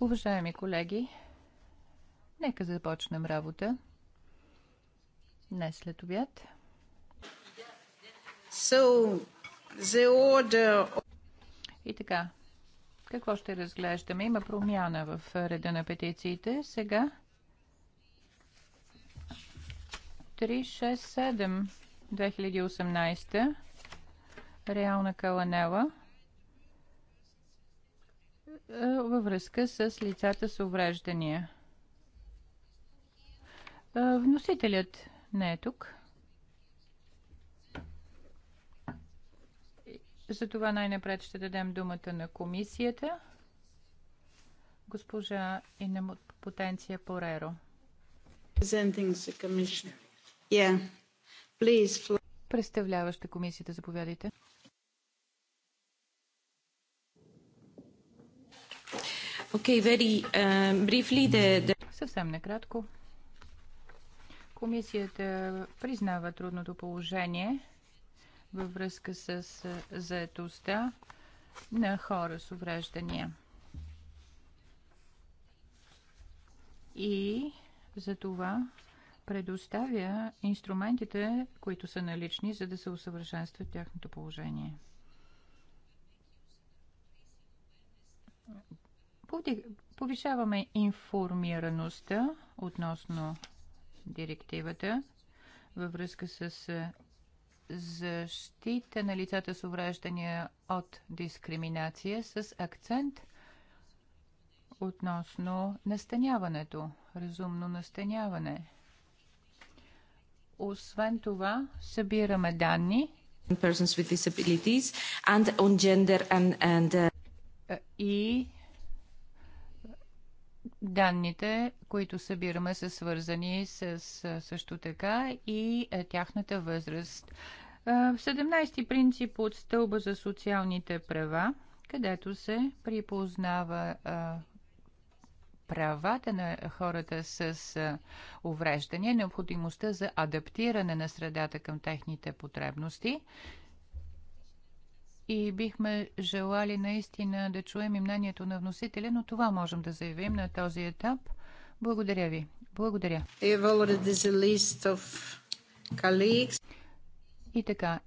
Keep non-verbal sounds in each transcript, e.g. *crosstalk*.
Уважаеми колеги, нека започнем работа. Днес след обяд. So, the order... И така, какво ще разглеждаме? Има промяна в реда на петициите. Сега 3, 6, 7. 2018 Реална Каланела е, във връзка с лицата с увреждания. Е, вносителят не е тук. Затова най-напред ще дадем думата на комисията. Госпожа Инна Потенция Пореро. Presenting the commission. Yeah. Представляваща комисията, заповядайте. Okay, very, uh, briefly, the, the... Съвсем накратко. Комисията признава трудното положение във връзка с заетостта на хора с увреждания. И за това предоставя инструментите, които са налични, за да се усъвършенства тяхното положение. Повишаваме информираността относно директивата във връзка с защита на лицата с увреждания от дискриминация с акцент относно настаняването, разумно настаняване – освен това, събираме данни persons with disabilities and on gender and, and uh... Е, и данните, които събираме са свързани с също така и е, тяхната възраст. 17 е, ти принцип от стълба за социалните права, където се припознава правата на хората с увреждания, необходимостта за адаптиране на средата към техните потребности. И бихме желали наистина да чуем и мнението на вносителя, но това можем да заявим на този етап. Благодаря ви. Благодаря. И така,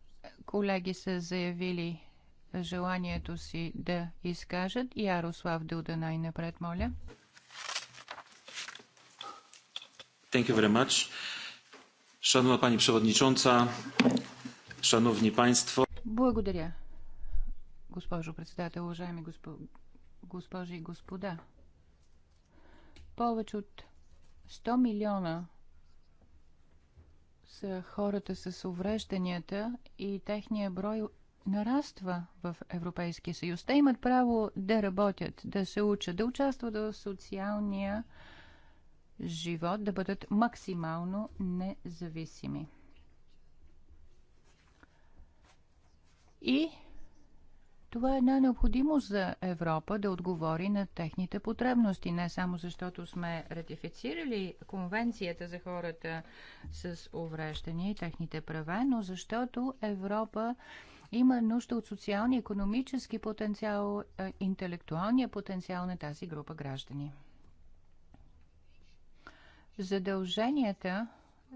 колеги са заявили желанието си да изкажат. Ярослав Дуда най-напред, моля. Thank you very much. Szanowna Pani Przewodnicząca, Szanowni Państwo. Благодаря, госпожо председател, уважаеми госп... госпожи и господа. Повече от 100 милиона са хората с уврежданията и техния брой нараства в Европейския съюз. Те имат право да работят, да се учат, да участват в социалния живот да бъдат максимално независими. И това е една необходимост за Европа да отговори на техните потребности, не само защото сме ратифицирали Конвенцията за хората с увреждания и техните права, но защото Европа има нужда от социалния, економически потенциал, е, интелектуалния потенциал на тази група граждани задълженията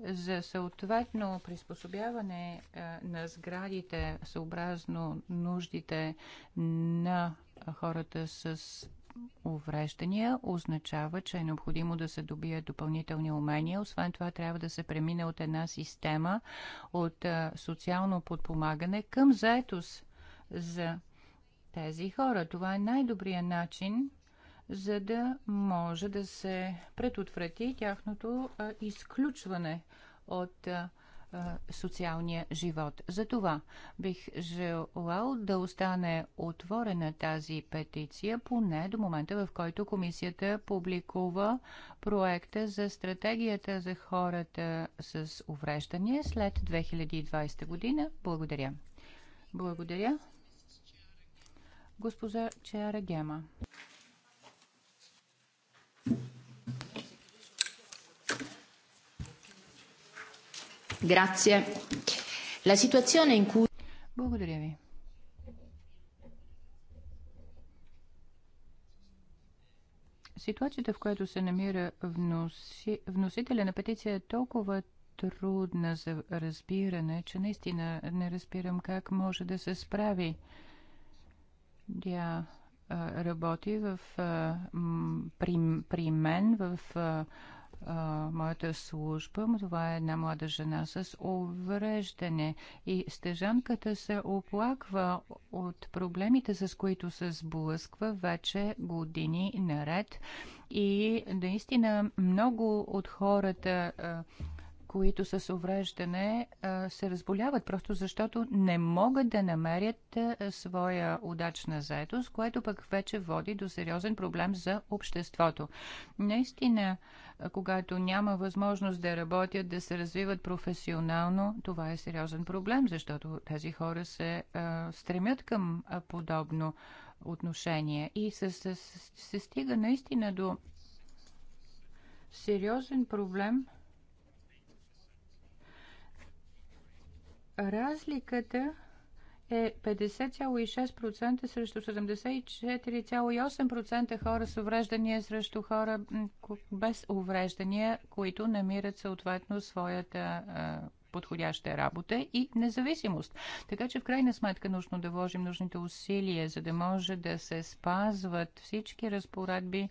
за съответно приспособяване е, на сградите съобразно нуждите на хората с увреждания означава, че е необходимо да се добият допълнителни умения. Освен това, трябва да се премине от една система от е, социално подпомагане към заетост за тези хора. Това е най-добрият начин за да може да се предотврати тяхното изключване от социалния живот. Затова бих желал да остане отворена тази петиция, поне до момента, в който комисията публикува проекта за стратегията за хората с увреждания след 2020 година. Благодаря. Благодаря. Госпожа Чара Гема. Cui... Благодаря ви. Ситуацията, в която се намира вноси... вносителя на петиция е толкова трудна за разбиране, че наистина не разбирам как може да се справи. Тя работи в, при, при мен в а, моята служба. Това е една млада жена с увреждане и стежанката се оплаква от проблемите, с които се сблъсква вече години наред. И наистина много от хората а, които с увреждане се разболяват, просто защото не могат да намерят своя удачна заетост, което пък вече води до сериозен проблем за обществото. Наистина, когато няма възможност да работят, да се развиват професионално, това е сериозен проблем, защото тези хора се стремят към подобно отношение и се, се, се стига наистина до сериозен проблем – разликата е 50,6% срещу 74,8% хора с увреждания срещу хора без увреждания, които намират съответно своята подходяща работа и независимост. Така че в крайна сметка нужно да вложим нужните усилия, за да може да се спазват всички разпоредби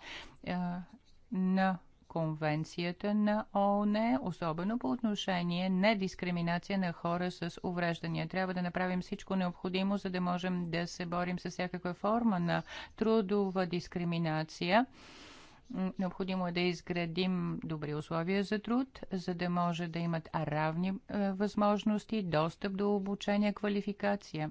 на конвенцията на ООН, особено по отношение на дискриминация на хора с увреждания. Трябва да направим всичко необходимо, за да можем да се борим с всякаква форма на трудова дискриминация Необходимо е да изградим добри условия за труд, за да може да имат равни е, възможности, достъп до обучение, квалификация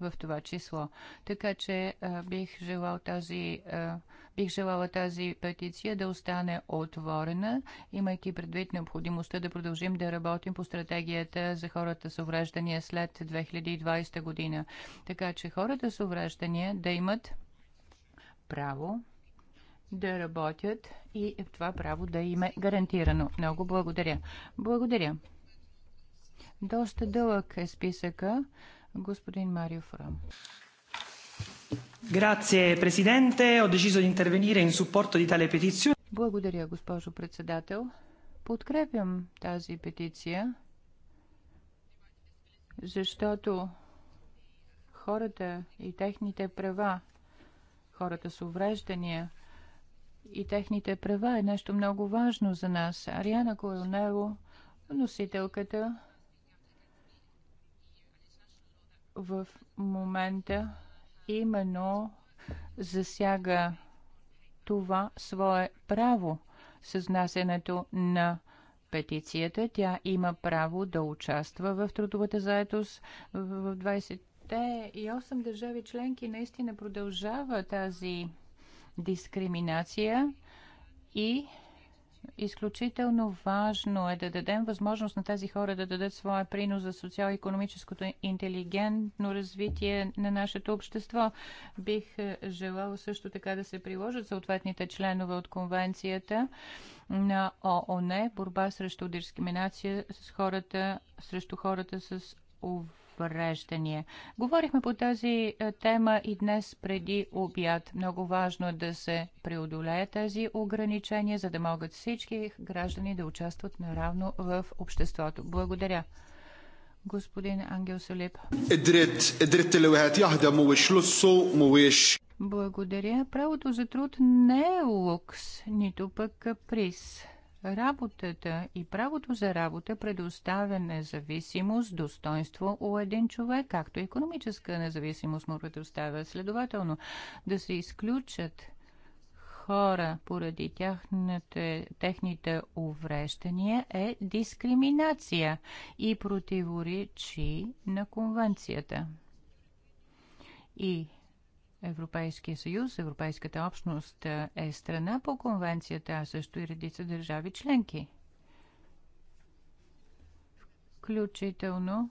в това число. Така че е, бих желал тази е, бих желала тази петиция да остане отворена, имайки предвид необходимостта да продължим да работим по стратегията за хората с увреждания след 2020 година. Така че хората с увреждания да имат право да работят и това право да им е гарантирано. Много благодаря. Благодаря. Доста дълъг е списъка. Господин Марио Фрам. Grazie Presidente, ho deciso di intervenire in supporto di tale petizione. Благодаря, госпожо председател. Подкрепям тази петиция, защото хората и техните права, хората с увреждания – и техните права е нещо много важно за нас. Ариана Коронело, носителката в момента именно засяга това свое право с внасянето на петицията. Тя има право да участва в трудовата заедост в 20 те и 8 държави членки наистина продължава тази дискриминация и изключително важно е да дадем възможност на тези хора да дадат своя принос за социал-економическото интелигентно развитие на нашето общество. Бих е, желала също така да се приложат съответните членове от конвенцията на ООН борба срещу дискриминация с хората, срещу хората с увреждания. Говорихме по тази е, тема и днес преди обяд. Много важно е да се преодолее тези ограничения, за да могат всички граждани да участват наравно в обществото. Благодаря. Господин Ангел Солип. Благодаря. Правото за труд не е лукс, нито пък каприз. Работата и правото за работа предоставя независимост, достоинство у един човек, както и економическа независимост му предоставя. Следователно, да се изключат хора поради тяхните, техните увреждания е дискриминация и противоречи на конвенцията. И Европейския съюз, Европейската общност е, е страна по конвенцията, а също и редица държави членки. Включително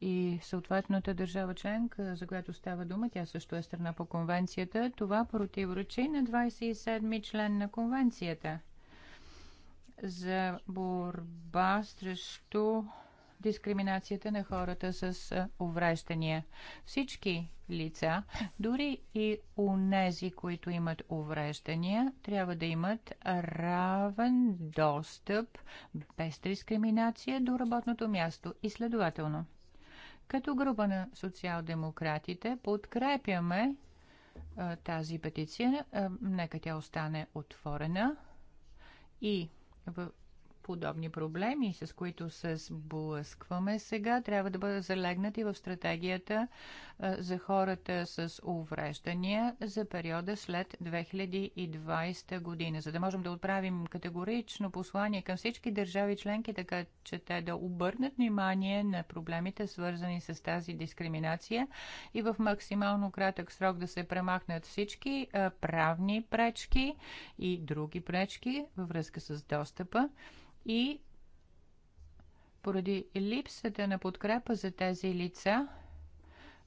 и съответната държава членка, за която става дума, тя също е страна по конвенцията. Това противоречи на 27-ми член на конвенцията за борба срещу дискриминацията на хората с увреждания. Всички лица, дори и унези, които имат увреждания, трябва да имат равен достъп без дискриминация до работното място и следователно. Като група на социал-демократите подкрепяме а, тази петиция. А, нека тя остане отворена и в подобни проблеми, с които се сблъскваме сега, трябва да бъдат залегнати в стратегията за хората с увреждания за периода след 2020 година, за да можем да отправим категорично послание към всички държави членки, така че те да обърнат внимание на проблемите, свързани с тази дискриминация и в максимално кратък срок да се премахнат всички правни пречки и други пречки във връзка с достъпа и поради липсата на подкрепа за тези лица,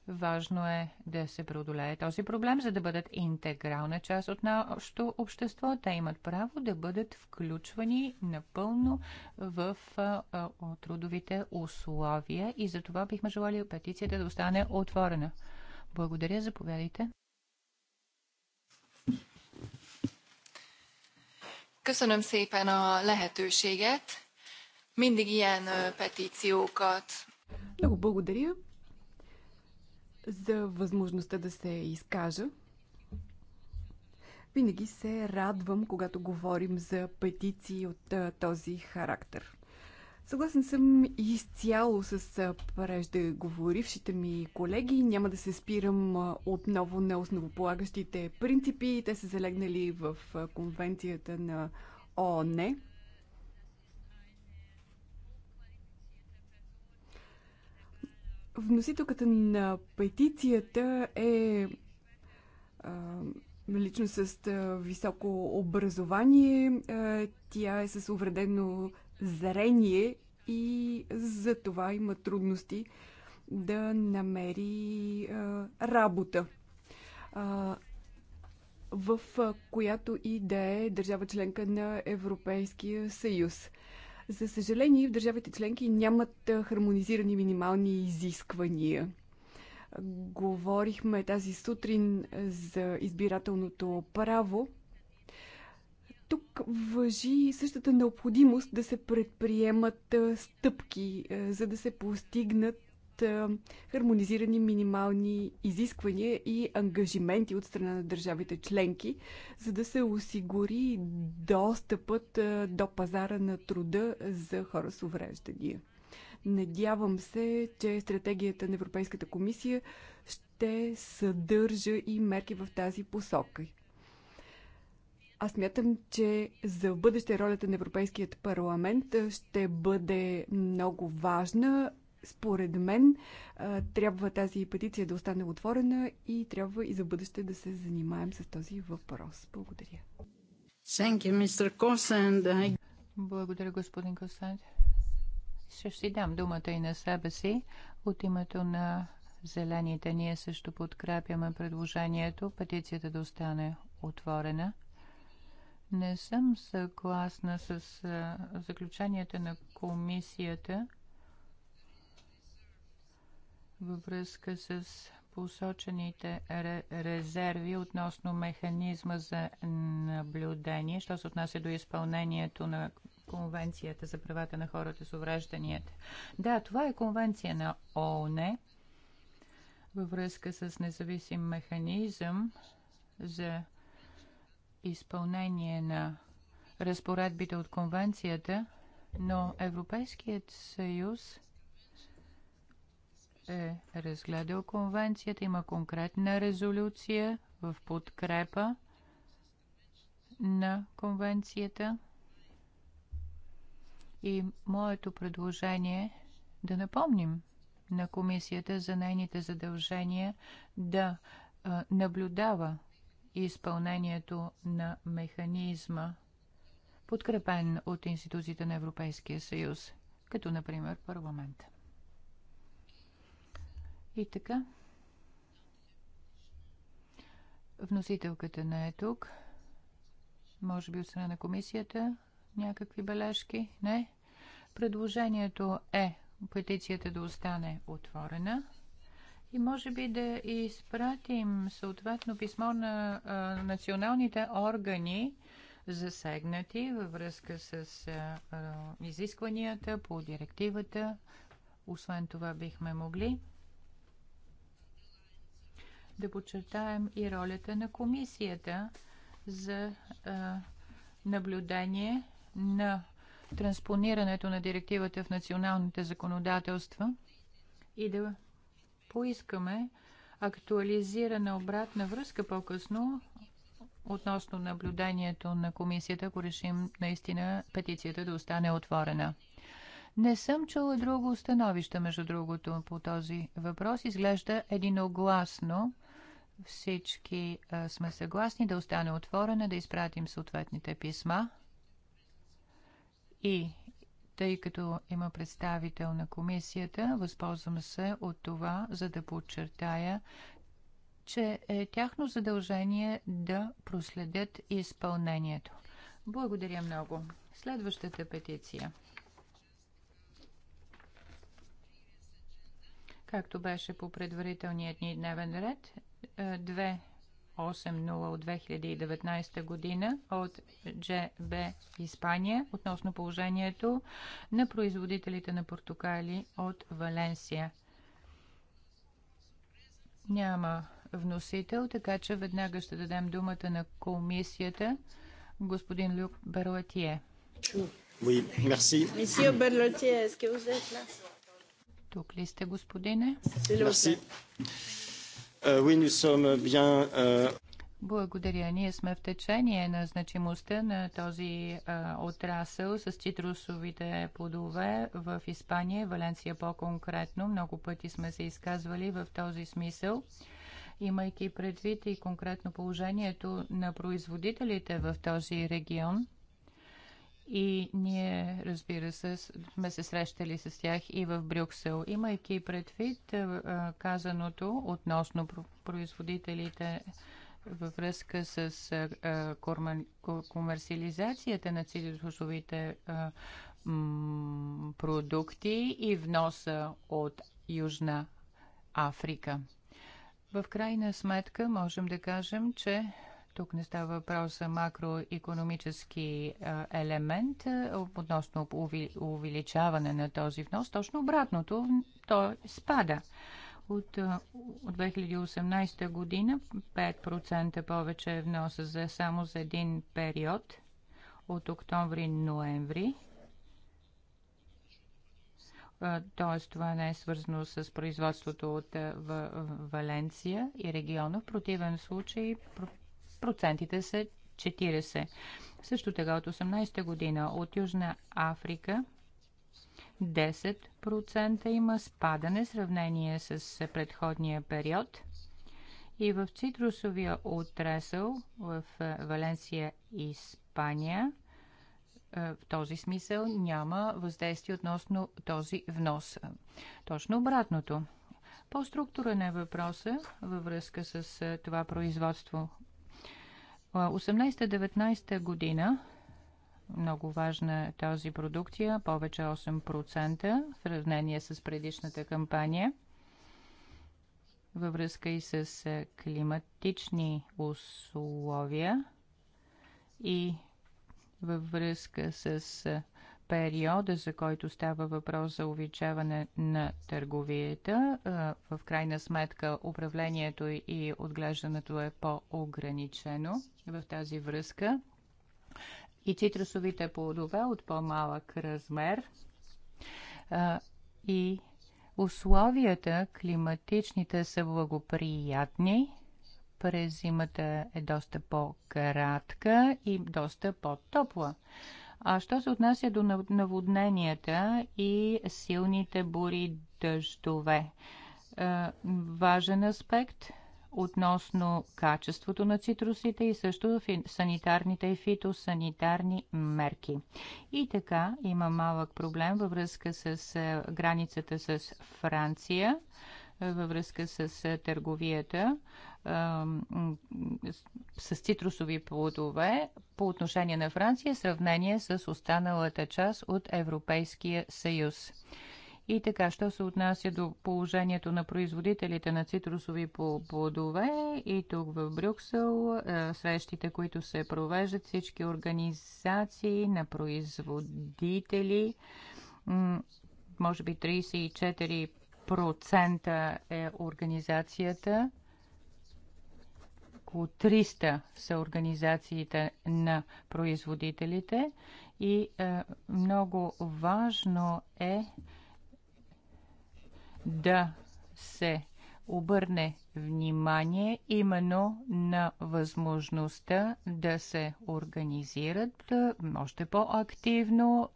важно е да се преодолее този проблем, за да бъдат интегрална част от нашето общество. Те имат право да бъдат включвани напълно в трудовите условия и за това бихме желали петицията да остане отворена. Благодаря, заповядайте. Köszönöm szépen a lehetőséget. Mindig ilyen petíciókat. Много благодаря за възможността да се изкажа. Винаги се радвам, когато говорим за петиции от този характер. Съгласен съм изцяло с преждеговорившите ми колеги. Няма да се спирам отново на основополагащите принципи. Те са залегнали в конвенцията на ООН. Вносителката на петицията е лично с високо образование. Тя е с увредено зрение и за това има трудности да намери а, работа. А, в която и да е държава членка на Европейския съюз. За съжаление, в държавите членки нямат хармонизирани минимални изисквания. Говорихме тази сутрин за избирателното право тук въжи същата необходимост да се предприемат стъпки, за да се постигнат хармонизирани минимални изисквания и ангажименти от страна на държавите членки, за да се осигури достъпът до пазара на труда за хора с увреждания. Надявам се, че стратегията на Европейската комисия ще съдържа и мерки в тази посока. Аз мятам, че за бъдеще ролята на Европейският парламент ще бъде много важна. Според мен трябва тази петиция да остане отворена и трябва и за бъдеще да се занимаем с този въпрос. Благодаря. You, Благодаря, господин Косанд. Ще си дам думата и на себе си от името на Зелените. Ние също подкрепяме предложението петицията да остане отворена не съм съгласна с заключенията на комисията във връзка с посочените резерви относно механизма за наблюдение, що се отнася до изпълнението на Конвенцията за правата на хората с уврежданията. Да, това е конвенция на ООН във връзка с независим механизъм за изпълнение на разпоредбите от конвенцията, но Европейският съюз е разгледал конвенцията, има конкретна резолюция в подкрепа на конвенцията. И моето предложение е да напомним на комисията за нейните задължения да наблюдава изпълнението на механизма, подкрепен от институциите на Европейския съюз, като например парламент. И така. Вносителката не е тук. Може би от страна на комисията някакви бележки? Не. Предложението е петицията да остане отворена и може би да изпратим съответно писмо на а, националните органи, засегнати във връзка с а, а, изискванията по директивата. Освен това бихме могли да подчертаем и ролята на комисията за а, наблюдение на транспонирането на директивата в националните законодателства и да поискаме актуализирана обратна връзка по-късно относно наблюдението на комисията, ако решим наистина петицията да остане отворена. Не съм чула друго становище, между другото, по този въпрос. Изглежда единогласно. Всички а, сме съгласни да остане отворена, да изпратим съответните писма. И тъй като има представител на комисията, възползвам се от това, за да подчертая, че е тяхно задължение да проследят изпълнението. Благодаря много. Следващата петиция. Както беше по предварителният ни дневен ред, е, две 80 от 2019 година от ДЖБ Испания относно положението на производителите на портокали от Валенсия. Няма вносител, така че веднага ще дадем думата на комисията господин Люк Берлатие. Oui, merci. Monsieur Berlotier, est-ce que vous êtes là? Тук ли сте, господине? Merci. Euh, oui, nous sommes bien, euh, благодаря. Ние сме в течение на значимостта на този а, отрасъл с цитрусовите плодове в Испания, Валенсия по-конкретно. Много пъти сме се изказвали в този смисъл, имайки предвид и конкретно положението на производителите в този регион – и ние, разбира се, сме се срещали с тях и в Брюксел. Имайки предвид казаното относно производителите във връзка с комерциализацията на цитрусовите продукти и вноса от Южна Африка. В крайна сметка можем да кажем, че тук не става въпрос за макроекономически елемент относно увеличаване на този внос. Точно обратното, то спада. От, от 2018 година 5% повече е вноса за само за един период от октомври-ноември. Т.е. това не е свързано с производството от Валенция и региона. В противен случай процентите са 40. Също така от 18-та година от Южна Африка 10% има спадане в сравнение с предходния период. И в цитрусовия отресъл в Валенсия, Испания, е, в този смисъл няма въздействие относно този внос. Точно обратното. По структура на е въпроса във връзка с е, това производство 18-19 година много важна е тази продукция, повече 8% в сравнение с предишната кампания във връзка и с е, климатични условия и във връзка с е, периода, за който става въпрос за увеличаване на търговията. В крайна сметка управлението и отглеждането е по-ограничено в тази връзка. И цитрусовите плодове от по-малък размер и условията климатичните са благоприятни през зимата е доста по-кратка и доста по-топла. А що се отнася до наводненията и силните бури дъждове? Е, важен аспект относно качеството на цитрусите и също санитарните и фитосанитарни мерки. И така има малък проблем във връзка с е, границата с Франция във връзка с търговията с цитрусови плодове по отношение на Франция в сравнение с останалата част от Европейския съюз. И така, що се отнася до положението на производителите на цитрусови плодове и тук в Брюксел, срещите, които се провеждат, всички организации на производители, може би 34 процента е организацията. Около 300 са организациите на производителите и е, много важно е да се обърне внимание именно на възможността да се организират още по-активно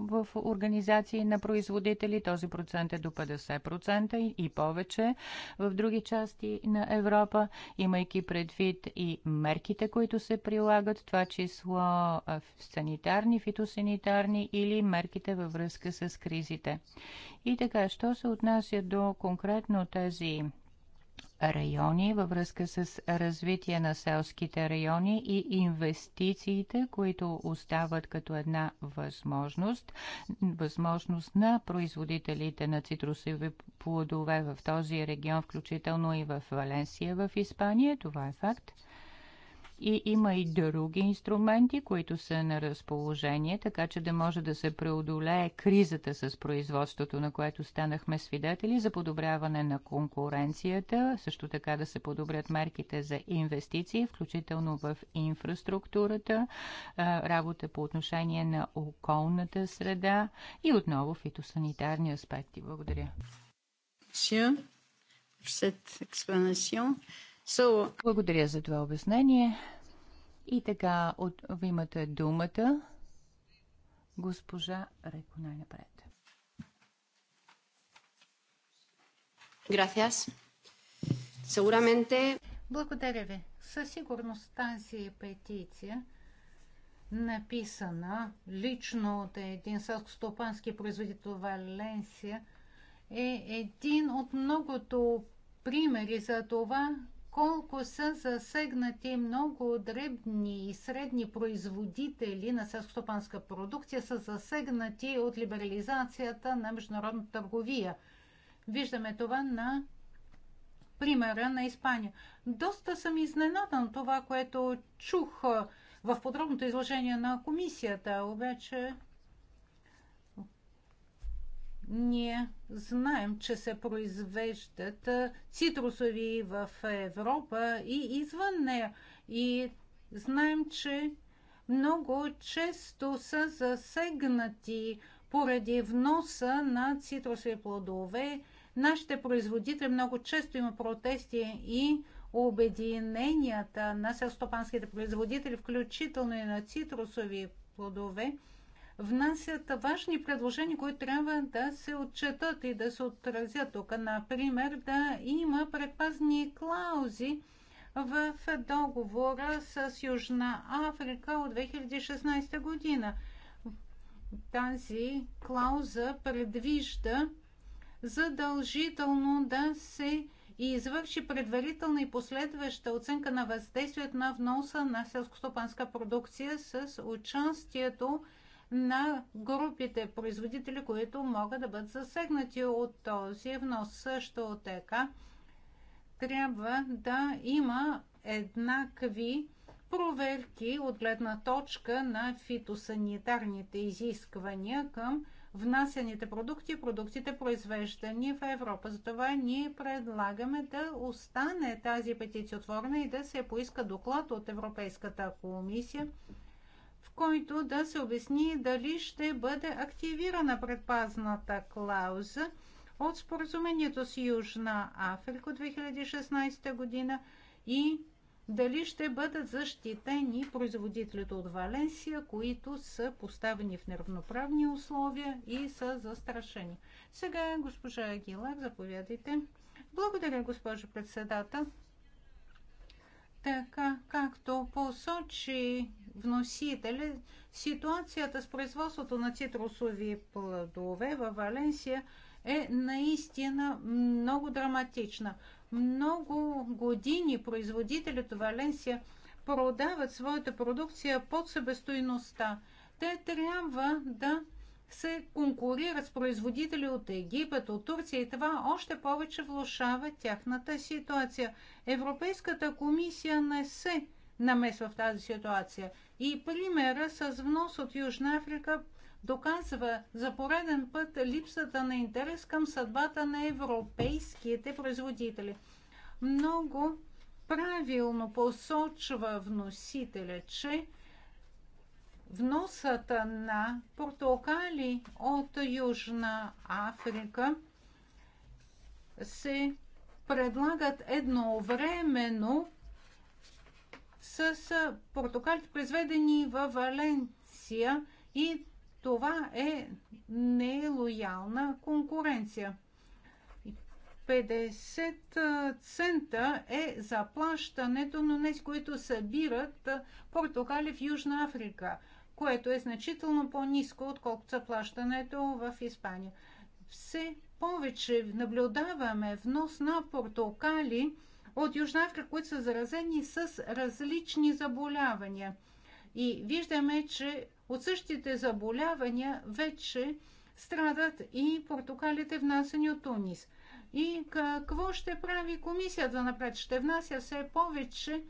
в организации на производители. Този процент е до 50% и повече в други части на Европа, имайки предвид и мерките, които се прилагат, това число санитарни, фитосанитарни или мерките във връзка с кризите. И така, що се отнася до конкретно тези райони във връзка с развитие на селските райони и инвестициите, които остават като една възможност, възможност на производителите на цитрусови плодове в този регион, включително и в Валенсия в Испания. Това е факт и има и други инструменти, които са на разположение, така че да може да се преодолее кризата с производството, на което станахме свидетели, за подобряване на конкуренцията, също така да се подобрят мерките за инвестиции, включително в инфраструктурата, работа по отношение на околната среда и отново фитосанитарни аспекти. Благодаря. Monsieur, cette explanation. So... Благодаря за това обяснение. И така, от, ви имате думата госпожа Реко най-напред. Gracias. Seguramente... Благодаря ви. Със сигурност тази петиция, написана лично от един селскостопански производител Валенсия, е един от многото примери за това, колко са засегнати много дребни и средни производители на селскостопанска продукция са засегнати от либерализацията на международната търговия. Виждаме това на примера на Испания. Доста съм изненадан това, което чух в подробното изложение на комисията, обаче ние знаем, че се произвеждат цитрусови в Европа и извън нея. И знаем, че много често са засегнати поради вноса на цитрусови плодове. Нашите производители много често има протести и обединенията на селстопанските производители, включително и на цитрусови плодове, внасят важни предложения, които трябва да се отчетат и да се отразят тук. Например, да има предпазни клаузи в договора с Южна Африка от 2016 година. Тази клауза предвижда задължително да се и извърши предварителна и последваща оценка на въздействието на вноса на селскостопанска продукция с участието на групите производители, които могат да бъдат засегнати от този внос. Също така трябва да има еднакви проверки от гледна точка на фитосанитарните изисквания към внасяните продукти и продуктите произвеждани в Европа. Затова ние предлагаме да остане тази петиция отворена и да се поиска доклад от Европейската комисия който да се обясни дали ще бъде активирана предпазната клауза от споразумението с Южна Африка от 2016 година и дали ще бъдат защитени производителите от Валенсия, които са поставени в неравноправни условия и са застрашени. Сега госпожа Агилар, заповядайте. Благодаря, госпожо председател. Така, както посочи вносители, ситуацията с производството на цитрусови плодове във Валенсия е наистина много драматична. Много години производителите в Валенсия продават своята продукция под събестойността. Те трябва да се конкурират с производители от Египет, от Турция и това още повече влушава тяхната ситуация. Европейската комисия не се намесва в тази ситуация. И примера с внос от Южна Африка доказва за пореден път липсата на интерес към съдбата на европейските производители. Много правилно посочва вносителя, че вносата на портокали от Южна Африка се предлагат едновременно с портокалите, произведени в Валенсия и това е нелоялна конкуренция. 50 цента е заплащането на тези, които събират портокали в Южна Африка, което е значително по-низко, отколкото заплащането в Испания. Все повече наблюдаваме внос на портокали – от Южна Африка, които са заразени с различни заболявания. И виждаме, че от същите заболявания вече страдат и португалите внасени от Тунис. И какво ще прави комисията напред? Ще внася все повече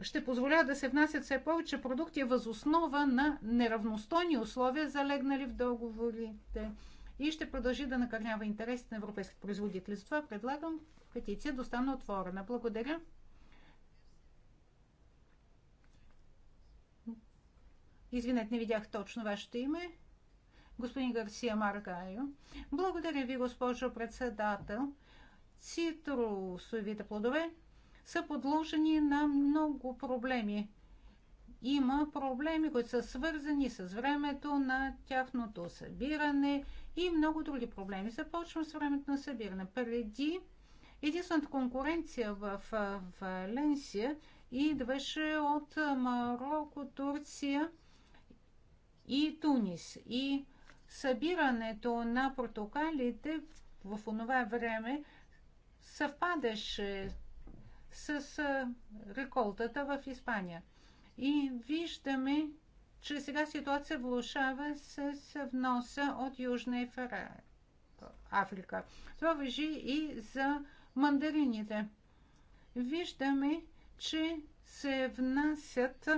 ще позволя да се внасят все повече продукти възоснова на неравностойни условия, залегнали в договорите и ще продължи да накърнява интересите на европейските производители. Затова предлагам петиция да остане отворена. Благодаря. Извинете, не видях точно вашето име. Господин Гарсия Маргайо. Благодаря ви, госпожо председател. Цитрусовите плодове са подложени на много проблеми. Има проблеми, които са свързани с времето на тяхното събиране и много други проблеми. Започвам с времето на събиране. Преди единствената конкуренция в Валенсия идваше от Марокко, Турция и Тунис. И събирането на протокалите в това време съвпадаше с реколтата в Испания. И виждаме, че сега ситуация влушава с вноса от Южна Африка. Това въжи и за мандарините. Виждаме, че се внасят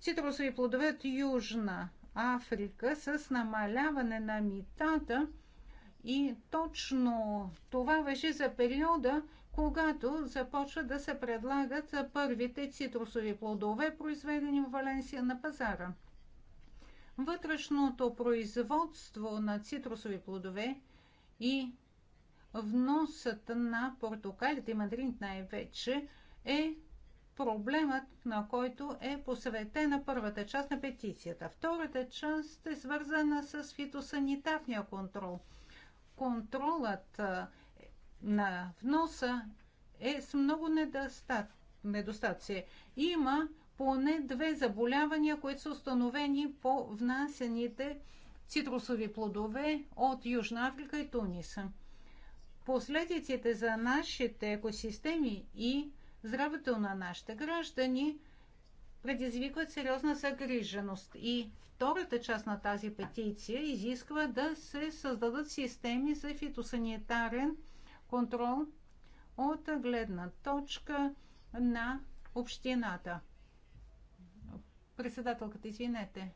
цитрусови плодове от Южна Африка с намаляване на митата и точно това въжи за периода, когато започват да се предлагат първите цитрусови плодове, произведени в Валенсия на пазара. Вътрешното производство на цитрусови плодове и вносът на портокалите и мандрините най-вече е проблемът, на който е посветена първата част на петицията. Втората част е свързана с фитосанитарния контрол. Контролът на вноса е с много недостатъци. Има поне две заболявания, които са установени по внасените цитрусови плодове от Южна Африка и Туниса. Последиците за нашите екосистеми и здравето на нашите граждани предизвикват сериозна загриженост. И втората част на тази петиция изисква да се създадат системи за фитосанитарен контрол от гледна точка на общината. Председателката, извинете.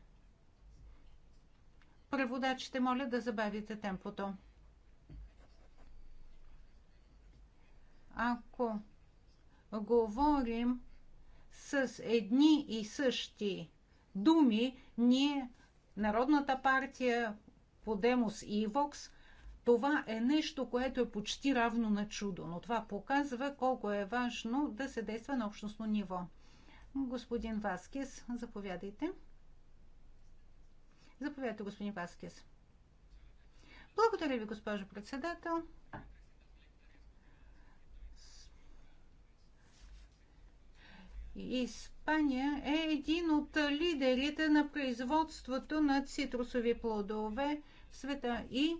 Преводачите моля да забавите темпото. Ако говорим с едни и същи думи, ние, Народната партия, Подемос и Вокс, това е нещо, което е почти равно на чудо, но това показва колко е важно да се действа на общностно ниво. Господин Васкис, заповядайте. Заповядайте, господин Васкис. Благодаря ви, госпожо председател. Испания е един от лидерите на производството на цитрусови плодове в света и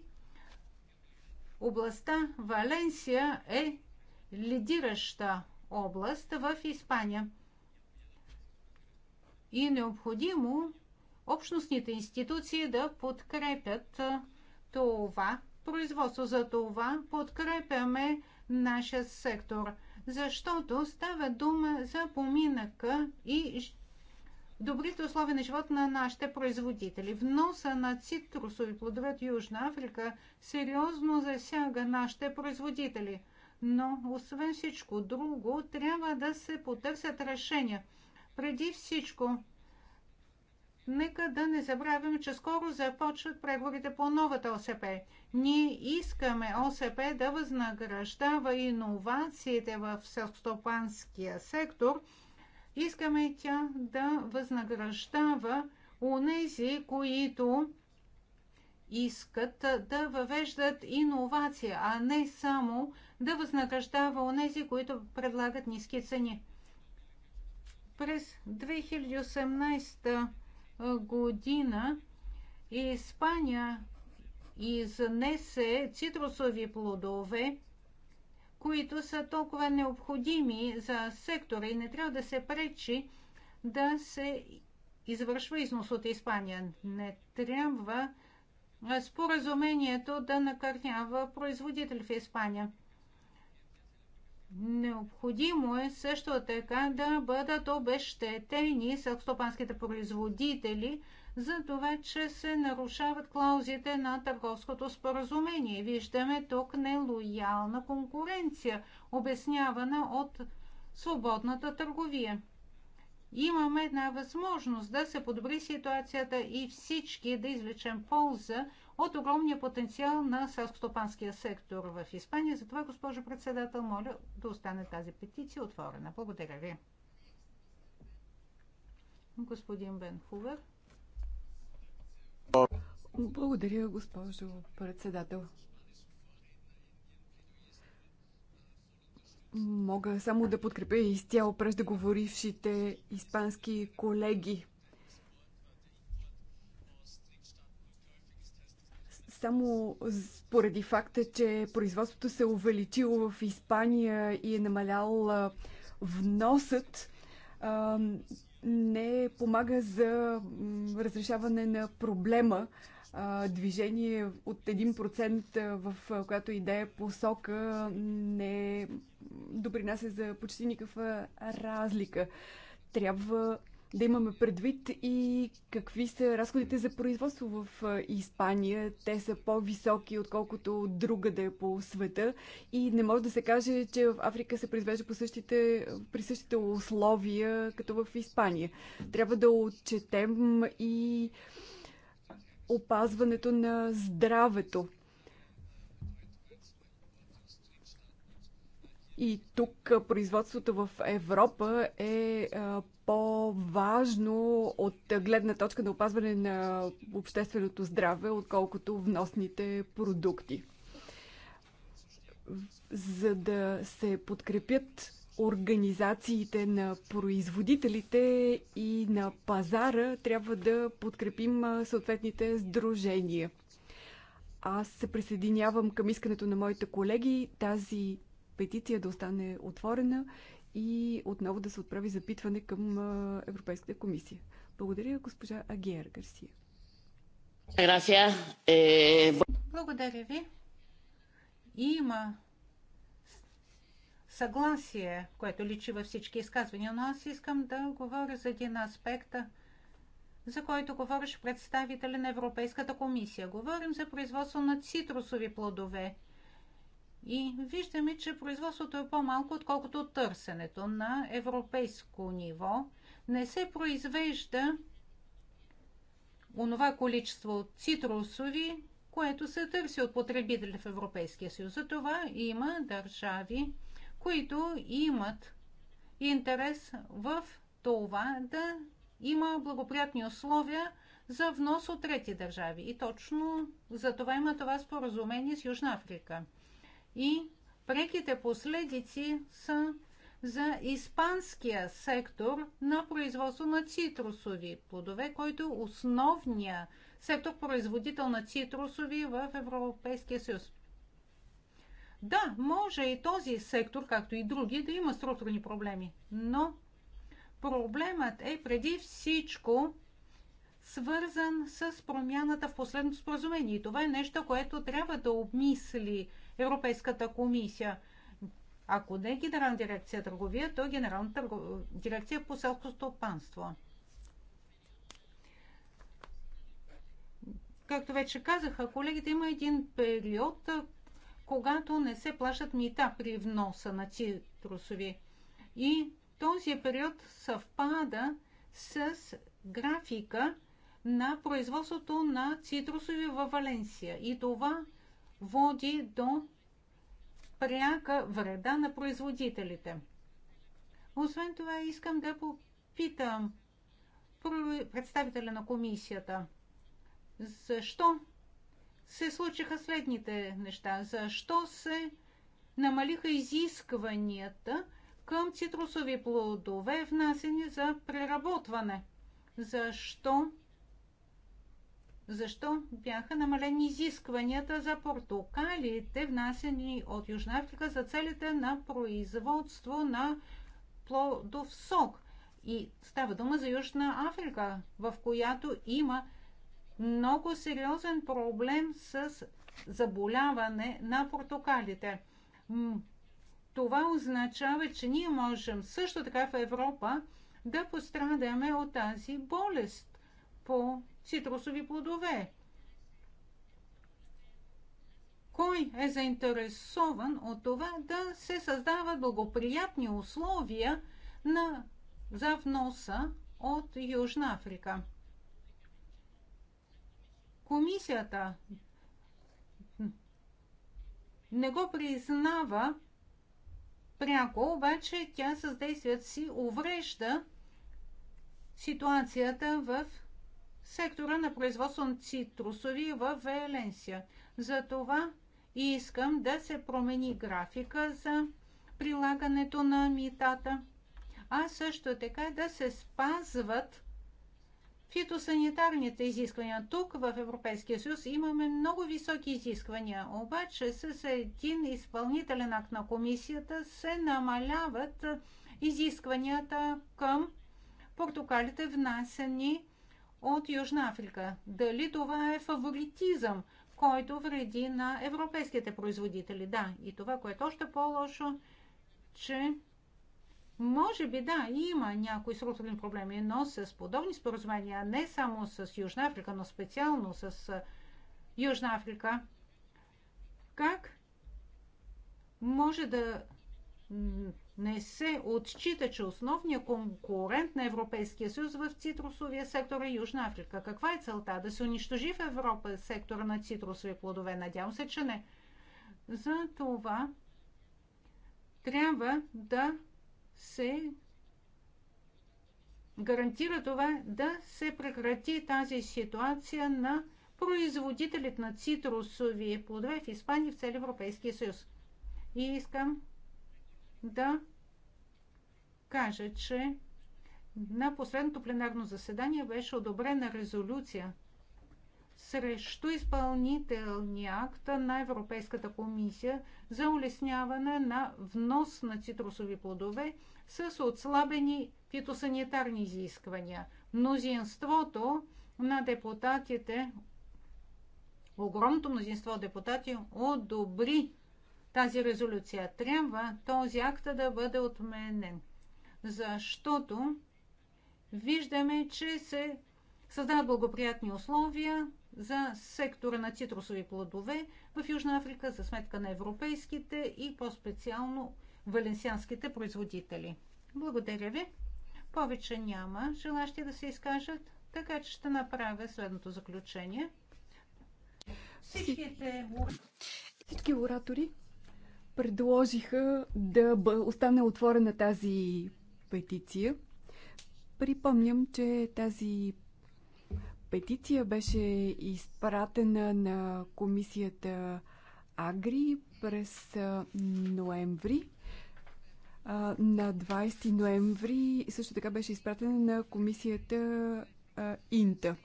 областта Валенсия е лидираща област в Испания. И необходимо общностните институции да подкрепят това производство. За това подкрепяме нашия сектор, защото става дума за поминъка и добрите условия на живот на нашите производители. Вноса на цитрусови плодове от Южна Африка сериозно засяга нашите производители. Но освен всичко друго, трябва да се потърсят решения. Преди всичко, нека да не забравим, че скоро започват преговорите по новата ОСП. Ние искаме ОСП да възнаграждава иновациите в селскостопанския сектор – Искаме тя да възнаграждава унези, които искат да въвеждат иновация, а не само да възнаграждава онези, които предлагат ниски цени. През 2018 година Испания изнесе цитрусови плодове които са толкова необходими за сектора и не трябва да се пречи да се извършва износ от Испания. Не трябва споразумението да накърнява производител в Испания. Необходимо е също така да бъдат обещетени селскостопанските производители – за това, че се нарушават клаузите на търговското споразумение. Виждаме тук нелоялна конкуренция, обяснявана от свободната търговия. Имаме една възможност да се подобри ситуацията и всички да извлечем полза от огромния потенциал на селскостопанския сектор в Испания. Затова, госпожо председател, моля да остане тази петиция отворена. Благодаря ви. Господин Бенхувер. Благодаря, госпожо председател. Мога само да подкрепя изцяло преждеговорившите испански колеги. Само поради факта, че производството се е увеличило в Испания и е намалял вносът, не помага за разрешаване на проблема. Движение от 1% в която идея посока не допринася за почти никаква разлика. Трябва да имаме предвид и какви са разходите за производство в Испания. Те са по-високи, отколкото другаде по света и не може да се каже, че в Африка се произвежда по същите, при същите условия, като в Испания. Трябва да отчетем и опазването на здравето И тук производството в Европа е по-важно от гледна точка на опазване на общественото здраве, отколкото вносните продукти. За да се подкрепят организациите на производителите и на пазара, трябва да подкрепим съответните сдружения. Аз се присъединявам към искането на моите колеги тази петиция да остане отворена и отново да се отправи запитване към Европейската комисия. Благодаря, госпожа Агиер Гарсия. Е, Благодаря ви. Има съгласие, което личи във всички изказвания, но аз искам да говоря за един аспект, за който говориш представителя на Европейската комисия. Говорим за производство на цитрусови плодове – и виждаме, че производството е по-малко, отколкото търсенето на европейско ниво. Не се произвежда онова количество цитрусови, което се търси от потребители в Европейския съюз. За това има държави, които имат интерес в това да има благоприятни условия за внос от трети държави. И точно за това има това споразумение с Южна Африка и преките последици са за испанския сектор на производство на цитрусови плодове, който е основния сектор производител на цитрусови в Европейския съюз. Да, може и този сектор, както и други, да има структурни проблеми, но проблемът е преди всичко свързан с промяната в последното споразумение. И това е нещо, което трябва да обмисли Европейската комисия. Ако не е Генерална дирекция търговия, то е Генерална търгов... дирекция по селско стопанство. Както вече казаха, колегите има един период, когато не се плащат мита при вноса на цитрусови. И този период съвпада с графика на производството на цитрусови във Валенсия. И това води до пряка вреда на производителите. Освен това, искам да попитам представителя на комисията, защо се случиха следните неща? Защо се намалиха изискванията към цитрусови плодове, внасени за преработване? Защо защо бяха намалени изискванията за портокалите, внасени от Южна Африка за целите на производство на плодов сок. И става дума за Южна Африка, в която има много сериозен проблем с заболяване на портокалите. Това означава, че ние можем също така в Европа да пострадаме от тази болест по цитрусови плодове. Кой е заинтересован от това да се създават благоприятни условия на, за вноса от Южна Африка? Комисията не го признава пряко, обаче тя с действията си уврежда ситуацията в сектора на производство на цитрусови в Веленсия. Затова искам да се промени графика за прилагането на митата, а също така да се спазват фитосанитарните изисквания. Тук в Европейския съюз имаме много високи изисквания, обаче с един изпълнителен акт на комисията се намаляват изискванията към портокалите внасени от Южна Африка. Дали това е фаворитизъм, който вреди на европейските производители? Да, и това, което е още по-лошо, че може би да, има някои структурни проблеми, но с подобни споразумения, не само с Южна Африка, но специално с Южна Африка, как може да не се отчита, че основният конкурент на Европейския съюз в цитрусовия сектор е Южна Африка. Каква е целта? Да се унищожи в Европа сектора на цитрусови плодове? Надявам се, че не. За това трябва да се гарантира това да се прекрати тази ситуация на производителите на цитрусови плодове в Испания и в цели Европейския съюз. И искам да кажа, че на последното пленарно заседание беше одобрена резолюция срещу изпълнителния акт на Европейската комисия за улесняване на внос на цитрусови плодове с отслабени фитосанитарни изисквания. Мнозинството на депутатите, огромното мнозинство депутати одобри тази резолюция. Трябва този акт да бъде отменен, защото виждаме, че се създават благоприятни условия за сектора на цитрусови плодове в Южна Африка за сметка на европейските и по-специално валенсианските производители. Благодаря ви. Повече няма желащи да се изкажат, така че ще направя следното заключение. Всичките... Всички оратори предложиха да остане отворена тази петиция. Припомням, че тази петиция беше изпратена на комисията Агри през ноември. На 20 ноември също така беше изпратена на комисията Инта.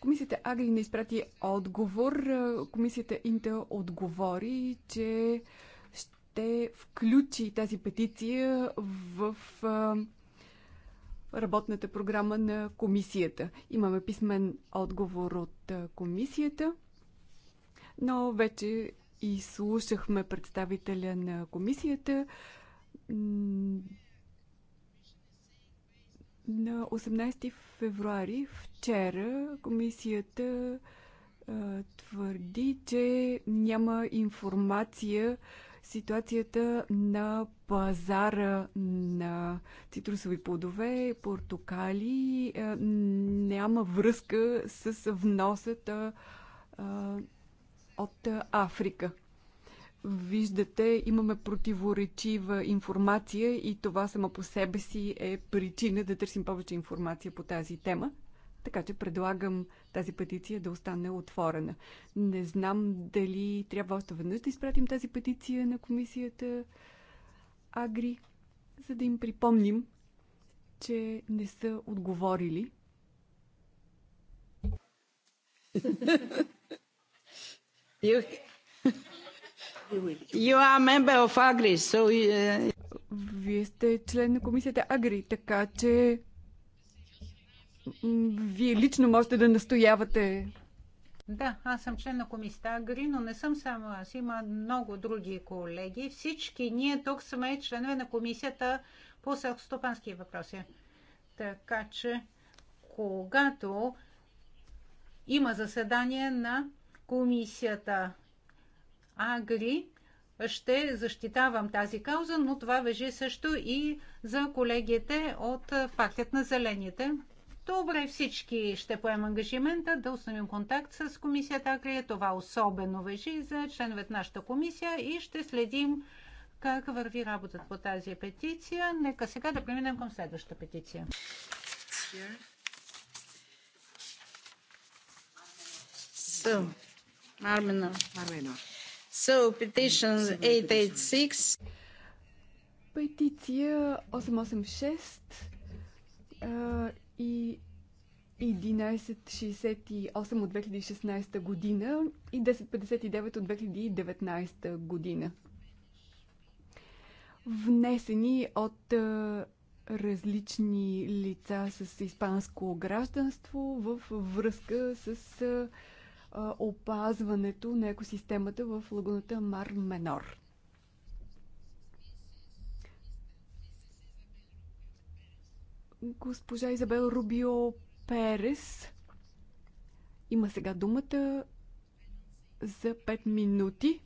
Комисията Агри не изпрати отговор. Комисията Инта отговори, че ще включи тази петиция в работната програма на комисията. Имаме писмен отговор от комисията, но вече и слушахме представителя на комисията. На 18 февруари, вчера, комисията твърди, че няма информация ситуацията на пазара на цитрусови плодове, портокали е, няма връзка с вносата от Африка. Виждате, имаме противоречива информация и това само по себе си е причина да търсим повече информация по тази тема. Така че предлагам тази петиция да остане отворена. Не знам дали трябва още веднъж да изпратим тази петиция на комисията Агри, за да им припомним, че не са отговорили. *laughs* You, you are member of Agri, so... Uh, Вие сте член на комисията Агри, така че вие лично можете да настоявате. Да, аз съм член на комисията Агри, но не съм само аз. Има много други колеги. Всички ние тук сме членове на комисията по селскостопански въпроси. Така че, когато има заседание на комисията Агри, ще защитавам тази кауза, но това вежи също и за колегите от партият на зелените. Добре, всички ще поемем ангажимента да установим контакт с комисията Акрия. Това особено въжи за членовете на нашата комисия и ще следим как върви работата по тази петиция. Нека сега да преминем към следващата петиция. So, So, petition 886. Петиция 886 и 1168 от 2016 година и 1059 от 2019 година. Внесени от различни лица с испанско гражданство в връзка с опазването на екосистемата в лагуната Мар Менор. Госпожа Изабел Рубио Перес има сега думата за 5 минути.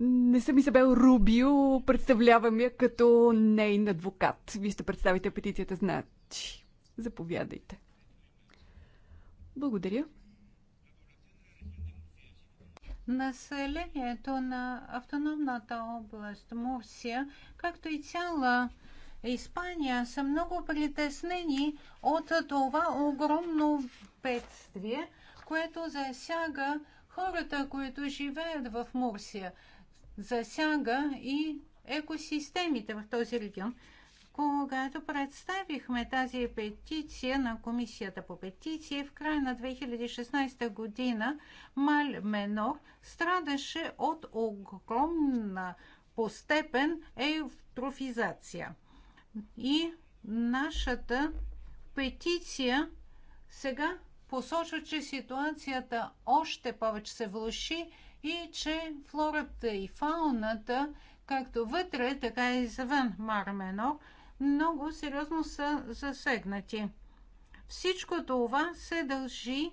Не съм Изабел Рубио, представлявам я като нейн адвокат. Вие ще представите петицията, значи. Заповядайте. Благодаря. Населението на автономната област Мурсия, както и цяла Испания са много притеснени от това огромно бедствие, което засяга хората, които живеят в Мурсия. Засяга и екосистемите в този регион. Когато представихме тази петиция на Комисията по петиции в края на 2016 година, Маль Менор страдаше от огромна по степен евтрофизация – и нашата петиция сега посочва, че ситуацията още повече се влуши и че флората и фауната, както вътре, така и извън Марменор, много сериозно са засегнати. Всичко това се дължи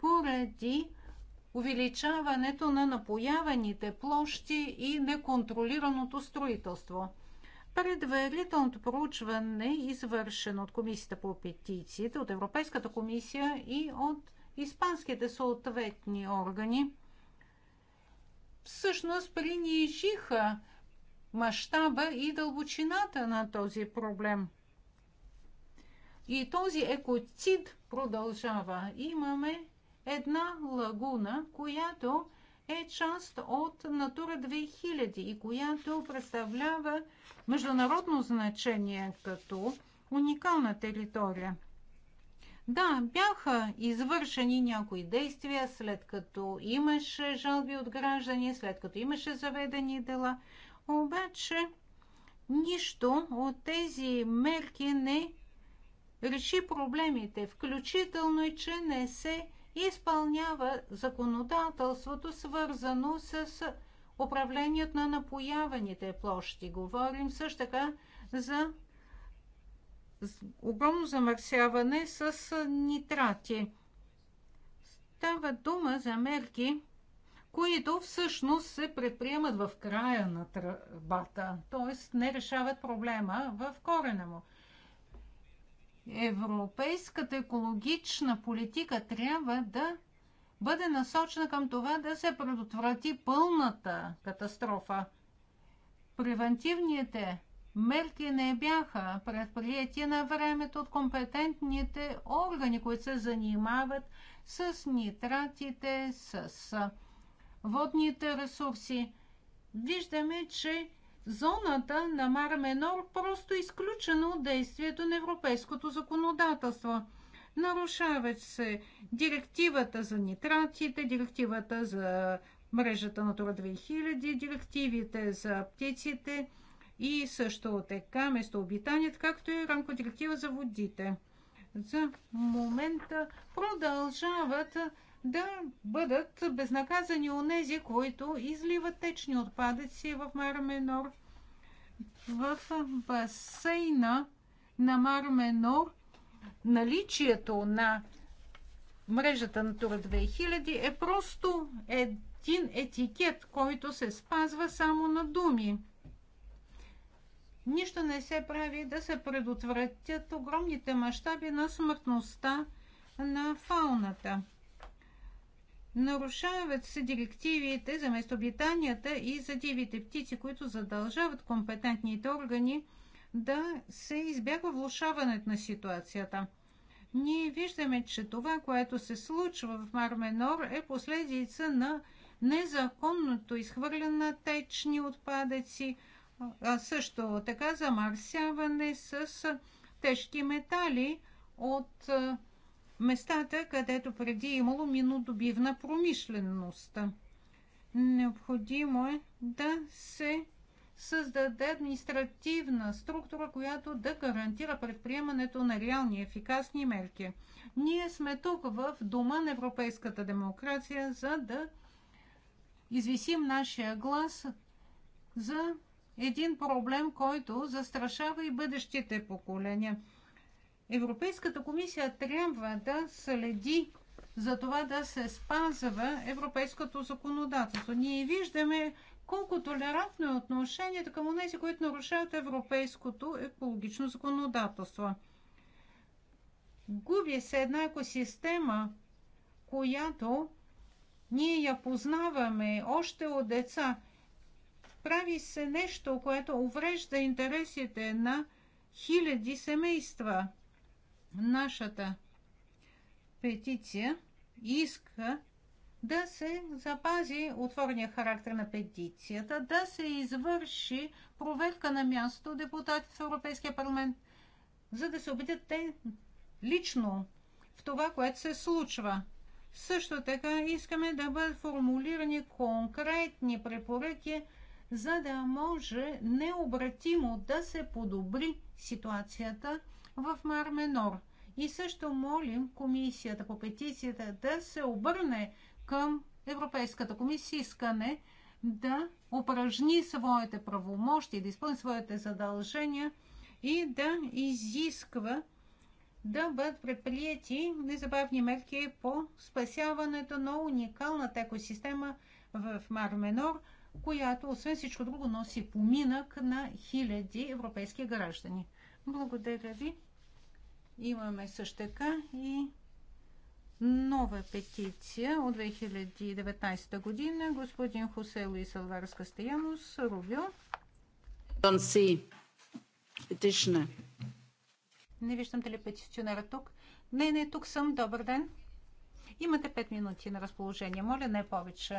поради увеличаването на напояваните площи и неконтролираното строителство – Предварителното проучване, извършено от Комисията по петициите, от Европейската комисия и от испанските съответни органи, всъщност принижиха мащаба и дълбочината на този проблем. И този екоцид продължава. Имаме една лагуна, която е част от Натура 2000 и която представлява международно значение като уникална територия. Да, бяха извършени някои действия, след като имаше жалби от граждани, след като имаше заведени дела, обаче нищо от тези мерки не реши проблемите, включително и че не се и изпълнява законодателството, свързано с управлението на напояваните площи. Говорим също така за огромно замърсяване с нитрати. Става дума за мерки, които всъщност се предприемат в края на тръбата, т.е. не решават проблема в корена му. Европейската екологична политика трябва да бъде насочена към това да се предотврати пълната катастрофа. Превентивните мерки не бяха предприяти на времето от компетентните органи, които се занимават с нитратите, с водните ресурси. Виждаме, че зоната на Мар Менор просто изключена от действието на европейското законодателство. Нарушават се директивата за нитратите, директивата за мрежата на Тура 2000, директивите за птиците и също така местообитанието, както и рамко директива за водите. За момента продължават да бъдат безнаказани у нези, които изливат течни отпадъци в Мара Менор. В басейна на Мара Менор наличието на мрежата на Тура 2000 е просто един етикет, който се спазва само на думи. Нищо не се прави да се предотвратят огромните мащаби на смъртността на фауната. Нарушават се директивите за местобитанията и за дивите птици, които задължават компетентните органи да се избягва влушаването на ситуацията. Ние виждаме, че това, което се случва в Марменор е последица на незаконното изхвърляне на течни отпадъци, а също така замърсяване с тежки метали от местата, където преди е имало минодобивна промишленост. Необходимо е да се създаде административна структура, която да гарантира предприемането на реални ефикасни мерки. Ние сме тук в Дома на европейската демокрация, за да извисим нашия глас за един проблем, който застрашава и бъдещите поколения. Европейската комисия трябва да следи за това да се спазва европейското законодателство. Ние виждаме колко толерантно е отношението към тези, които нарушават европейското екологично законодателство. Губи се една екосистема, която ние я познаваме още от деца. Прави се нещо, което уврежда интересите на хиляди семейства – Нашата петиция иска да се запази отворения характер на петицията, да се извърши проверка на място депутатите в Европейския парламент, за да се убедят те лично в това, което се случва. Също така искаме да бъдат формулирани конкретни препоръки, за да може необратимо да се подобри ситуацията в Марменор. И също молим комисията по петицията да се обърне към Европейската комисия искане да упражни своите правомощи, да изпълни своите задължения и да изисква да бъдат предприяти незабавни мерки по спасяването на уникалната екосистема в Марменор, която освен всичко друго носи поминък на хиляди европейски граждани. Благодаря ви. Имаме също така и нова петиция от 2019 година. Господин Хосе Луис Алварес Кастеянос, Рубио. Не виждам дали петиционера е тук. Не, не, тук съм. Добър ден. Имате 5 минути на разположение. Моля, не повече.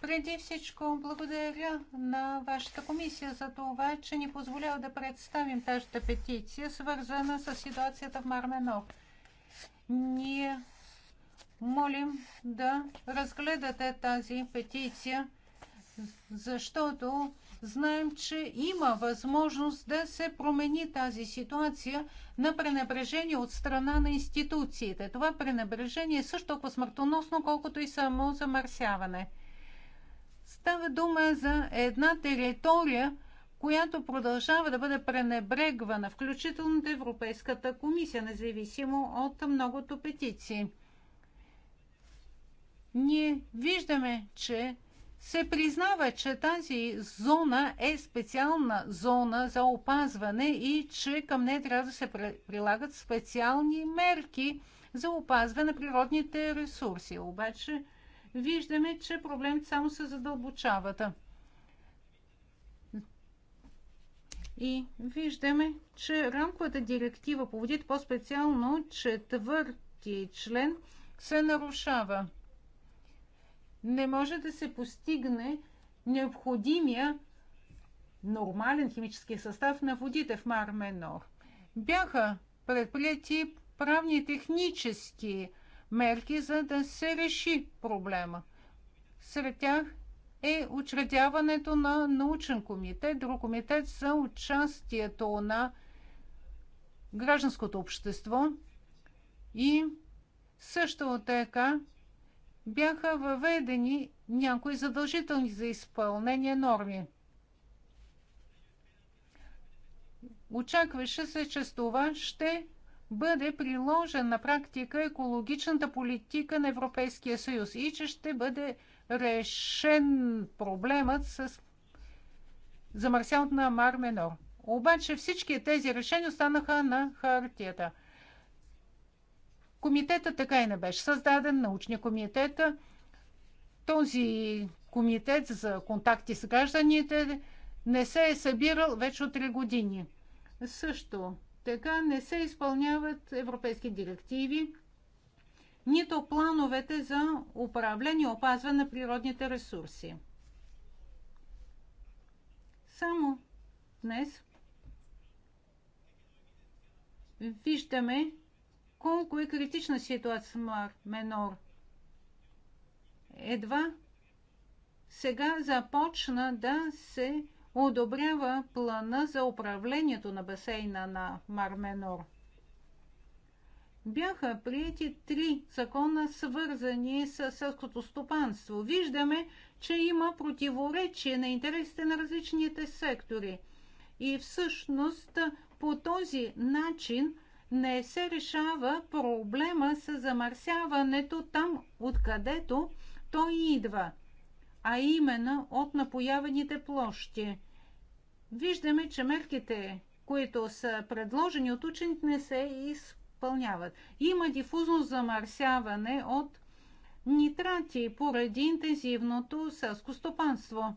Преди всичко благодаря на вашата комисия за това, че ни позволява да представим тази петиция, свързана с ситуацията в Марменов. Ние молим да разгледате тази петиция, защото знаем, че има възможност да се промени тази ситуация на пренебрежение от страна на институциите. Това пренебрежение е също толкова смъртоносно, колкото и само замърсяване – Става дума за една територия, която продължава да бъде пренебрегвана, включително от Европейската комисия, независимо от многото петиции. Ние виждаме, че се признава, че тази зона е специална зона за опазване и че към нея трябва да се прилагат специални мерки за опазване на природните ресурси. Обаче, виждаме, че проблемите само се задълбочават. И виждаме, че рамковата директива по водите, по-специално четвърти член, се нарушава. Не може да се постигне необходимия нормален химически състав на водите в Мар Менор. Бяха предприяти правни и технически мерки, за да се реши проблема. Сред тях е учредяването на научен комитет, друг комитет за участието на гражданското общество и също така бяха въведени някои задължителни за изпълнение норми. Очакваше се, че с това ще бъде приложен на практика екологичната политика на Европейския съюз и че ще бъде решен проблемът с замърсяването на Мар Менор. Обаче всички тези решения останаха на хартията. Комитета така и не беше създаден, научния комитет. Този комитет за контакти с гражданите не се е събирал вече от 3 години. Също така не се изпълняват европейски директиви, нито плановете за управление и опазване на природните ресурси. Само днес виждаме колко е критична ситуация с Мар Менор. Едва сега започна да се одобрява плана за управлението на басейна на Марменор. Бяха прияти три закона, свързани с селското стопанство. Виждаме, че има противоречие на интересите на различните сектори. И всъщност по този начин не се решава проблема с замърсяването там, откъдето той идва а именно от напояваните площи. Виждаме, че мерките, които са предложени от учените, не се изпълняват. Има дифузно замърсяване от нитрати поради интензивното селско стопанство.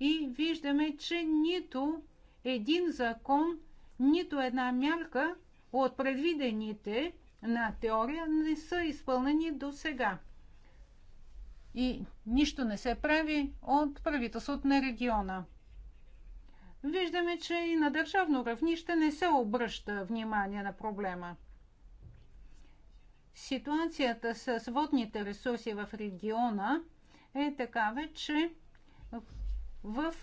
И виждаме, че нито един закон, нито една мярка от предвидените на теория не са изпълнени до сега и нищо не се прави от правителството на региона. Виждаме, че и на държавно равнище не се обръща внимание на проблема. Ситуацията с водните ресурси в региона е такава, че в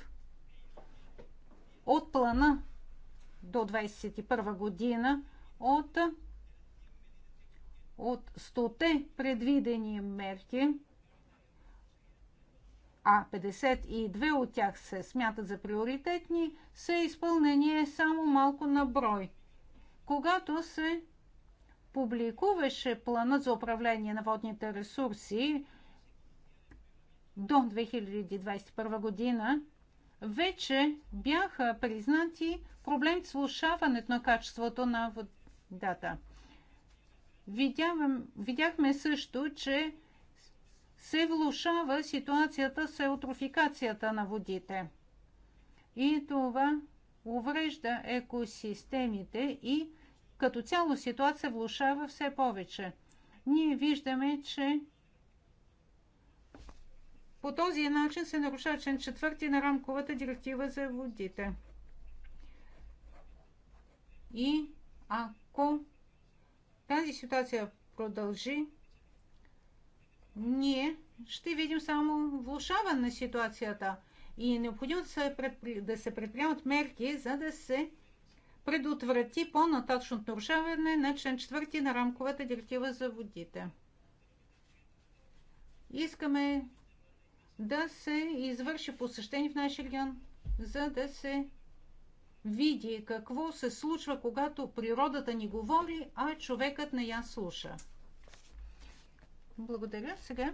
от плана до 2021 година от, от 100 предвидени мерки а 52 от тях се смятат за приоритетни, са изпълнение само малко на брой. Когато се публикуваше планът за управление на водните ресурси до 2021 година, вече бяха признати проблем с влушаването на качеството на водата. видяхме също, че се влушава ситуацията с еутрофикацията на водите. И това уврежда екосистемите и като цяло ситуация влушава все повече. Ние виждаме, че по този начин се нарушава член четвърти на рамковата директива за водите. И ако тази ситуация продължи, ние ще видим само влушаване на ситуацията и е необходимо да се, да се предприемат мерки, за да се предотврати по-нататъчното нарушаване на член 4 на рамковата директива за водите. Искаме да се извърши посещение в нашия регион, за да се види какво се случва, когато природата ни говори, а човекът не я слуша. Благодаря. Сега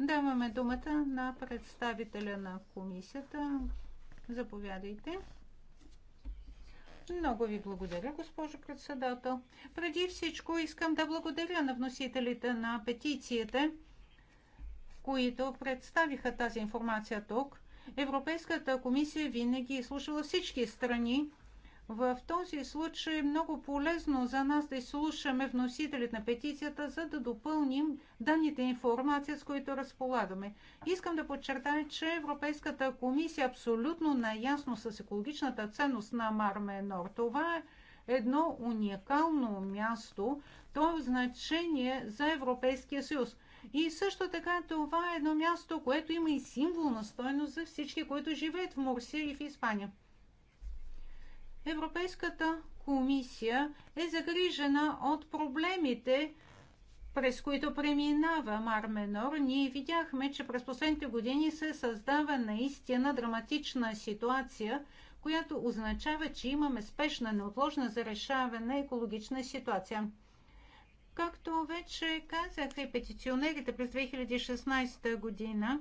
даваме думата на представителя на комисията. Заповядайте. Много ви благодаря, госпожо председател. Преди всичко искам да благодаря на вносителите на петициите, които представиха тази информация тук. Европейската комисия винаги е слушала всички страни в този случай е много полезно за нас да изслушаме вносителите на петицията, за да допълним данните и информация, с които разполагаме. Искам да подчертая, че Европейската комисия е абсолютно наясно с екологичната ценност на Марменор. Това е едно уникално място. То е значение за Европейския съюз. И също така това е едно място, което има и символна стойност за всички, които живеят в Мурсия и в Испания. Европейската комисия е загрижена от проблемите, през които преминава Марменор, Ние видяхме, че през последните години се създава наистина драматична ситуация, която означава, че имаме спешна, неотложна за решаване екологична ситуация. Както вече казах, и петиционерите през 2016 година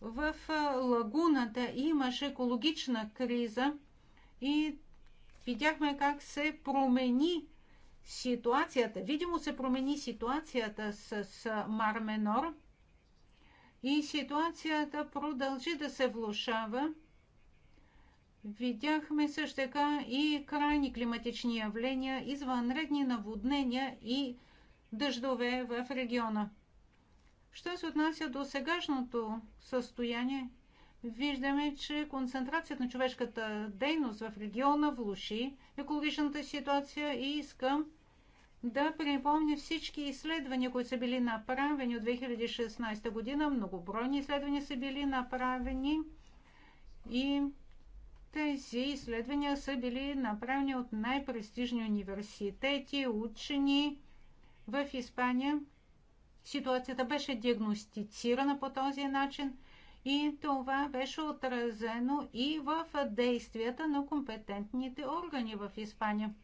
в лагуната имаше екологична криза и видяхме как се промени ситуацията. Видимо се промени ситуацията с, с Марменор и ситуацията продължи да се влушава. Видяхме също така и крайни климатични явления, извънредни наводнения и дъждове в региона. Що се отнася до сегашното състояние, виждаме, че концентрацията на човешката дейност в региона влуши екологичната ситуация и искам да припомня всички изследвания, които са били направени от 2016 година. Многобройни изследвания са били направени и тези изследвания са били направени от най-престижни университети, учени в Испания – ситуацията беше диагностицирана по този начин и това беше отразено и в действията на компетентните органи в Испания.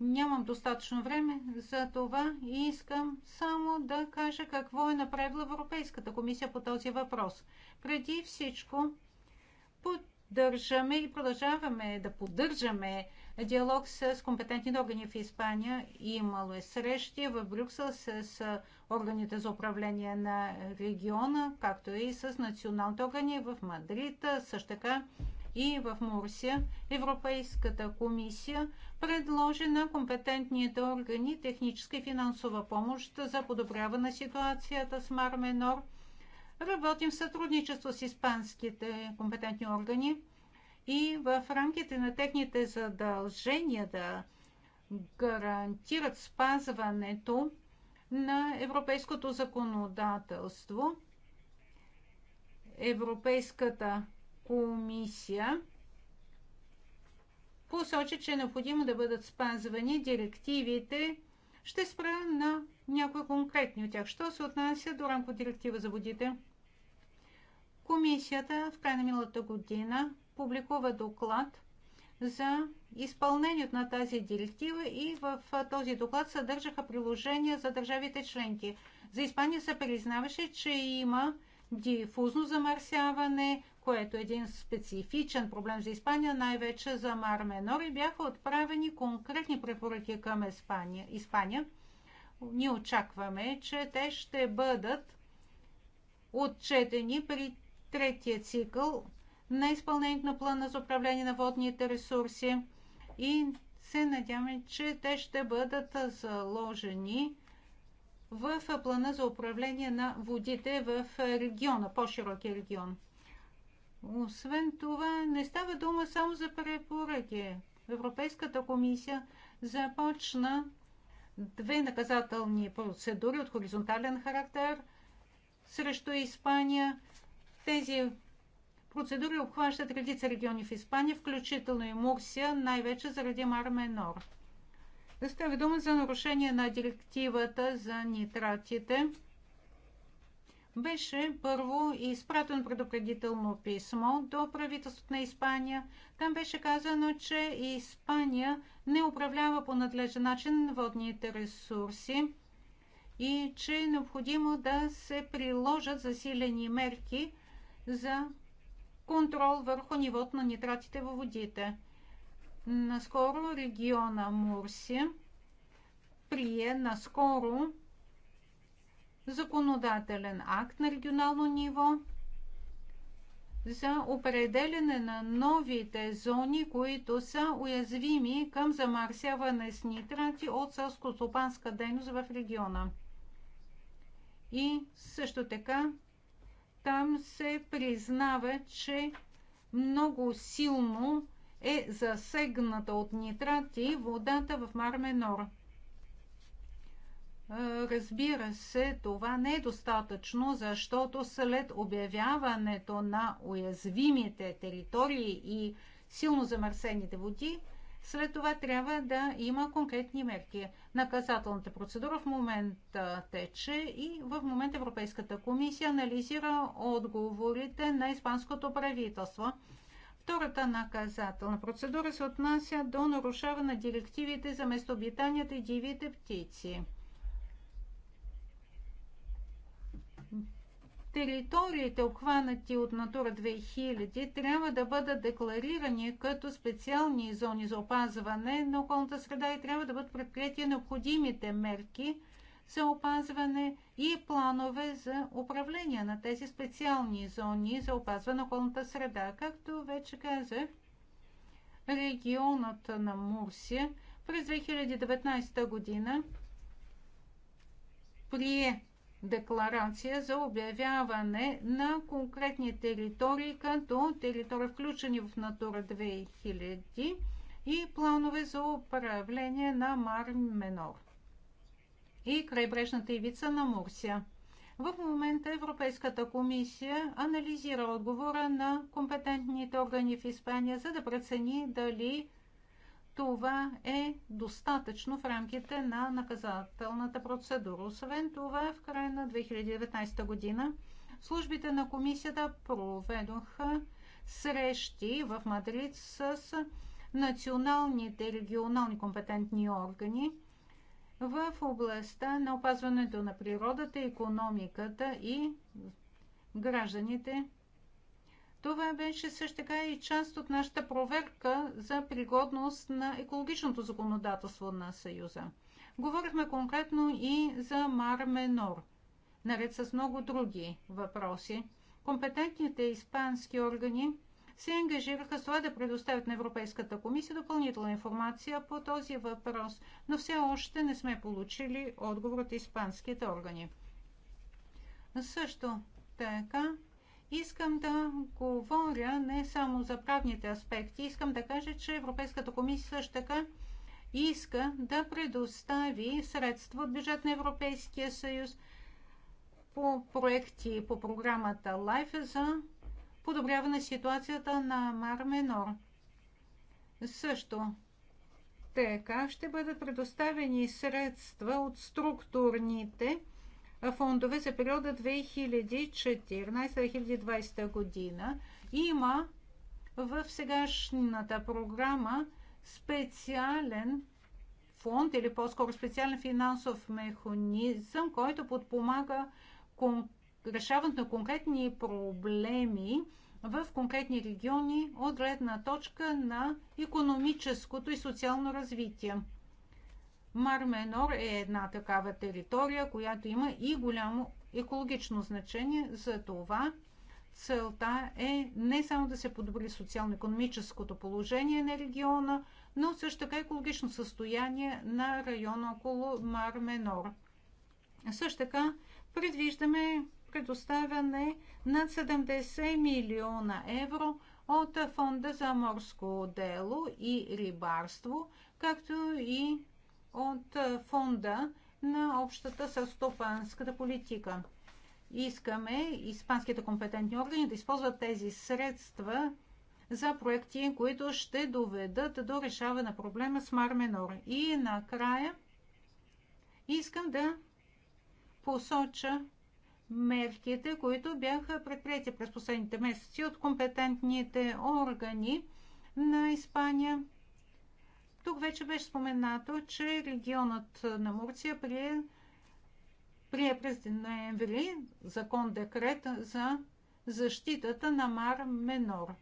Нямам достатъчно време, за това и искам само да кажа какво е направила Европейската комисия по този въпрос. Преди всичко поддържаме и продължаваме да поддържаме диалог с компетентните органи в Испания. Имало е срещи в Брюксел с, с органите за управление на региона, както и с националните органи в Мадрид, също така и в Мурсия. Европейската комисия предложи на компетентните органи техническа и финансова помощ за подобряване на ситуацията с Марменор. Работим в сътрудничество с испанските компетентни органи и в рамките на техните задължения да гарантират спазването на европейското законодателство. Европейската комисия посочи, че е необходимо да бъдат спазвани директивите. Ще спра на някои конкретни от тях. Що се отнася до рамко директива за водите? Комисията в края на миналата година публикува доклад за изпълнението на тази директива и в този доклад съдържаха приложения за държавите членки. За Испания се признаваше, че има дифузно замърсяване, което е един специфичен проблем за Испания, най-вече за Мар Менор и бяха отправени конкретни препоръки към Испания. Испания. Ние очакваме, че те ще бъдат отчетени при третия цикъл на изпълнението на плана за управление на водните ресурси и се надяваме, че те ще бъдат заложени в плана за управление на водите в региона, по-широкия регион. Освен това, не става дума само за препоръки. Европейската комисия започна две наказателни процедури от хоризонтален характер срещу Испания. Тези процедури обхващат редица региони в Испания, включително и Мурсия, най-вече заради Мар Менор. Да става дума за нарушение на директивата за нитратите. Беше първо изпратено предупредително писмо до правителството на Испания. Там беше казано, че Испания не управлява по надлежен начин водните ресурси и че е необходимо да се приложат засилени мерки за контрол върху нивото на нитратите във водите. Наскоро региона Мурси прие наскоро законодателен акт на регионално ниво за определене на новите зони, които са уязвими към замърсяване с нитрати от селско-стопанска дейност в региона. И също така там се признава, че много силно е засегната от нитрати водата в Марменор. Е, разбира се, това не е достатъчно, защото след обявяването на уязвимите територии и силно замърсените води, след това трябва да има конкретни мерки. Наказателната процедура в момента тече и в момента Европейската комисия анализира отговорите на испанското правителство. Втората наказателна процедура се отнася до нарушаване на директивите за местообитанията и дивите птици. Териториите, обхванати от Натура 2000, трябва да бъдат декларирани като специални зони за опазване на околната среда и трябва да бъдат предприяти необходимите мерки за опазване и планове за управление на тези специални зони за опазване на околната среда. Както вече казах, регионът на Мурсия през 2019 година прие декларация за обявяване на конкретни територии като територии включени в Натура 2000 и планове за управление на Мар Менор и крайбрежната ивица на Мурсия. В момента Европейската комисия анализира отговора на компетентните органи в Испания, за да прецени дали това е достатъчно в рамките на наказателната процедура. Освен това, в края на 2019 година службите на комисията проведоха срещи в Мадрид с националните и регионални компетентни органи в областта на опазването на природата, економиката и гражданите това беше също така и част от нашата проверка за пригодност на екологичното законодателство на Съюза. Говорихме конкретно и за Мар Менор, наред с много други въпроси. Компетентните испански органи се ангажираха с това да предоставят на Европейската комисия допълнителна информация по този въпрос, но все още не сме получили отговор от испанските органи. Също така Искам да говоря не само за правните аспекти, искам да кажа, че Европейската комисия също така иска да предостави средства от бюджет на Европейския съюз по проекти по програмата LIFE за подобряване ситуацията на Мар Менор. Също така ще бъдат предоставени средства от структурните фондове за периода 2014-2020 година. Има в сегашната програма специален фонд или по-скоро специален финансов механизъм, който подпомага кон... решаването на конкретни проблеми в конкретни региони от гледна точка на економическото и социално развитие. Марменор е една такава територия, която има и голямо екологично значение. За това целта е не само да се подобри социално-економическото положение на региона, но също така екологично състояние на района около Марменор. Също така предвиждаме предоставяне на 70 милиона евро от Фонда за морско дело и рибарство, както и от фонда на общата стопанската политика. Искаме испанските компетентни органи да използват тези средства за проекти, които ще доведат до решаване на проблема с Марменор. И накрая искам да посоча мерките, които бяха предприяти през последните месеци от компетентните органи на Испания – тук вече беше споменато, че регионът на Мурция прие, прие през ноември закон-декрет за защитата на Мар Менор.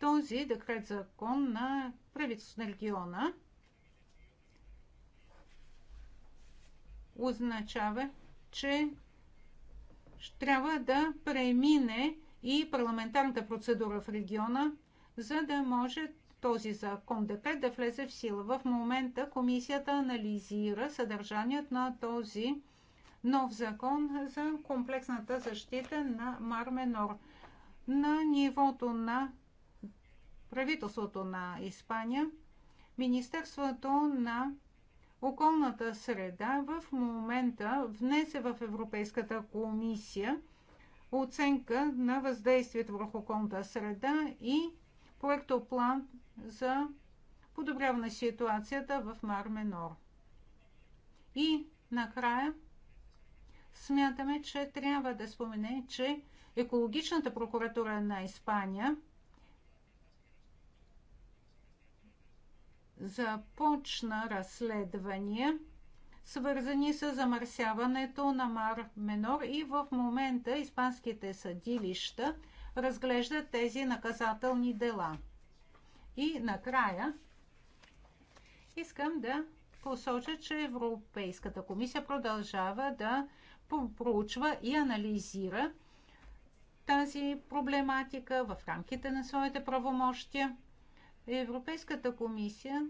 Този декрет закон на правителството на региона означава, че трябва да премине и парламентарната процедура в региона, за да може този закон ДП да влезе в сила. В момента комисията анализира съдържанието на този нов закон за комплексната защита на Марменор. На нивото на правителството на Испания, Министерството на околната среда в момента внесе в Европейската комисия оценка на въздействието върху околната среда и проектоплан за подобряване ситуацията в Мар Менор. И накрая смятаме, че трябва да спомене, че екологичната прокуратура на Испания започна разследвания, свързани с замърсяването на Мар Менор и в момента испанските съдилища разглеждат тези наказателни дела – и накрая искам да посоча, че Европейската комисия продължава да проучва и анализира тази проблематика в рамките на своите правомощия. Европейската комисия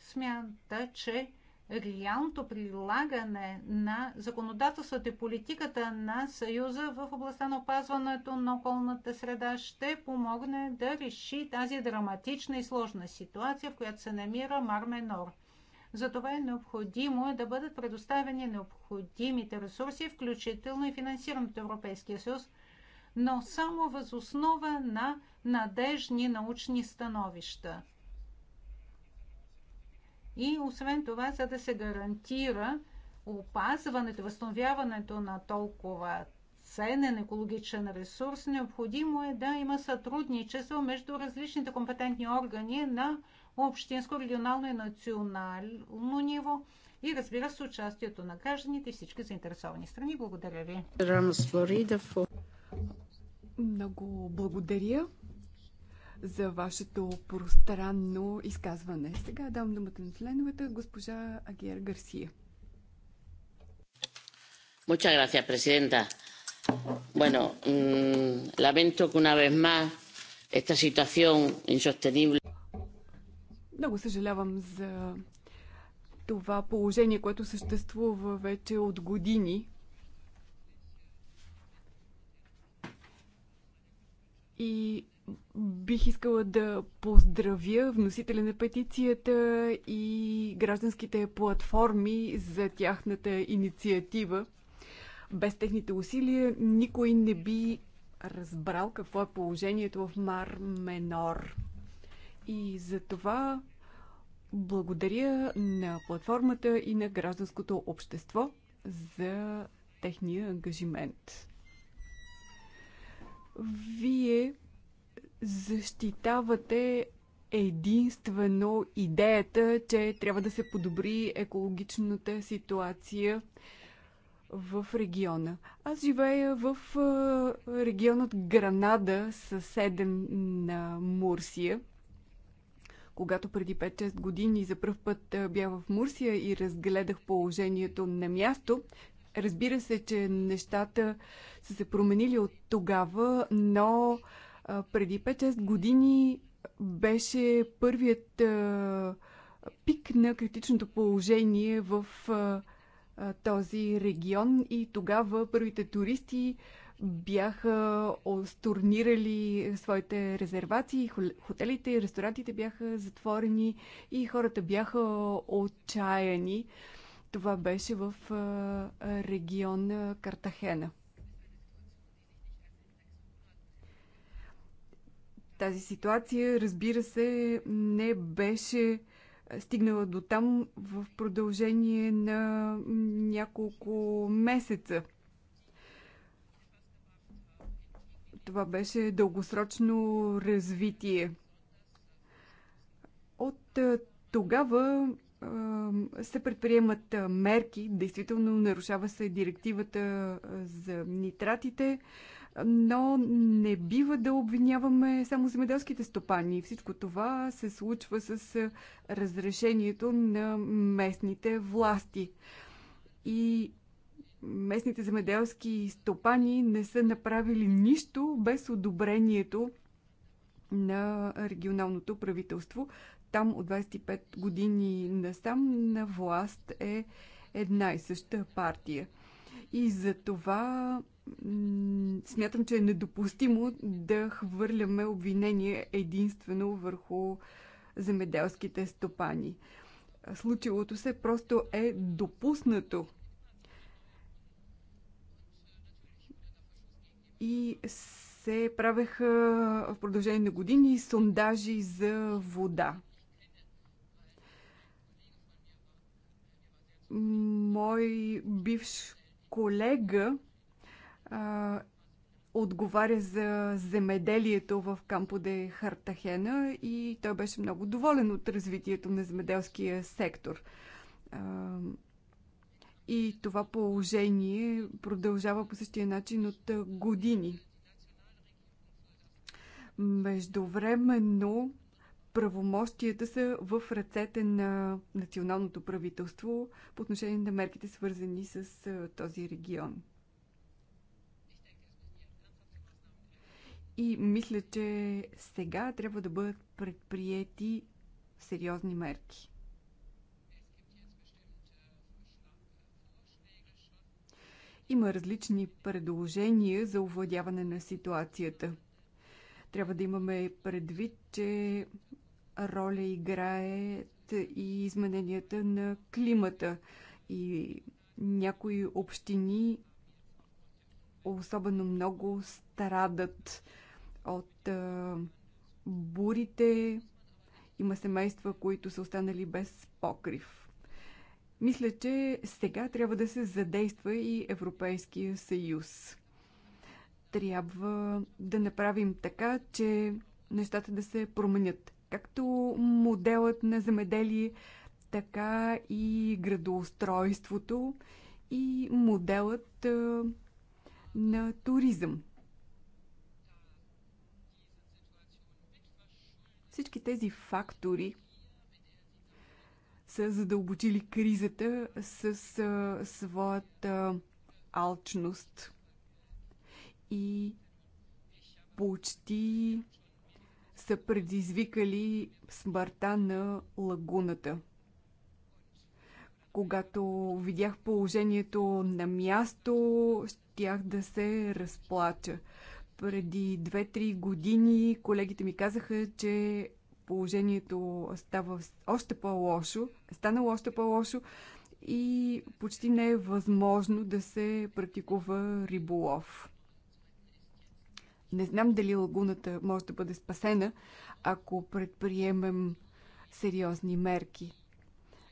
смята, че реалното прилагане на законодателството и политиката на Съюза в областта на опазването на околната среда ще помогне да реши тази драматична и сложна ситуация, в която се намира Марменор. Затова е необходимо да бъдат предоставени необходимите ресурси, включително и финансирането от Европейския съюз, но само възоснова на надежни научни становища. И освен това, за да се гарантира опазването, възстановяването на толкова ценен екологичен ресурс, необходимо е да има сътрудничество между различните компетентни органи на общинско, регионално и национално ниво и разбира се участието на гражданите и всички заинтересовани страни. Благодаря ви. Много благодаря за вашето пространно изказване. Сега дам думата на членовете госпожа Агиер Гарсия. Muchas gracias, Presidenta. Bueno, mmm, lamento que una vez más esta situación insostenible. Много съжалявам за това положение, което съществува вече от години. И Бих искала да поздравя вносителя на петицията и гражданските платформи за тяхната инициатива. Без техните усилия никой не би разбрал какво е положението в Мар Менор. И за това благодаря на платформата и на гражданското общество за техния ангажимент. Вие защитавате единствено идеята, че трябва да се подобри екологичната ситуация в региона. Аз живея в регионът Гранада, съседен на Мурсия. Когато преди 5-6 години за първ път бях в Мурсия и разгледах положението на място, разбира се, че нещата са се променили от тогава, но преди 5-6 години беше първият пик на критичното положение в този регион и тогава първите туристи бяха сторнирали своите резервации, хотелите и ресторантите бяха затворени и хората бяха отчаяни. Това беше в регион Картахена. Тази ситуация, разбира се, не беше стигнала до там в продължение на няколко месеца. Това беше дългосрочно развитие. От тогава се предприемат мерки. Действително нарушава се директивата за нитратите но не бива да обвиняваме само земеделските стопани. Всичко това се случва с разрешението на местните власти. И местните земеделски стопани не са направили нищо без одобрението на регионалното правителство. Там от 25 години насам на власт е една и съща партия. И за това смятам, че е недопустимо да хвърляме обвинение единствено върху земеделските стопани. Случилото се просто е допуснато. И се правеха в продължение на години сондажи за вода. Мой бивш колега а, отговаря за земеделието в Кампо де Хартахена и той беше много доволен от развитието на земеделския сектор. А, и това положение продължава по същия начин от години. Междувременно правомощията са в ръцете на националното правителство по отношение на мерките, свързани с този регион. И мисля, че сега трябва да бъдат предприяти сериозни мерки. Има различни предложения за овладяване на ситуацията. Трябва да имаме предвид, че роля играят и измененията на климата. И някои общини особено много страдат от бурите. Има семейства, които са останали без покрив. Мисля, че сега трябва да се задейства и Европейския съюз. Трябва да направим така, че нещата да се променят. Както моделът на земеделие, така и градоустройството и моделът на туризъм. Всички тези фактори са задълбочили кризата с а, своята алчност и почти са предизвикали смъртта на лагуната. Когато видях положението на място, щях да се разплача. Преди 2-3 години колегите ми казаха, че положението става още по-лошо, е станало още по-лошо и почти не е възможно да се практикува риболов. Не знам дали лагуната може да бъде спасена, ако предприемем сериозни мерки.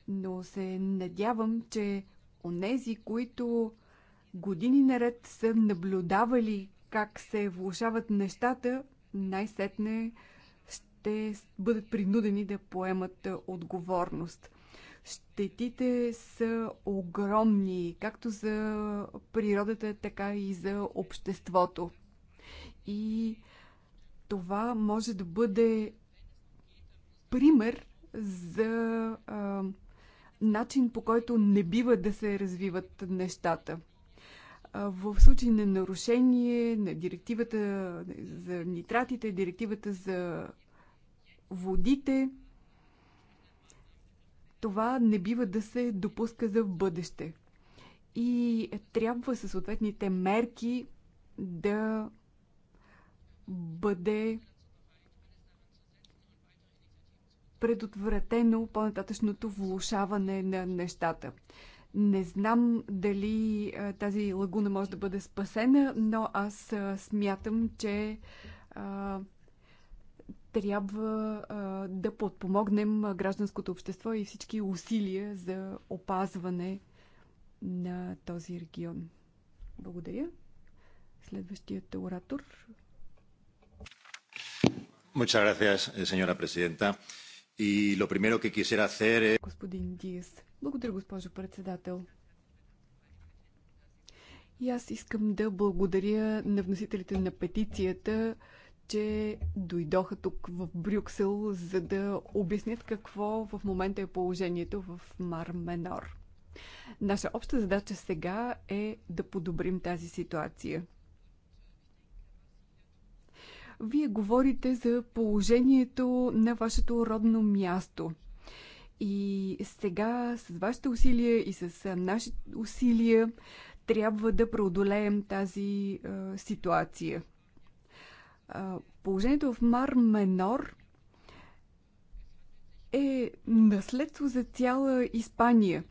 Но се надявам, че онези, които години наред са наблюдавали как се влушават нещата, най-сетне ще бъдат принудени да поемат отговорност. Щетите са огромни, както за природата, така и за обществото. И това може да бъде пример за а, начин по който не бива да се развиват нещата. В случай на нарушение на директивата за нитратите, директивата за водите, това не бива да се допуска за в бъдеще. И трябва със съответните мерки да бъде предотвратено по-нататъчното влушаване на нещата. Не знам дали тази лагуна може да бъде спасена, но аз смятам, че трябва да подпомогнем гражданското общество и всички усилия за опазване на този регион. Благодаря. Следващият оратор. Muchas gracias, señora presidenta. Y lo primero que quisiera hacer es... Господин Диес. Благодаря, госпожо председател. И аз искам да благодаря на вносителите на петицията, че дойдоха тук в Брюксел, за да обяснят какво в момента е положението в Мар Менор. Наша обща задача сега е да подобрим тази ситуация. Вие говорите за положението на вашето родно място – и сега с вашите усилия и с нашите усилия трябва да преодолеем тази а, ситуация. А, положението в Мар Менор е наследство за цяла Испания.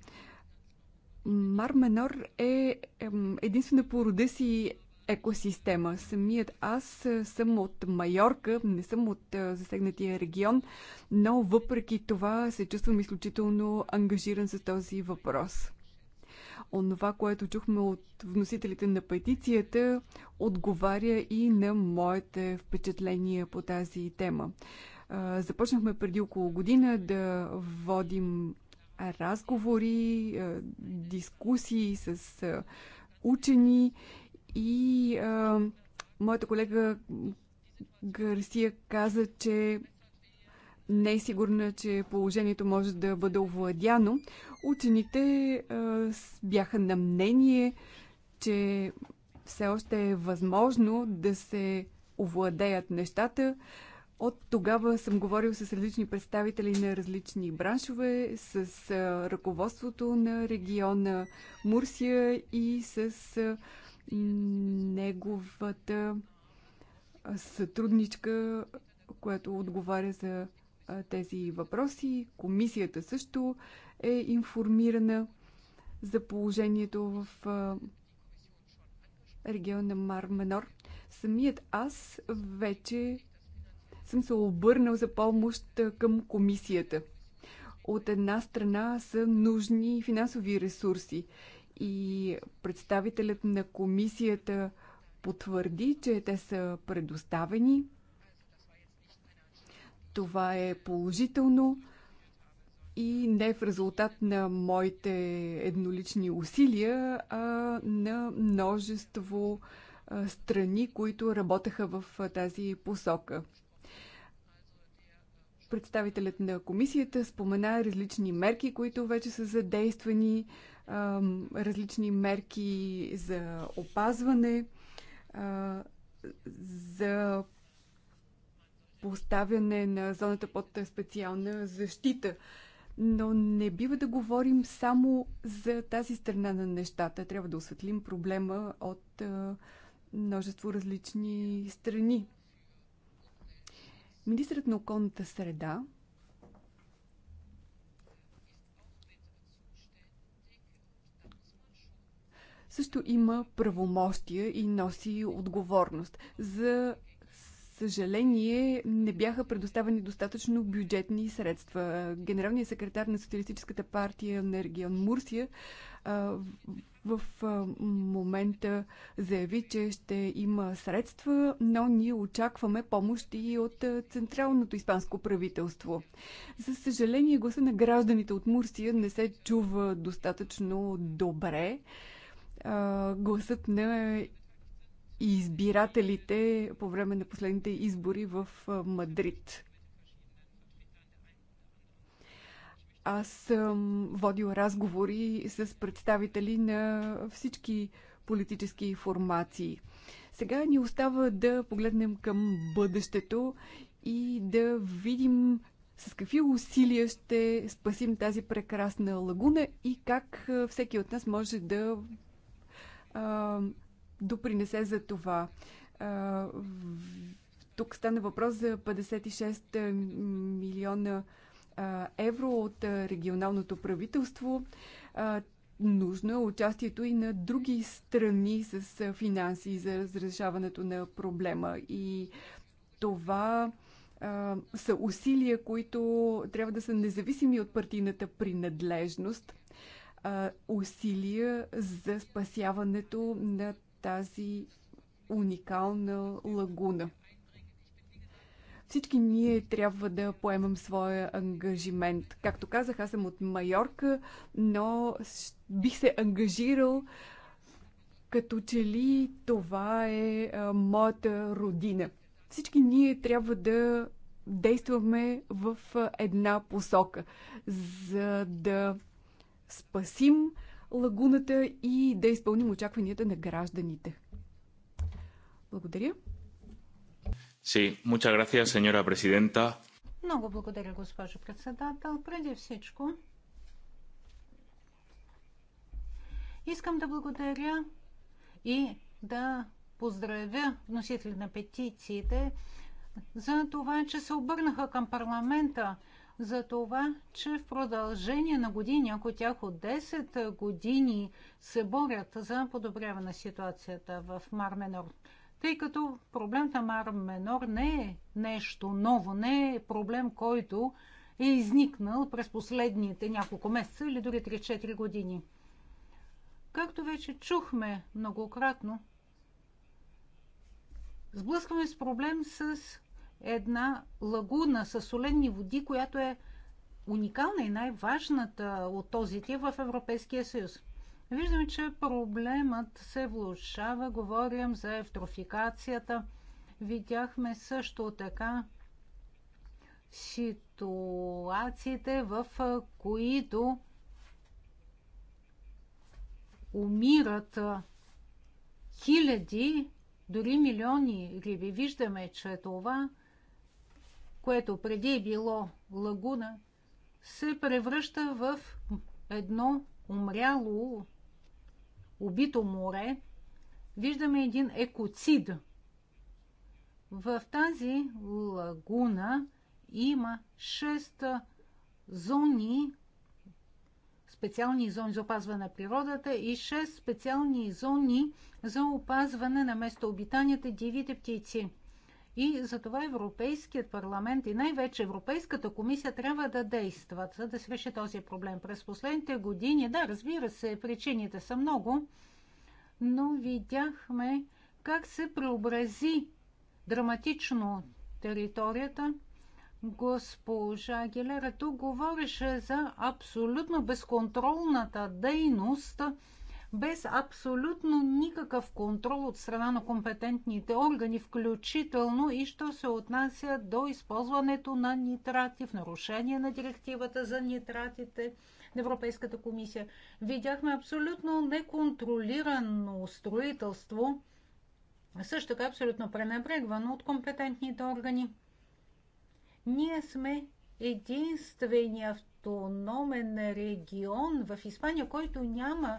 Мар Менор е единствена по рода си екосистема. Самият аз съм от Майорка, не съм от засегнатия регион, но въпреки това се чувствам изключително ангажиран с този въпрос. Онова, което чухме от вносителите на петицията, отговаря и на моите впечатления по тази тема. Започнахме преди около година да водим разговори, дискусии с учени и а, моята колега Гарсия каза, че не е сигурна, че положението може да бъде овладяно. Учените а, бяха на мнение, че все още е възможно да се овладеят нещата. От тогава съм говорил с различни представители на различни браншове, с ръководството на региона Мурсия и с неговата сътрудничка, която отговаря за тези въпроси. Комисията също е информирана за положението в региона Мар Менор. Самият аз вече съм се обърнал за помощ към комисията. От една страна са нужни финансови ресурси и представителят на комисията потвърди, че те са предоставени. Това е положително и не в резултат на моите еднолични усилия, а на множество страни, които работеха в тази посока. Представителят на комисията спомена различни мерки, които вече са задействани, различни мерки за опазване, за поставяне на зоната под специална защита. Но не бива да говорим само за тази страна на нещата. Трябва да осветлим проблема от множество различни страни. Министрът на околната среда също има правомощия и носи отговорност. За съжаление, не бяха предоставени достатъчно бюджетни средства. Генералният секретар на Социалистическата партия на регион Мурсия в момента заяви, че ще има средства, но ние очакваме помощ и от Централното испанско правителство. За съжаление, гласа на гражданите от Мурсия не се чува достатъчно добре гласът на избирателите по време на последните избори в Мадрид. Аз съм водил разговори с представители на всички политически формации. Сега ни остава да погледнем към бъдещето и да видим с какви усилия ще спасим тази прекрасна лагуна и как всеки от нас може да а, допринесе за това. А, тук стана въпрос за 56 милиона а, евро от регионалното правителство. А, нужно е участието и на други страни с финанси за разрешаването на проблема. И това а, са усилия, които трябва да са независими от партийната принадлежност а, усилия за спасяването на тази уникална лагуна. Всички ние трябва да поемам своя ангажимент. Както казах, аз съм от Майорка, но бих се ангажирал като че ли това е а, моята родина. Всички ние трябва да действаме в една посока, за да спасим лагуната и да изпълним очакванията на гражданите. Благодаря. Sí, muchas gracias, señora presidenta. Много благодаря, госпожо председател. Преди всичко, искам да благодаря и да поздравя вносители на петициите за това, че се обърнаха към парламента за това, че в продължение на години, ако тях от 10 години се борят за подобряване на ситуацията в Марменор, Тъй като проблемът на Мар не е нещо ново, не е проблем, който е изникнал през последните няколко месеца или дори 3-4 години. Както вече чухме многократно, сблъскваме с проблем с една лагуна с соленни води, която е уникална и най-важната от този тип в Европейския съюз. Виждаме, че проблемът се влушава. Говорим за евтрофикацията. Видяхме също така ситуациите, в които умират хиляди, дори милиони риби. Виждаме, че това което преди е било лагуна, се превръща в едно умряло, убито море. Виждаме един екоцид. В тази лагуна има 6 зони, специални зони за опазване на природата и 6 специални зони за опазване на местообитанията дивите птици. И затова Европейският парламент и най-вече Европейската комисия трябва да действат, за да свърши този проблем. През последните години, да, разбира се, причините са много, но видяхме как се преобрази драматично територията. Госпожа Гелера тук говореше за абсолютно безконтролната дейност – без абсолютно никакъв контрол от страна на компетентните органи, включително и що се отнася до използването на нитрати в нарушение на директивата за нитратите на Европейската комисия. Видяхме абсолютно неконтролирано строителство, също така абсолютно пренебрегвано от компетентните органи. Ние сме единствения автономен регион в Испания, който няма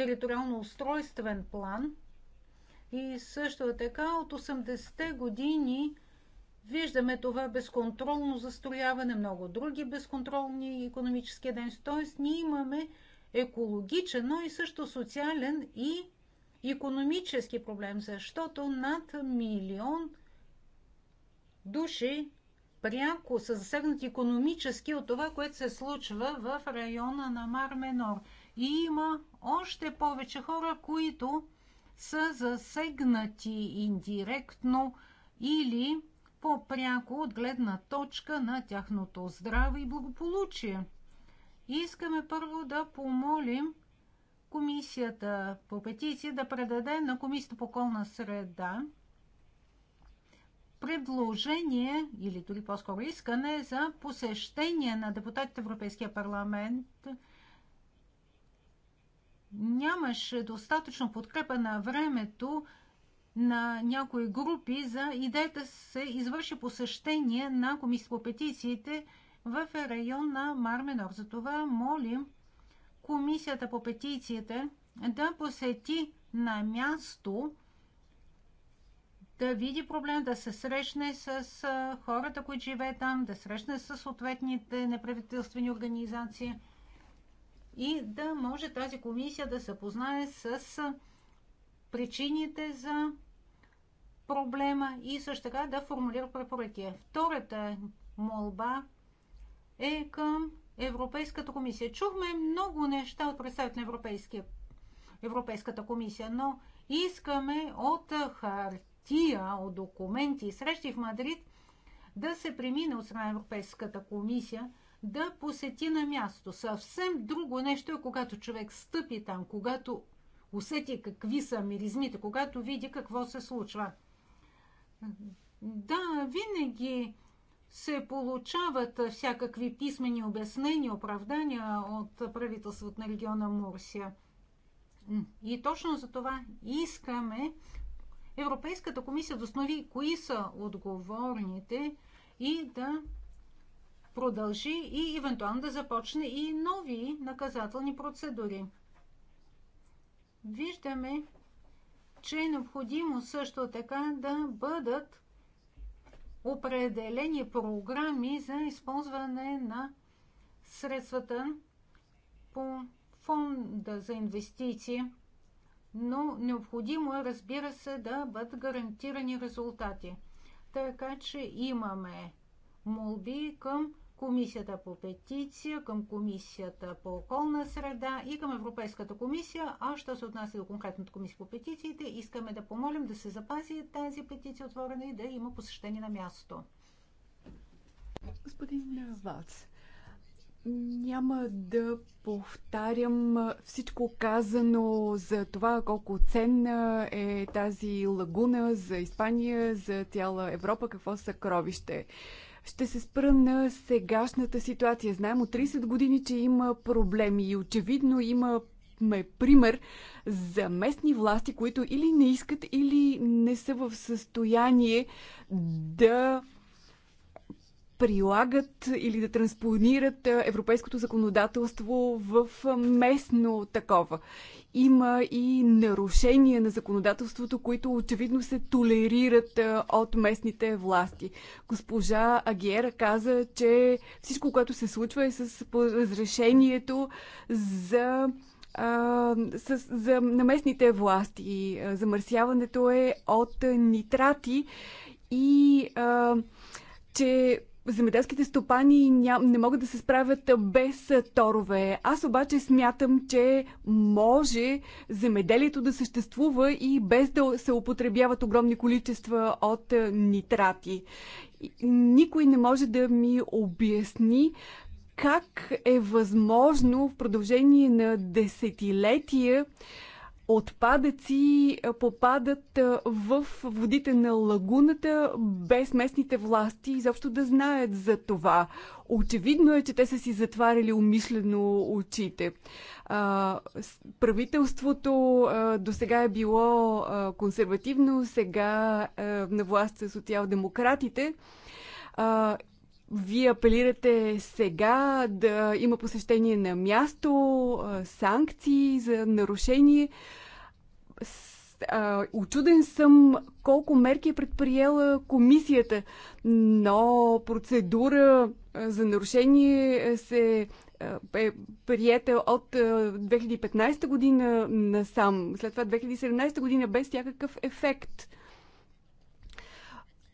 териториално-устройствен план. И също е така от 80-те години виждаме това безконтролно застрояване, много други безконтролни економически дейности. Т.е. ние имаме екологичен, но и също социален и економически проблем, защото над милион души пряко са засегнати економически от това, което се случва в района на Марменор. И има още повече хора, които са засегнати индиректно или по-пряко от гледна точка на тяхното здраве и благополучие. Искаме първо да помолим комисията по петиции да предаде на комисията по околна среда предложение или дори по-скоро искане за посещение на депутатите в Европейския парламент – нямаше достатъчно подкрепа на времето на някои групи за идеята се извърши посещение на комисията по петициите в район на Марменор. Затова молим комисията по петициите да посети на място да види проблем, да се срещне с хората, които живеят там, да срещне с съответните неправителствени организации – и да може тази комисия да се познае с причините за проблема и също така да формулира препоръки. Втората молба е към Европейската комисия. Чухме много неща от представител на Европейската комисия, но искаме от хартия, от документи и срещи в Мадрид да се премине от страна Европейската комисия да посети на място. Съвсем друго нещо е, когато човек стъпи там, когато усети какви са миризмите, когато види какво се случва. Да, винаги се получават всякакви писмени обяснения, оправдания от правителството на региона Мурсия. И точно за това искаме Европейската комисия да установи кои са отговорните и да продължи и евентуално да започне и нови наказателни процедури. Виждаме, че е необходимо също така да бъдат определени програми за използване на средствата по фонда за инвестиции, но необходимо е, разбира се, да бъдат гарантирани резултати. Така че имаме молби към Комисията по петиция, към Комисията по околна среда и към Европейската комисия. А що се отнася до конкретната комисия по петициите, искаме да помолим да се запази тази петиция отворена и да има посещение на място. Господин Вац, няма да повтарям всичко казано за това колко ценна е тази лагуна за Испания, за цяла Европа, какво съкровище е ще се спра на сегашната ситуация. Знаем от 30 години, че има проблеми и очевидно има ме пример за местни власти, които или не искат, или не са в състояние да прилагат или да транспонират европейското законодателство в местно такова. Има и нарушения на законодателството, които очевидно се толерират от местните власти. Госпожа Агиера каза, че всичко, което се случва е с разрешението за с, за наместните власти. Замърсяването е от нитрати и а, че земеделските стопани не могат да се справят без торове. Аз обаче смятам, че може земеделието да съществува и без да се употребяват огромни количества от е, нитрати. Никой не може да ми обясни как е възможно в продължение на десетилетия отпадъци попадат в водите на лагуната без местните власти изобщо да знаят за това. Очевидно е, че те са си затваряли умишлено очите. правителството до сега е било консервативно, сега на власт са социал-демократите. Вие апелирате сега да има посещение на място, санкции за нарушение. Очуден съм колко мерки е предприела комисията, но процедура за нарушение се е приета от 2015 година насам, след това 2017 година без всякакъв ефект.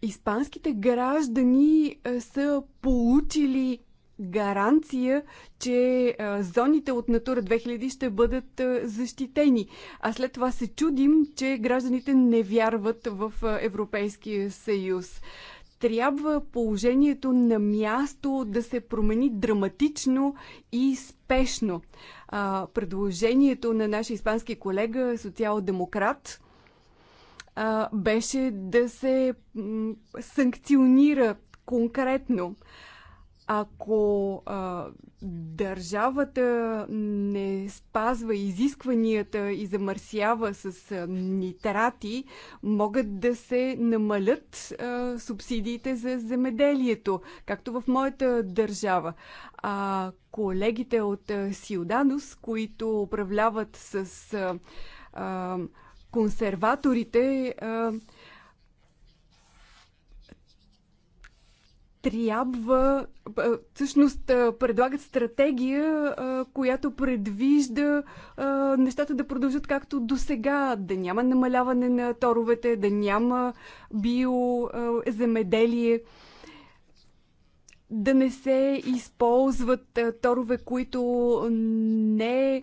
Испанските граждани е, са получили гаранция, че е, зоните от Натура 2000 ще бъдат е, защитени. А след това се чудим, че гражданите не вярват в Европейския съюз. Трябва положението на място да се промени драматично и спешно. Предложението на нашия испански колега, социал-демократ, а, беше да се санкционира конкретно. Ако а, държавата не спазва изискванията и замърсява с а, нитрати, могат да се намалят а, субсидиите за земеделието, както в моята държава. А колегите от а, Сиуданус, които управляват с. А, а, консерваторите а, трябва, а, всъщност а, предлагат стратегия, а, която предвижда а, нещата да продължат както до сега, да няма намаляване на торовете, да няма биоземеделие да не се използват торове, които не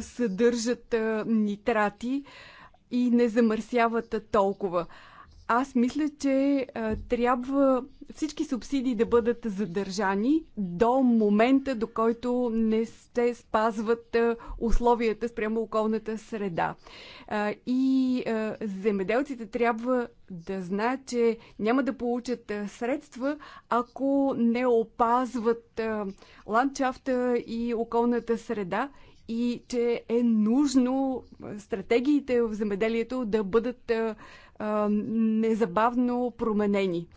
съдържат нитрати и не замърсяват толкова. Аз мисля, че а, трябва всички субсидии да бъдат задържани до момента, до който не се спазват а, условията спрямо околната среда. А, и а, земеделците трябва да знаят, че няма да получат а, средства, ако не опазват а, ландшафта и околната среда и че е нужно стратегиите в земеделието да бъдат незабавно променени.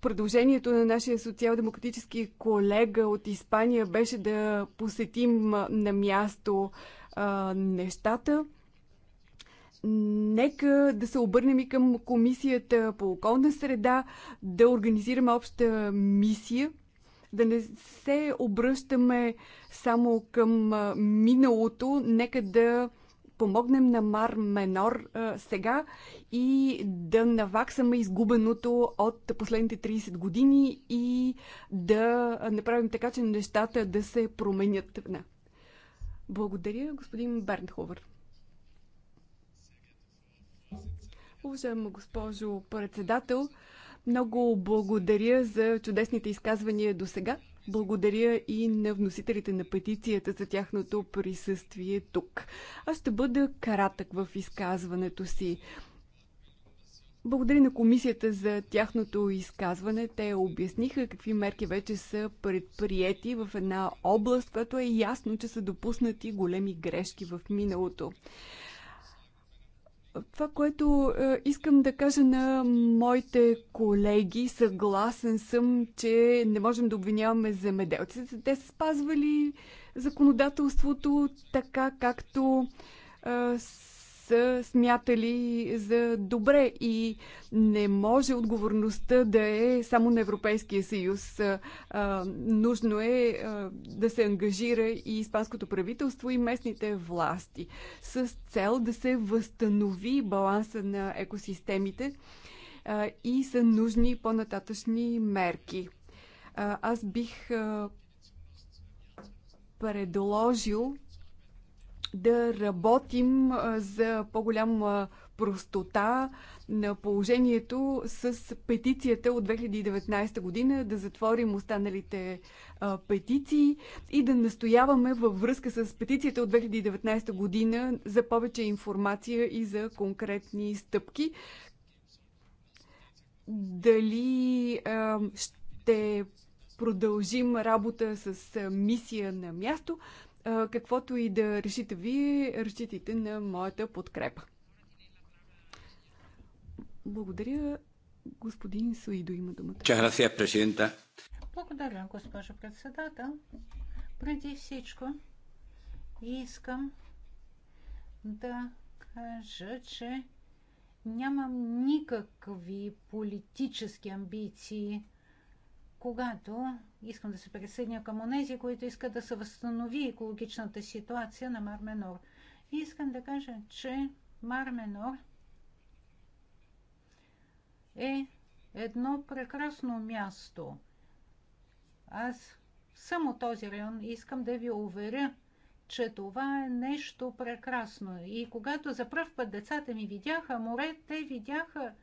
Продължението на нашия социал-демократически колега от Испания беше да посетим на място нещата нека да се обърнем и към Комисията по околна среда, да организираме обща мисия – да не се обръщаме само към миналото, нека да помогнем на Мар Менор сега и да наваксаме изгубеното от последните 30 години и да направим така, че нещата да се променят. Не. Благодаря, господин Бернховър. Уважаема госпожо председател, много благодаря за чудесните изказвания до сега. Благодаря и на вносителите на петицията за тяхното присъствие тук. Аз ще бъда каратък в изказването си. Благодаря на комисията за тяхното изказване. Те обясниха какви мерки вече са предприяти в една област, която е ясно, че са допуснати големи грешки в миналото. Това, което е, искам да кажа на моите колеги, съгласен съм, че не можем да обвиняваме земеделците. Те са спазвали законодателството така, както е, са смятали за добре и не може отговорността да е само на Европейския съюз. А, нужно е а, да се ангажира и испанското правителство и местните власти с цел да се възстанови баланса на екосистемите а, и са нужни по-нататъчни мерки. А, аз бих а, предложил да работим за по-голяма простота на положението с петицията от 2019 година, да затворим останалите а, петиции и да настояваме във връзка с петицията от 2019 година за повече информация и за конкретни стъпки. Дали а, ще продължим работа с мисия на място, каквото и да решите вие, разчитайте на моята подкрепа. Благодаря. Господин Суидо има думата. Благодаря, госпожо председател. Преди всичко искам да кажа, че нямам никакви политически амбиции когато искам да се присъединя към онези, които искат да се възстанови екологичната ситуация на Марменор. И искам да кажа, че Марменор е едно прекрасно място. Аз само този район искам да ви уверя, че това е нещо прекрасно. И когато за първ път децата ми видяха море, те видяха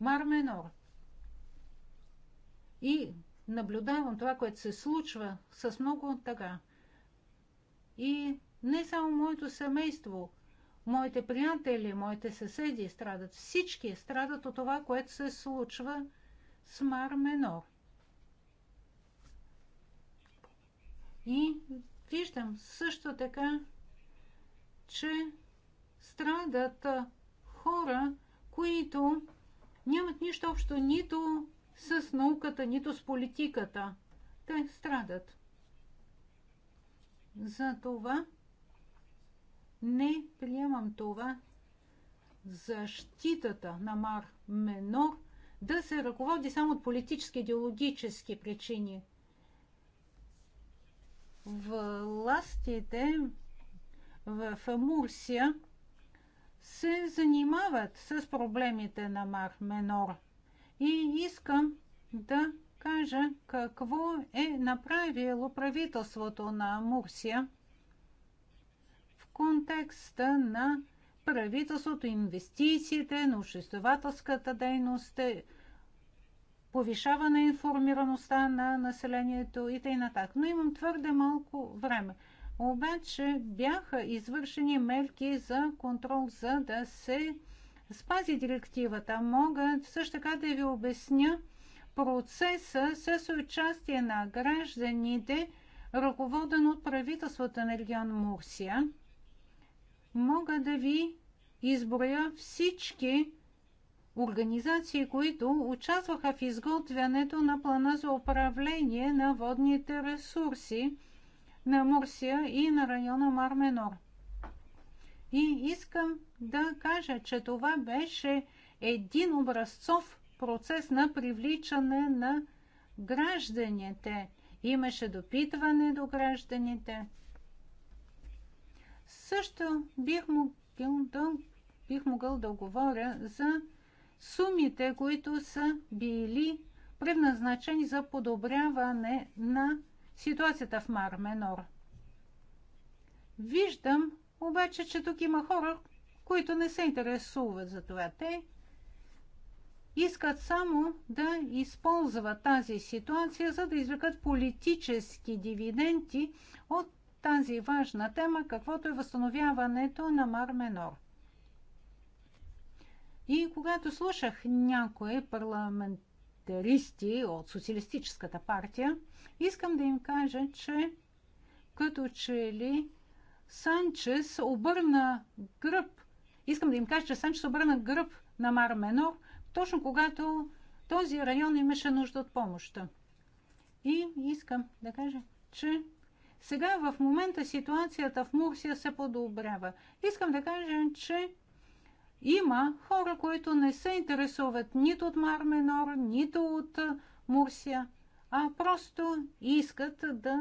Марменор. И наблюдавам това, което се случва с много така. И не само моето семейство, моите приятели, моите съседи страдат. Всички страдат от това, което се случва с Мар Менор. И виждам също така, че страдат хора, които нямат нищо общо нито с науката, нито с политиката. Те страдат. Затова не приемам това защитата на Мар Менор да се ръководи само от политически идеологически причини. Властите в Мурсия се занимават с проблемите на Мар Менор – и искам да кажа какво е направило правителството на Мурсия в контекста на правителството, инвестициите, научествователската дейност, е, повишаване информираността на населението и т.н. Но имам твърде малко време. Обаче бяха извършени мерки за контрол, за да се спази директивата. Мога също така да ви обясня процеса с участие на гражданите, ръководен от правителството на регион Мурсия. Мога да ви изброя всички организации, които участваха в изготвянето на плана за управление на водните ресурси на Мурсия и на района Марменор. И искам да кажа, че това беше един образцов процес на привличане на гражданите. Имаше допитване до гражданите. Също бих могъл да, бих могъл да говоря за сумите, които са били предназначени за подобряване на ситуацията в Мар Менор. Виждам обаче, че тук има хора, които не се интересуват за това. Те искат само да използват тази ситуация, за да извлекат политически дивиденти от тази важна тема, каквото е възстановяването на Марменор. И когато слушах някои парламентаристи от Социалистическата партия, искам да им кажа, че като че ли Санчес обърна гръб. Искам да им кажа, че Санчес обърна гръб на Мар Менор, точно когато този район имаше нужда от помощта. И искам да кажа, че сега в момента ситуацията в Мурсия се подобрява. Искам да кажа, че има хора, които не се интересуват нито от Марменор, нито от Мурсия, а просто искат да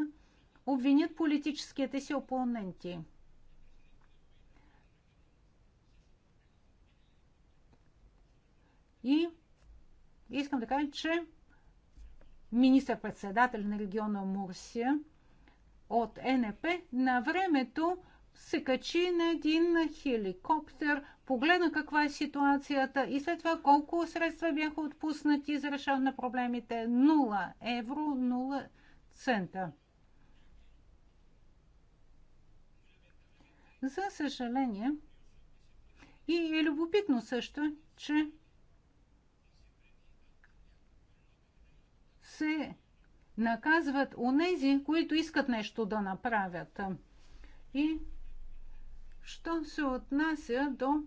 обвинят политическите си опоненти. И искам да кажа, че министър-председател на региона Мурсия от НП на времето се качи на един хеликоптер, погледна каква е ситуацията и след това колко средства бяха отпуснати за решаване на проблемите. 0 евро, 0 цента. За съжаление, и е любопитно също, че се наказват онези, които искат нещо да направят. И що се отнася до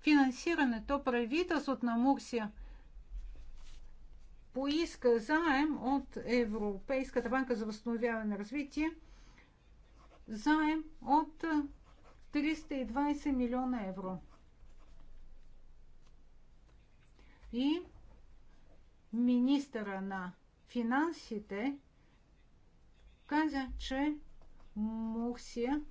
финансирането, правителството на Мурсия поиска заем от Европейската банка за възстановяване на развитие – заем от 320 милиона евро. И министъра на финансите каза, че Мурсия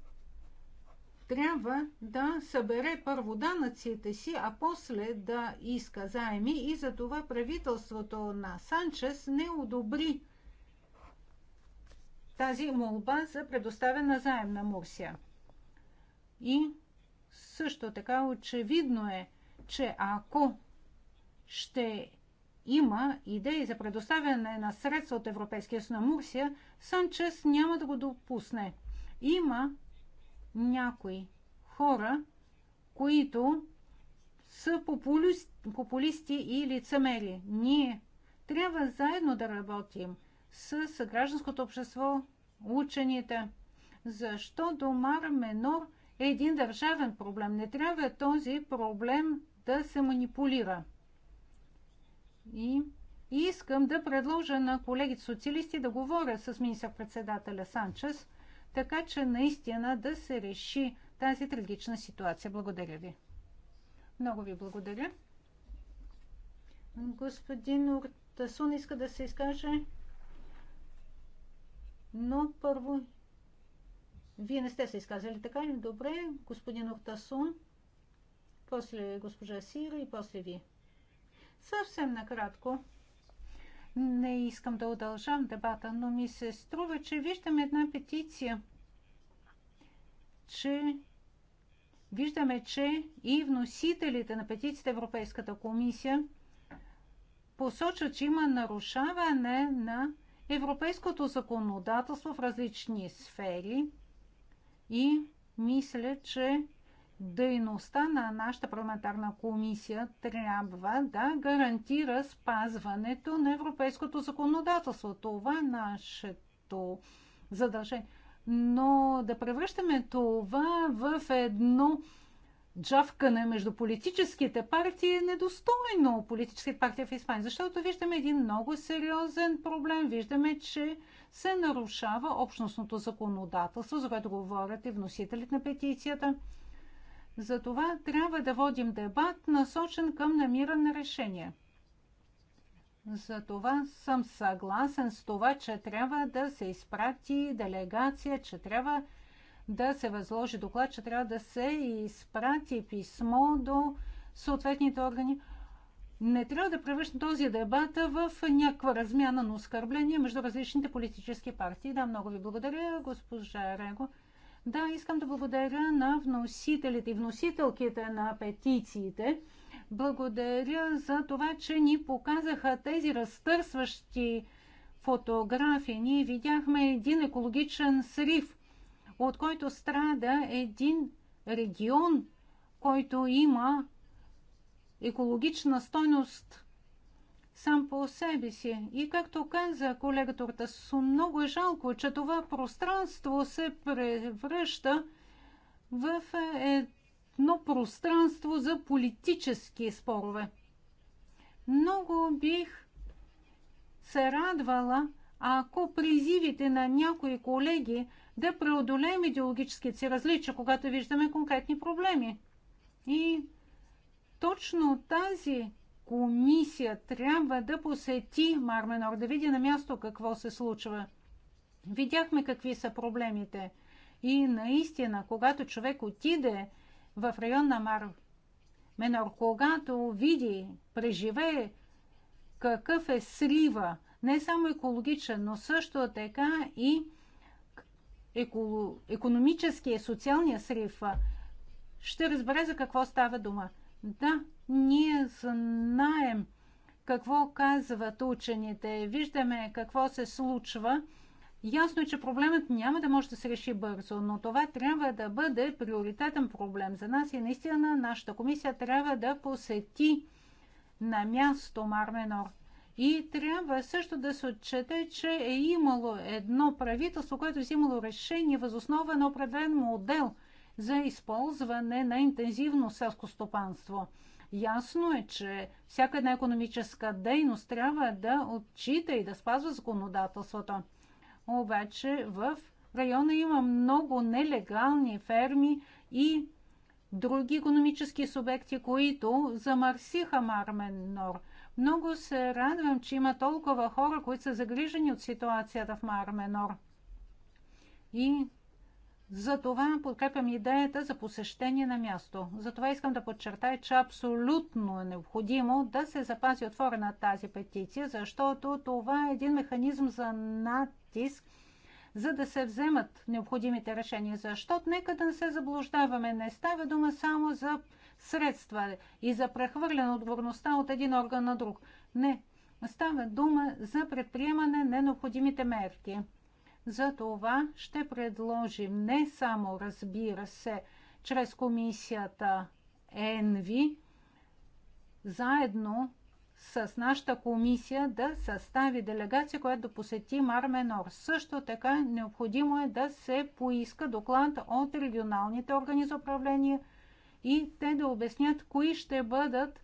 трябва да събере първо данъците си, а после да иска заеми и за това правителството на Санчес не одобри тази молба за предоставена заем на Мурсия. И също така очевидно е, че ако ще има идеи за предоставяне на средства от Европейския съюз на Мурсия, Санчес няма да го допусне. Има някои хора, които са популисти, популисти и лицемери. Ние трябва заедно да работим – с гражданското общество, учените. Защо Домар Менор е един държавен проблем? Не трябва този проблем да се манипулира. И искам да предложа на колегите социалисти да говоря с министър-председателя Санчес, така че наистина да се реши тази трагична ситуация. Благодаря ви. Много ви благодаря. Господин Уртасун иска да се изкаже. Но първо, вие не сте се изказали така ли? Добре, господин Охтасун, после госпожа Сира и после ви. Съвсем накратко. Не искам да удължам дебата, но ми се струва, че виждаме една петиция, че виждаме, че и вносителите на петицията Европейската комисия посочват, че има нарушаване на европейското законодателство в различни сфери и мисля, че дейността на нашата парламентарна комисия трябва да гарантира спазването на европейското законодателство. Това е нашето задължение. Но да превръщаме това в едно джавкане между политическите партии е недостойно политическите партии в Испания, защото виждаме един много сериозен проблем. Виждаме, че се нарушава общностното законодателство, за което говорят и вносителите на петицията. Затова трябва да водим дебат, насочен към намиране на решение. Затова съм съгласен с това, че трябва да се изпрати делегация, че трябва да се възложи доклад, че трябва да се изпрати писмо до съответните органи. Не трябва да превръща този дебат в някаква размяна на оскърбление между различните политически партии. Да, много ви благодаря, госпожа Рего. Да, искам да благодаря на вносителите и вносителките на петициите. Благодаря за това, че ни показаха тези разтърсващи фотографии. Ние видяхме един екологичен срив от който страда един регион, който има екологична стойност сам по себе си. И както каза колегата Ортасо, много е жалко, че това пространство се превръща в едно пространство за политически спорове. Много бих се радвала, ако призивите на някои колеги да преодолеем идеологическите си различия, когато виждаме конкретни проблеми. И точно тази комисия трябва да посети Марменор, да види на място какво се случва. Видяхме какви са проблемите. И наистина, когато човек отиде в район на Мар Менор, когато види, преживее какъв е срива, не само екологичен, но също така и еко, економическия и социалния срив, ще разбере за какво става дума. Да, ние знаем какво казват учените, виждаме какво се случва. Ясно е, че проблемът няма да може да се реши бързо, но това трябва да бъде приоритетен проблем за нас и е наистина нашата комисия трябва да посети на място Марменор. И трябва също да се отчете, че е имало едно правителство, което е взимало решение възоснова на определен модел за използване на интензивно селско стопанство. Ясно е, че всяка една економическа дейност трябва да отчита и да спазва законодателството. Обаче в района има много нелегални ферми и други економически субекти, които замърсиха Мармен Нор. Много се радвам, че има толкова хора, които са загрижени от ситуацията в Марменор. И за това подкрепям идеята за посещение на място. За това искам да подчертая, че абсолютно е необходимо да се запази отворена тази петиция, защото това е един механизъм за натиск, за да се вземат необходимите решения. Защото нека да не се заблуждаваме. Не става дума само за средства и за прехвърляне отговорността от един орган на друг. Не. Става дума за предприемане на необходимите мерки. За това ще предложим не само, разбира се, чрез комисията ЕНВИ, заедно с нашата комисия да състави делегация, която да посети Марменор. Също така необходимо е да се поиска доклад от регионалните органи за управление – и те да обяснят кои ще бъдат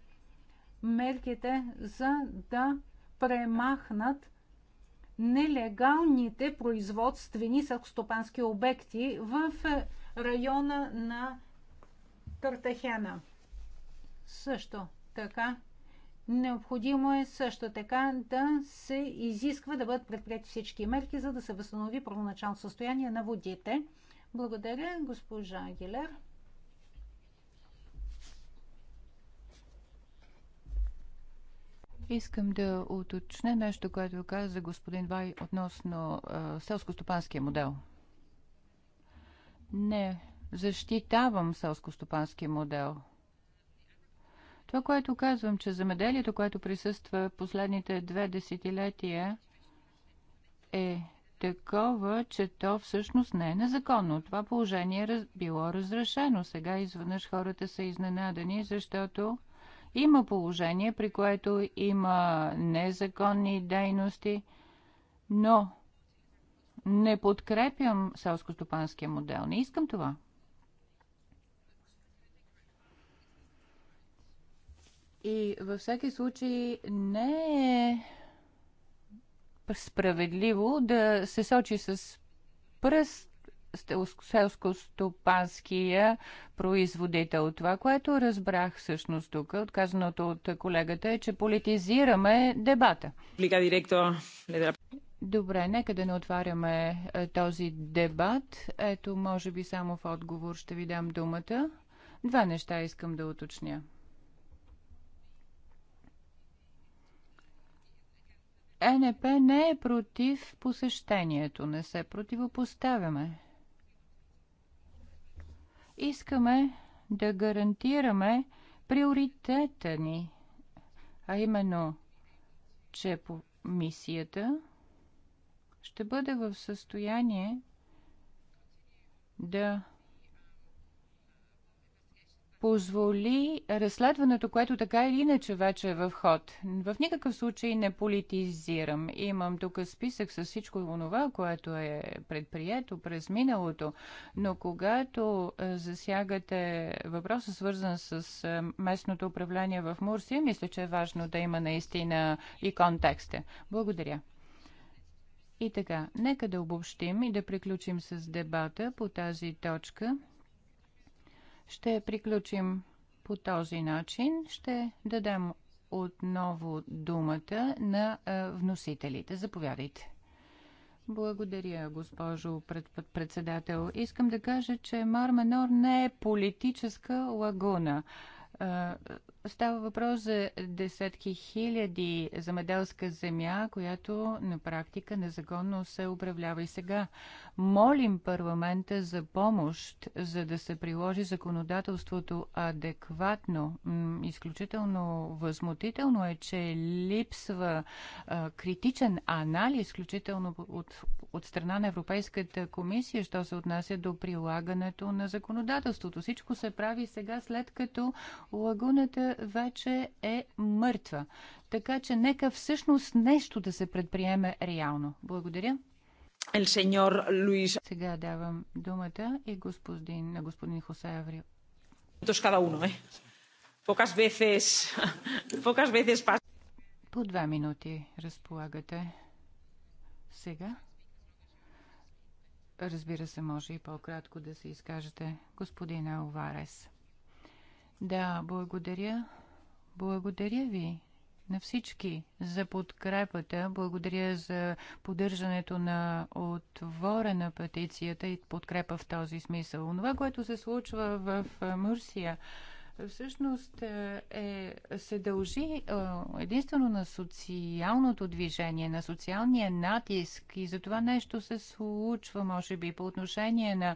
мерките за да премахнат нелегалните производствени селскостопански обекти в района на Картахена. Също така Необходимо е също така да се изисква да бъдат предприяти всички мерки, за да се възстанови първоначално състояние на водите. Благодаря, госпожа Гилер. Искам да уточня нещо, което каза господин Вай относно селско-стопанския модел. Не, защитавам селско-стопанския модел. Това, което казвам, че замеделието, което присъства последните две десетилетия, е такова, че то всъщност не е незаконно. Това положение е било разрешено. Сега изведнъж хората са изненадани, защото има положение, при което има незаконни дейности, но не подкрепям селско-стопанския модел. Не искам това. И във всеки случай не е справедливо да се сочи с пръст селско-стопанския производител. Това, което разбрах всъщност тук, отказаното от колегата, е, че политизираме дебата. Добре, нека да не отваряме е, този дебат. Ето, може би само в отговор ще ви дам думата. Два неща искам да уточня. Е, НП не е против посещението, не се противопоставяме. Искаме да гарантираме приоритета ни, а именно, че по мисията ще бъде в състояние да позволи разследването, което така или иначе вече е в ход. В никакъв случай не политизирам. Имам тук списък с всичко това, което е предприето през миналото, но когато е, засягате въпроса, свързан с е, местното управление в Мурсия, мисля, че е важно да има наистина и контекста. Благодаря. И така, нека да обобщим и да приключим с дебата по тази точка. Ще приключим по този начин. Ще дадем отново думата на вносителите. Заповядайте. Благодаря, госпожо председател. Искам да кажа, че Марменор не е политическа лагуна. Става въпрос за десетки хиляди замеделска земя, която на практика незаконно се управлява и сега. Молим парламента за помощ, за да се приложи законодателството адекватно. Изключително възмутително е, че липсва критичен анализ, изключително от, от страна на Европейската комисия, що се отнася до прилагането на законодателството. Всичко се прави сега след като лагуната вече е мъртва. Така че нека всъщност нещо да се предприеме реално. Благодаря. El señor Luis. Сега давам думата и господин, на господин Хосе Аврио. Cada uno, eh? Pocas veces, *laughs* pocas veces По два минути разполагате. Сега. Разбира се, може и по-кратко да се изкажете, господин Алварес. Да, благодаря. Благодаря ви на всички за подкрепата. Благодаря за поддържането на отворена петицията и подкрепа в този смисъл. Това, което се случва в Мърсия, всъщност е, е, се дължи е, единствено на социалното движение, на социалния натиск и за това нещо се случва, може би, по отношение на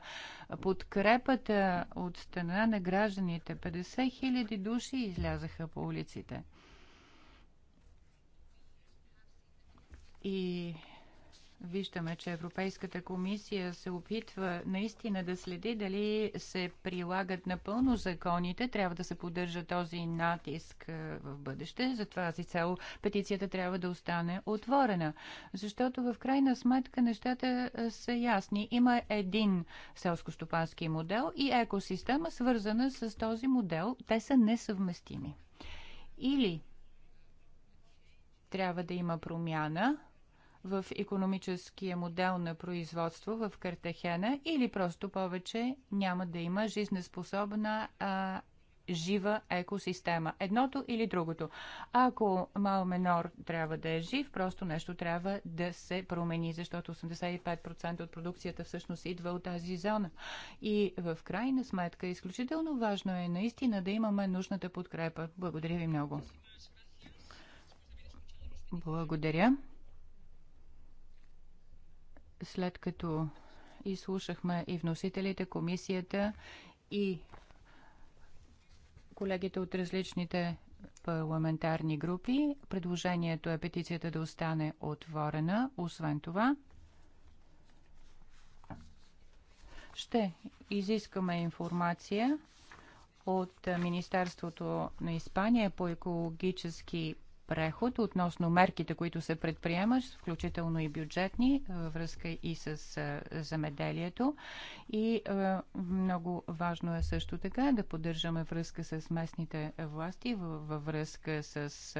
подкрепата от страна на гражданите. 50 хиляди души излязаха по улиците. И Виждаме, че Европейската комисия се опитва наистина да следи дали се прилагат напълно законите. Трябва да се поддържа този натиск е, в бъдеще. За тази цел петицията трябва да остане отворена. Защото в крайна сметка нещата е, са ясни. Има един селско-стопански модел и екосистема, свързана с този модел. Те са несъвместими. Или трябва да има промяна в економическия модел на производство в Картахена или просто повече няма да има жизнеспособна а, жива екосистема. Едното или другото. Ако Малменор трябва да е жив, просто нещо трябва да се промени, защото 85% от продукцията всъщност идва от тази зона. И в крайна сметка изключително важно е наистина да имаме нужната подкрепа. Благодаря ви много. Благодаря след като изслушахме и вносителите, комисията и колегите от различните парламентарни групи. Предложението е петицията да остане отворена. Освен това, ще изискаме информация от Министерството на Испания по екологически преход относно мерките, които се предприемат, включително и бюджетни, е, във връзка и с е, замеделието. И е, много важно е също така да поддържаме връзка с местните власти, във връзка с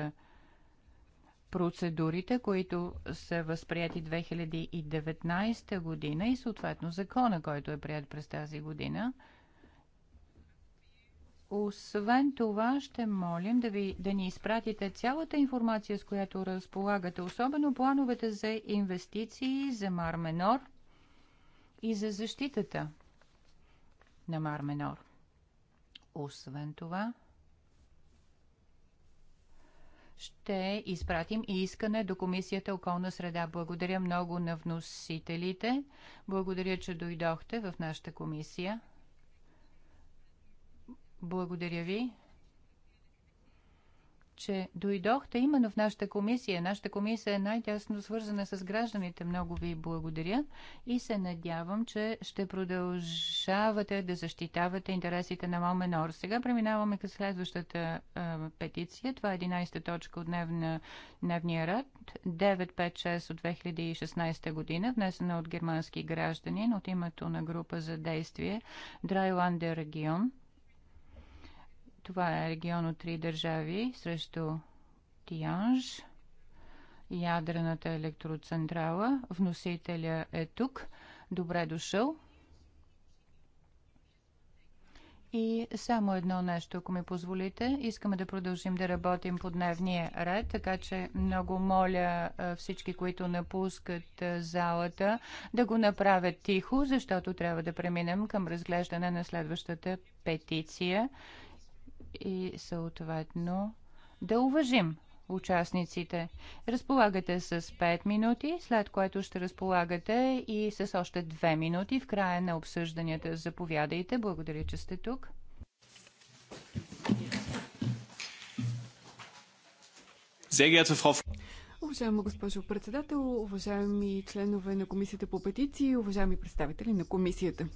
процедурите, които са възприяти 2019 година и съответно закона, който е прият през тази година – освен това, ще молим да, ви, да ни изпратите цялата информация, с която разполагате, особено плановете за инвестиции, за Марменор и за защитата на Марменор. Освен това, ще изпратим и искане до Комисията околна среда. Благодаря много на вносителите. Благодаря, че дойдохте в нашата комисия. Благодаря ви, че дойдохте именно в нашата комисия. Нашата комисия е най-тясно свързана с гражданите. Много ви благодаря и се надявам, че ще продължавате да защитавате интересите на Малменор. Сега преминаваме към следващата а, петиция. Това е 11-та точка от дневна, дневния ред. 956 от 2016 година, внесена от германски гражданин от името на група за действие Драйландер регион. Това е регион от три държави срещу Тианж, ядрената електроцентрала. Вносителя е тук. Добре дошъл. И само едно нещо, ако ми позволите. Искаме да продължим да работим по дневния ред, така че много моля всички, които напускат залата, да го направят тихо, защото трябва да преминем към разглеждане на следващата петиция и съответно да уважим участниците. Разполагате с 5 минути, след което ще разполагате и с още 2 минути в края на обсъжданията. Заповядайте. Благодаря, че сте тук. Уважаема госпожо председател, уважаеми членове на Комисията по петиции, уважаеми представители на Комисията.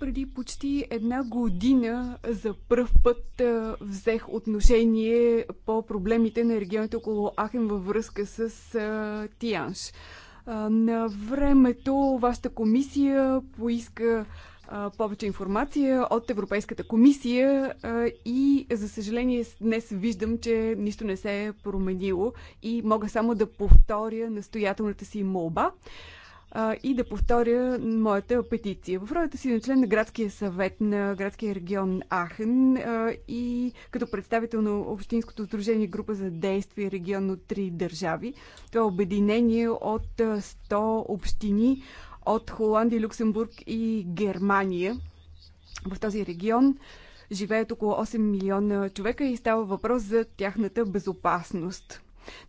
Преди почти една година за пръв път взех отношение по проблемите на регионите около Ахен във връзка с Тианш. На времето вашата комисия поиска повече информация от Европейската комисия и за съжаление днес виждам, че нищо не се е променило и мога само да повторя настоятелната си молба а, и да повторя моята петиция. В ролята си на член на градския съвет на градския регион Ахен а, и като представител на Общинското сдружение група за действие регион от три държави. Това е обединение от 100 общини от Холандия, Люксембург и Германия. В този регион живеят около 8 милиона човека и става въпрос за тяхната безопасност.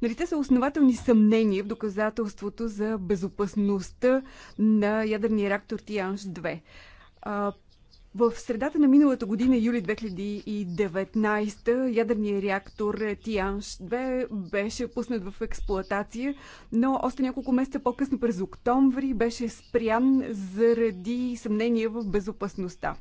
Нали те са основателни съмнения в доказателството за безопасността на ядерния реактор Тианш-2. В средата на миналата година, юли 2019, ядерният реактор Тианш-2 беше пуснат в експлоатация, но още няколко месеца по-късно през октомври беше спрян заради съмнение в безопасността.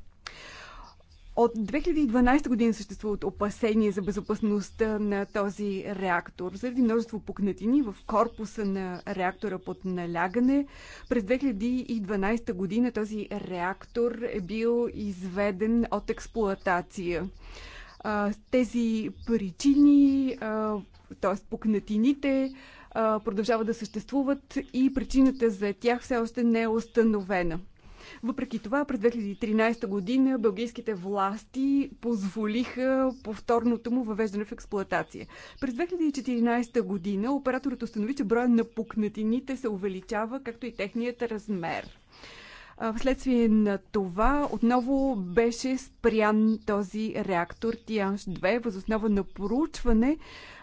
От 2012 година съществуват опасения за безопасността на този реактор. Заради множество пукнатини в корпуса на реактора под налягане, през 2012 година този реактор е бил изведен от експлоатация. Тези причини, т.е. пукнатините, продължават да съществуват и причината за тях все още не е установена. Въпреки това, през 2013 година бългийските власти позволиха повторното му въвеждане в експлоатация. През 2014 година операторът установи, че броя на пукнатините се увеличава, както и техният размер. Вследствие на това отново беше спрян този реактор Тианш 2 възоснова на проучване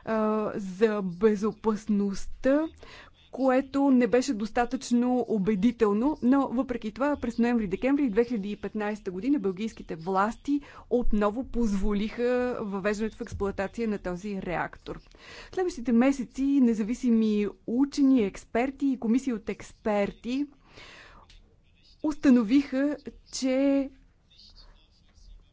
а, за безопасността, което не беше достатъчно убедително, но въпреки това през ноември-декември 2015 година бългийските власти отново позволиха въвеждането в експлоатация на този реактор. Следващите месеци независими учени, експерти и комисии от експерти установиха, че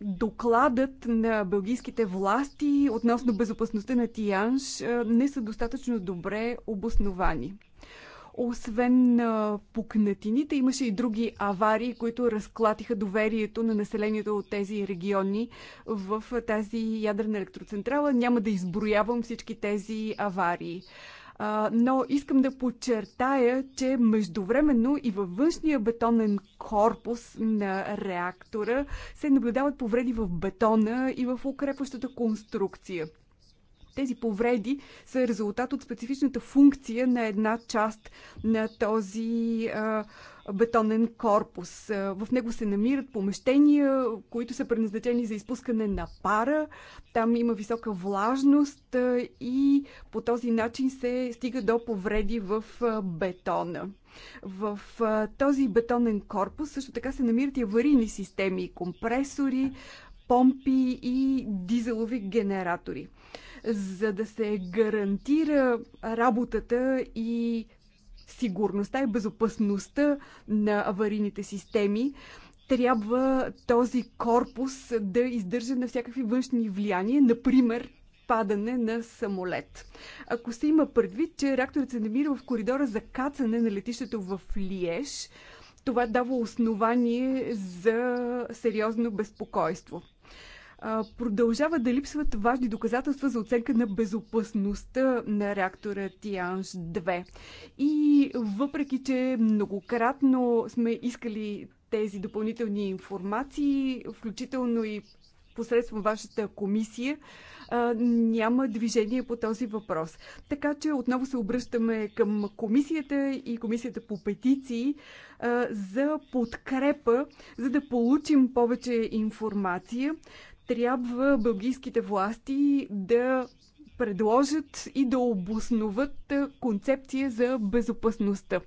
докладът на бългийските власти относно безопасността на Тианш не са достатъчно добре обосновани. Освен на пукнатините, имаше и други аварии, които разклатиха доверието на населението от тези региони в тази ядрена електроцентрала. Няма да изброявам всички тези аварии. А, но искам да подчертая, че междувременно и във външния бетонен корпус на реактора се наблюдават повреди в бетона и в укрепващата конструкция тези повреди са резултат от специфичната функция на една част на този а, бетонен корпус. В него се намират помещения, които са предназначени за изпускане на пара. Там има висока влажност и по този начин се стига до повреди в бетона. В този бетонен корпус също така се намират и аварийни системи, компресори, помпи и дизелови генератори, за да се гарантира работата и сигурността и безопасността на аварийните системи трябва този корпус да издържа на всякакви външни влияния, например падане на самолет. Ако се има предвид, че реакторът се намира в коридора за кацане на летището в Лиеш, това дава основание за сериозно безпокойство. Продължава да липсват важни доказателства за оценка на безопасността на реактора Тианж 2. И въпреки, че многократно сме искали тези допълнителни информации, включително и посредством вашата комисия, няма движение по този въпрос. Така че отново се обръщаме към комисията и комисията по петиции за подкрепа, за да получим повече информация трябва бългийските власти да предложат и да обосноват концепция за безопасността.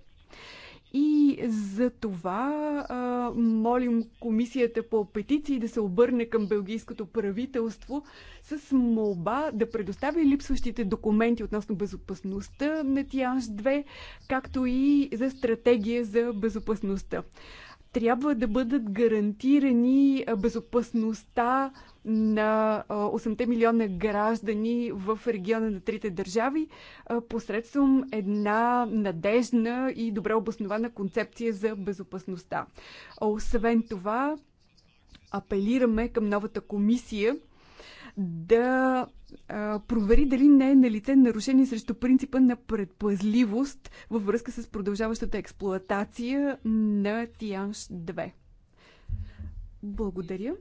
И за това а, молим комисията по петиции да се обърне към белгийското правителство с молба да предостави липсващите документи относно безопасността на Тианж 2, както и за стратегия за безопасността трябва да бъдат гарантирани безопасността на 8 милиона граждани в региона на трите държави посредством една надежна и добре обоснована концепция за безопасността. Освен това, апелираме към новата комисия – да а, провери дали не е на лице нарушение срещу принципа на предпазливост във връзка с продължаващата експлоатация на Тианш 2. Благодаря.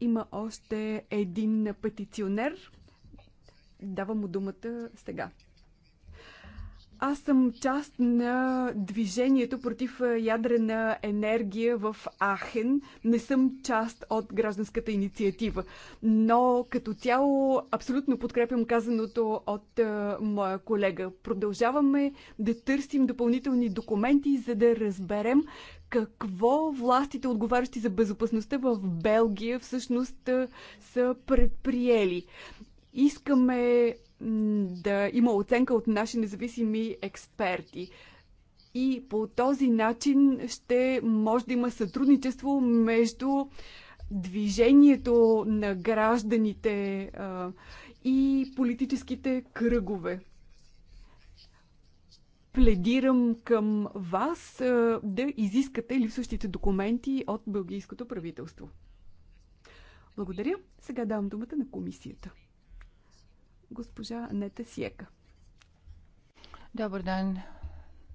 Има още един петиционер. Давам му думата сега. Аз съм част на движението против ядрена енергия в Ахен. Не съм част от гражданската инициатива. Но като цяло абсолютно подкрепям казаното от а, моя колега. Продължаваме да търсим допълнителни документи, за да разберем какво властите, отговарящи за безопасността в Белгия, всъщност са предприели. Искаме да има оценка от наши независими експерти. И по този начин ще може да има сътрудничество между движението на гражданите а, и политическите кръгове. Пледирам към вас а, да изискате липсващите документи от бългийското правителство. Благодаря. Сега давам думата на комисията госпожа Нета Сиека. Добър ден.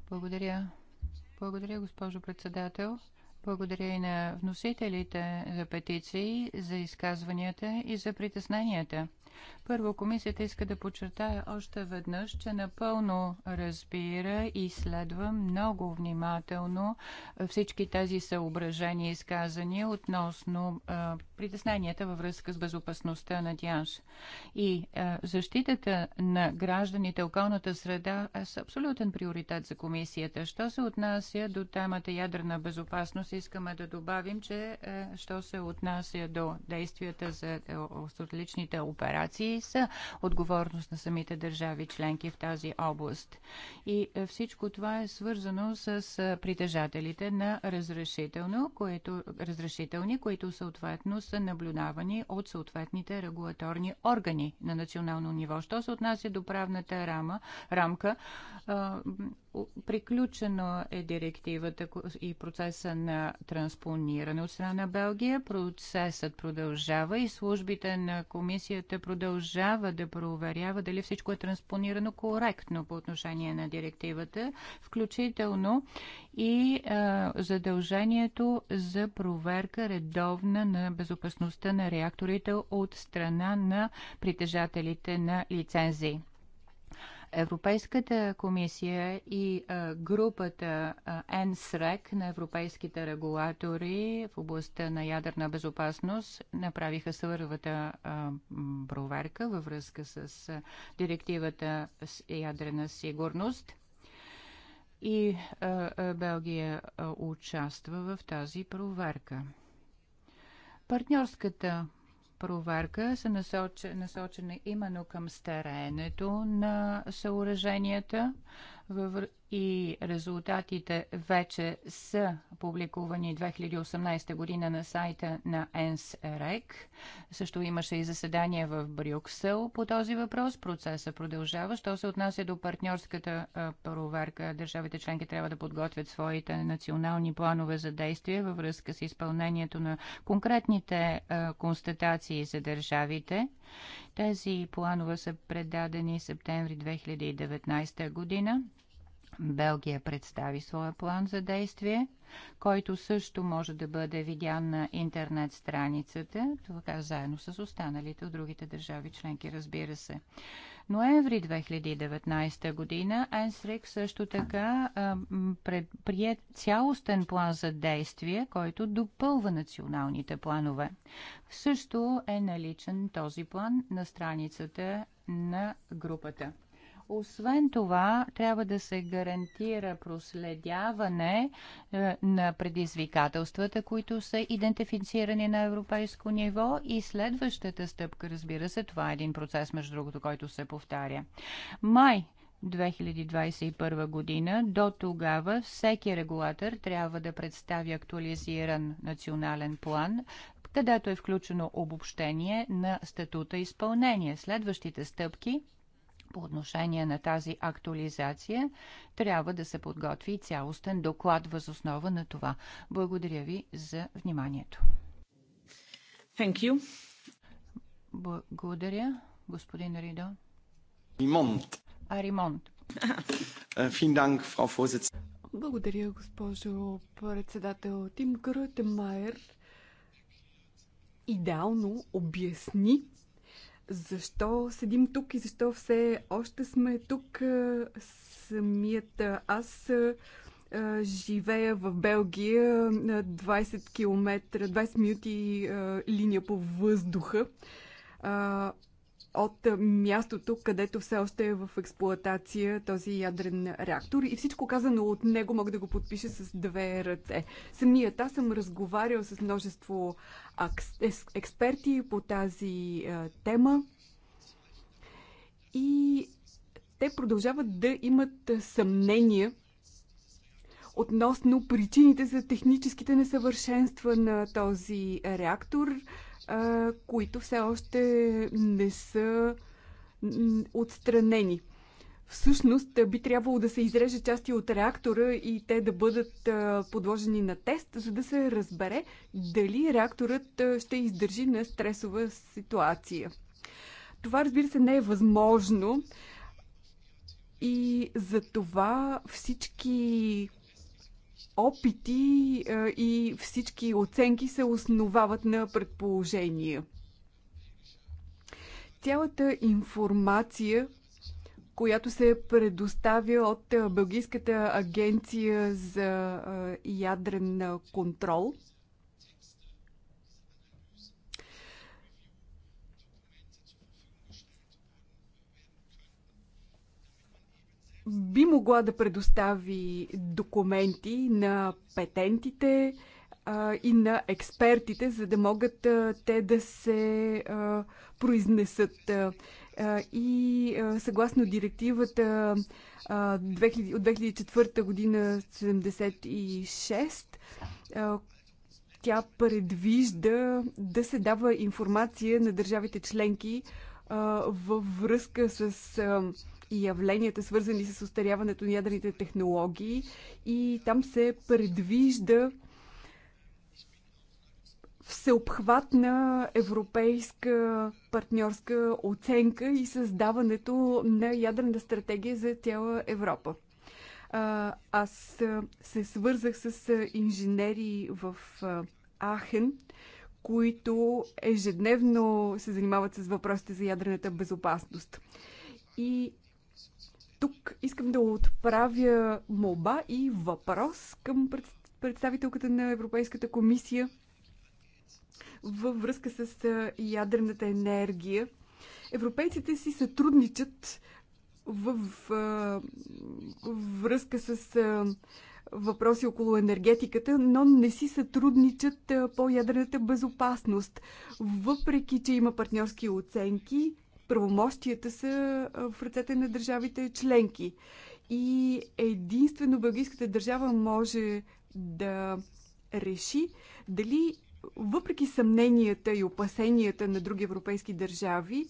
Благодаря. Благодаря, госпожо председател. Благодаря и на вносителите за петиции, за изказванията и за притесненията. Първо, комисията иска да подчертая още веднъж, че напълно разбира и следва много внимателно всички тези съображения изказани относно а, притесненията във връзка с безопасността на тяж. И а, защитата на гражданите, околната среда е с абсолютен приоритет за комисията. Що се отнася до темата ядрена безопасност, искаме да добавим, че а, що се отнася до действията за отличните операции, са отговорност на самите държави членки в тази област. И е, всичко това е свързано с е, притежателите на разрешително, което, разрешителни, които съответно са наблюдавани от съответните регулаторни органи на национално ниво. Що се отнася до правната рама, рамка, приключено е директивата и процеса на транспониране от страна на Белгия. Процесът продължава и службите на комисията продължават продължава да проверява дали всичко е транспонирано коректно по отношение на директивата, включително и а, задължението за проверка редовна на безопасността на реакторите от страна на притежателите на лицензии. Европейската комисия и групата НСРЕК на европейските регулатори в областта на ядерна безопасност направиха свървата проверка във връзка с директивата с ядрена сигурност и Белгия участва в тази проверка. Партньорската проверка са насочени именно към старенето на съоръженията във и резултатите вече са публикувани 2018 година на сайта на ЕНС-РЕК. Също имаше и заседание в Брюксел по този въпрос. Процесът продължава. Що се отнася до партньорската проверка, държавите членки трябва да подготвят своите национални планове за действие във връзка с изпълнението на конкретните констатации за държавите. Тези планове са предадени септември 2019 година. Белгия представи своя план за действие, който също може да бъде видян на интернет страницата, това заедно с останалите от другите държави членки, разбира се. Ноември 2019 година ЕНСРИК също така прие цялостен план за действие, който допълва националните планове. Също е наличен този план на страницата на групата. Освен това, трябва да се гарантира проследяване е, на предизвикателствата, които са идентифицирани на европейско ниво и следващата стъпка, разбира се, това е един процес, между другото, който се повтаря. Май 2021 година. До тогава всеки регулатор трябва да представи актуализиран национален план, където е включено обобщение на статута изпълнение. Следващите стъпки – по отношение на тази актуализация трябва да се подготви цялостен доклад възоснова на това. Благодаря ви за вниманието. Thank you. Благодаря, господин Ридо. Ремонт. А, ремонт. Е, Благодаря, госпожо председател. Тим Майер. идеално обясни защо седим тук и защо все още сме тук. Самият аз живея в Белгия на 20 км, 20 минути линия по въздуха от мястото, където все още е в експлоатация този ядрен реактор. И всичко казано от него мога да го подпиша с две ръце. Самият аз съм разговарял с множество експерти по тази е, тема и те продължават да имат съмнения относно причините за техническите несъвършенства на този реактор, а, които все още не са отстранени. Всъщност би трябвало да се изреже части от реактора и те да бъдат подложени на тест, за да се разбере дали реакторът ще издържи на стресова ситуация. Това, разбира се, не е възможно и за това всички опити и всички оценки се основават на предположения. Цялата информация, която се предоставя от Бългийската агенция за ядрен контрол – би могла да предостави документи на петентите а, и на експертите, за да могат а, те да се а, произнесат. А, и а, съгласно директивата а, 2000, от 2004 година 76, а, тя предвижда да се дава информация на държавите членки а, във връзка с. А, и явленията, свързани с устаряването на ядрените технологии и там се предвижда всеобхватна европейска партньорска оценка и създаването на ядрена стратегия за цяла Европа. Аз се свързах с инженери в Ахен, които ежедневно се занимават с въпросите за ядрената безопасност. И тук искам да отправя молба и въпрос към представителката на Европейската комисия във връзка с ядрената енергия. Европейците си сътрудничат в, връзка с въпроси около енергетиката, но не си сътрудничат по ядрената безопасност. Въпреки, че има партньорски оценки, правомощията са в ръцете на държавите членки. И единствено бългийската държава може да реши дали, въпреки съмненията и опасенията на други европейски държави,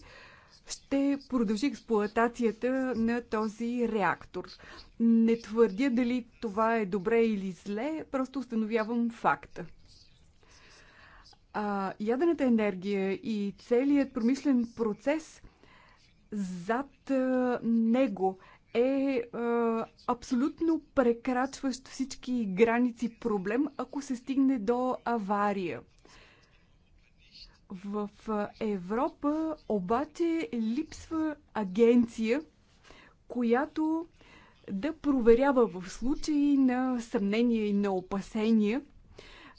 ще продължи експлоатацията на този реактор. Не твърдя дали това е добре или зле, просто установявам факта. А, ядената енергия и целият промишлен процес зад него е а, абсолютно прекрачващ всички граници проблем, ако се стигне до авария. В Европа обаче липсва агенция, която да проверява в случаи на съмнение и на опасения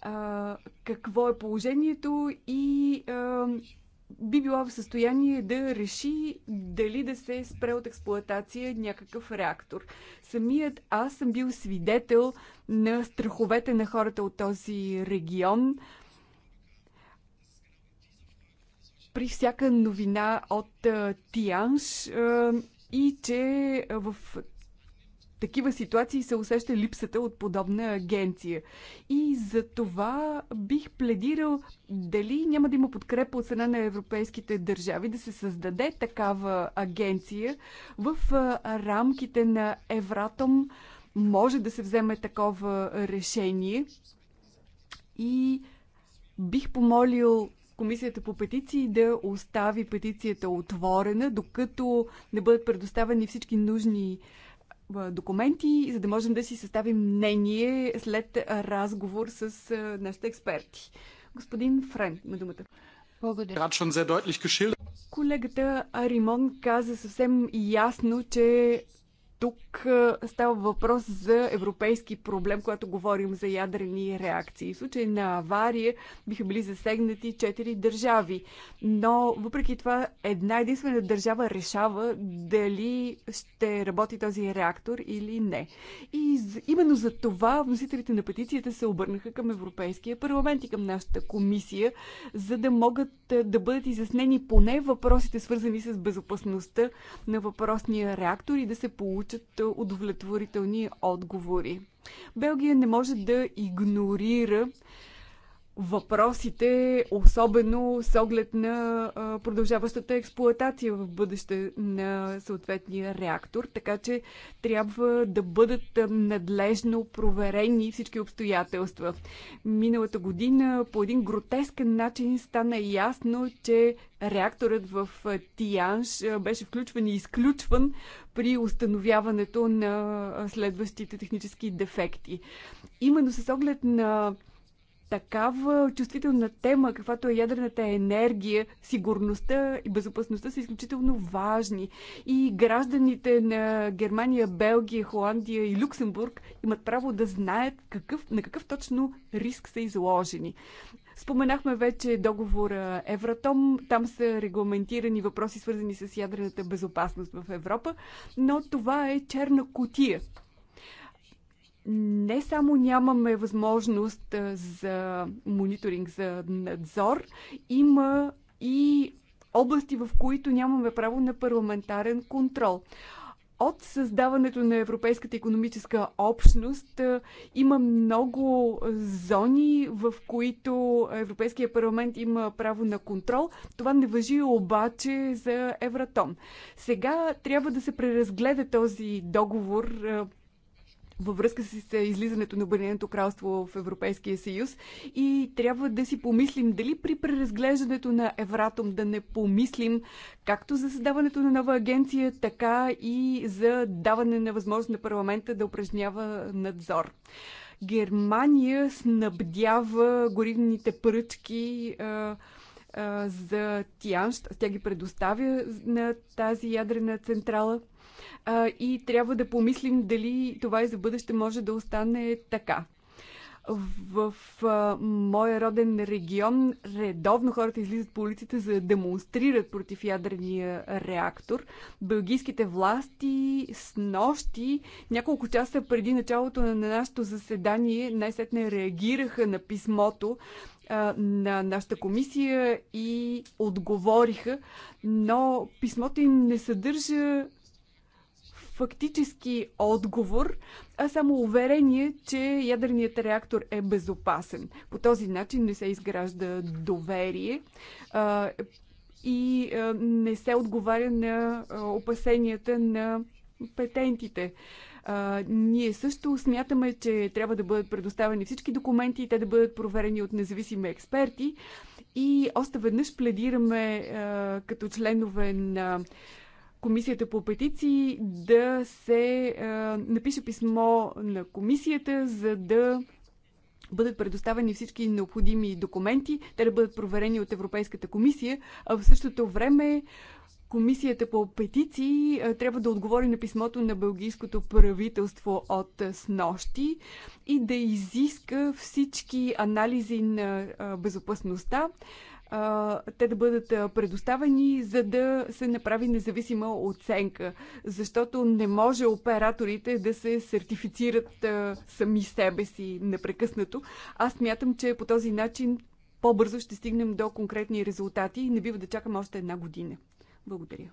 а, какво е положението и а, би била в състояние да реши дали да се спре от експлоатация някакъв реактор. Самият аз съм бил свидетел на страховете на хората от този регион. При всяка новина от Тианш и че в такива ситуации се усеща липсата от подобна агенция. И за това бих пледирал дали няма да има подкрепа от страна на европейските държави да се създаде такава агенция в рамките на Евратом. Може да се вземе такова решение. И бих помолил Комисията по петиции да остави петицията отворена, докато не бъдат предоставени всички нужни документи, за да можем да си съставим мнение след разговор с нашите експерти. Господин Френ, на думата. Благодаря. Е Колегата Аримон каза съвсем ясно, че тук става въпрос за европейски проблем, когато говорим за ядрени реакции. В случай на авария биха били засегнати четири държави. Но въпреки това една единствена държава решава дали ще работи този реактор или не. И именно за това вносителите на петицията се обърнаха към Европейския парламент и към нашата комисия, за да могат да бъдат изяснени поне въпросите свързани с безопасността на въпросния реактор и да се получи получат е, удовлетворителни отговори. Белгия не може да игнорира въпросите, особено с оглед на продължаващата експлоатация в бъдеще на съответния реактор, така че трябва да бъдат надлежно проверени всички обстоятелства. Миналата година по един гротескен начин стана ясно, че реакторът в Тианш беше включван и изключван при установяването на следващите технически дефекти. Именно с оглед на такава чувствителна тема, каквато е ядрената енергия, сигурността и безопасността са изключително важни. И гражданите на Германия, Белгия, Холандия и Люксембург имат право да знаят какъв, на какъв точно риск са изложени. Споменахме вече договора Евратом. Там са регламентирани въпроси, свързани с ядрената безопасност в Европа, но това е черна котия не само нямаме възможност за мониторинг, за надзор, има и области, в които нямаме право на парламентарен контрол. От създаването на Европейската економическа общност има много зони, в които Европейския парламент има право на контрол. Това не въжи обаче за Евратом. Сега трябва да се преразгледа този договор във връзка с излизането на Обединеното кралство в Европейския съюз и трябва да си помислим дали при преразглеждането на Евратом да не помислим както за създаването на нова агенция, така и за даване на възможност на парламента да упражнява надзор. Германия снабдява горивните пръчки а, а, за Тянщ. Тя ги предоставя на тази ядрена централа – а, и трябва да помислим дали това и за бъдеще може да остане така. В а, моя роден регион редовно хората излизат по улиците за да демонстрират против ядрения реактор. Белгийските власти с нощи, няколко часа преди началото на нашето заседание, най-сетне реагираха на писмото на нашата комисия и отговориха, но писмото им не съдържа фактически отговор, а само уверение, че ядреният реактор е безопасен. По този начин не се изгражда доверие а, и а, не се отговаря на а, опасенията на петентите. А, ние също смятаме, че трябва да бъдат предоставени всички документи и те да бъдат проверени от независими експерти. И още веднъж пледираме а, като членове на Комисията по петиции да се а, напише писмо на комисията, за да бъдат предоставени всички необходими документи, те да бъдат проверени от Европейската комисия, а в същото време Комисията по петиции трябва да отговори на писмото на бългийското правителство от снощи и да изиска всички анализи на безопасността, а, те да бъдат предоставени, за да се направи независима оценка. Защото не може операторите да се сертифицират а, сами себе си непрекъснато. Аз мятам, че по този начин по-бързо ще стигнем до конкретни резултати и не бива да чакаме още една година. Благодаря.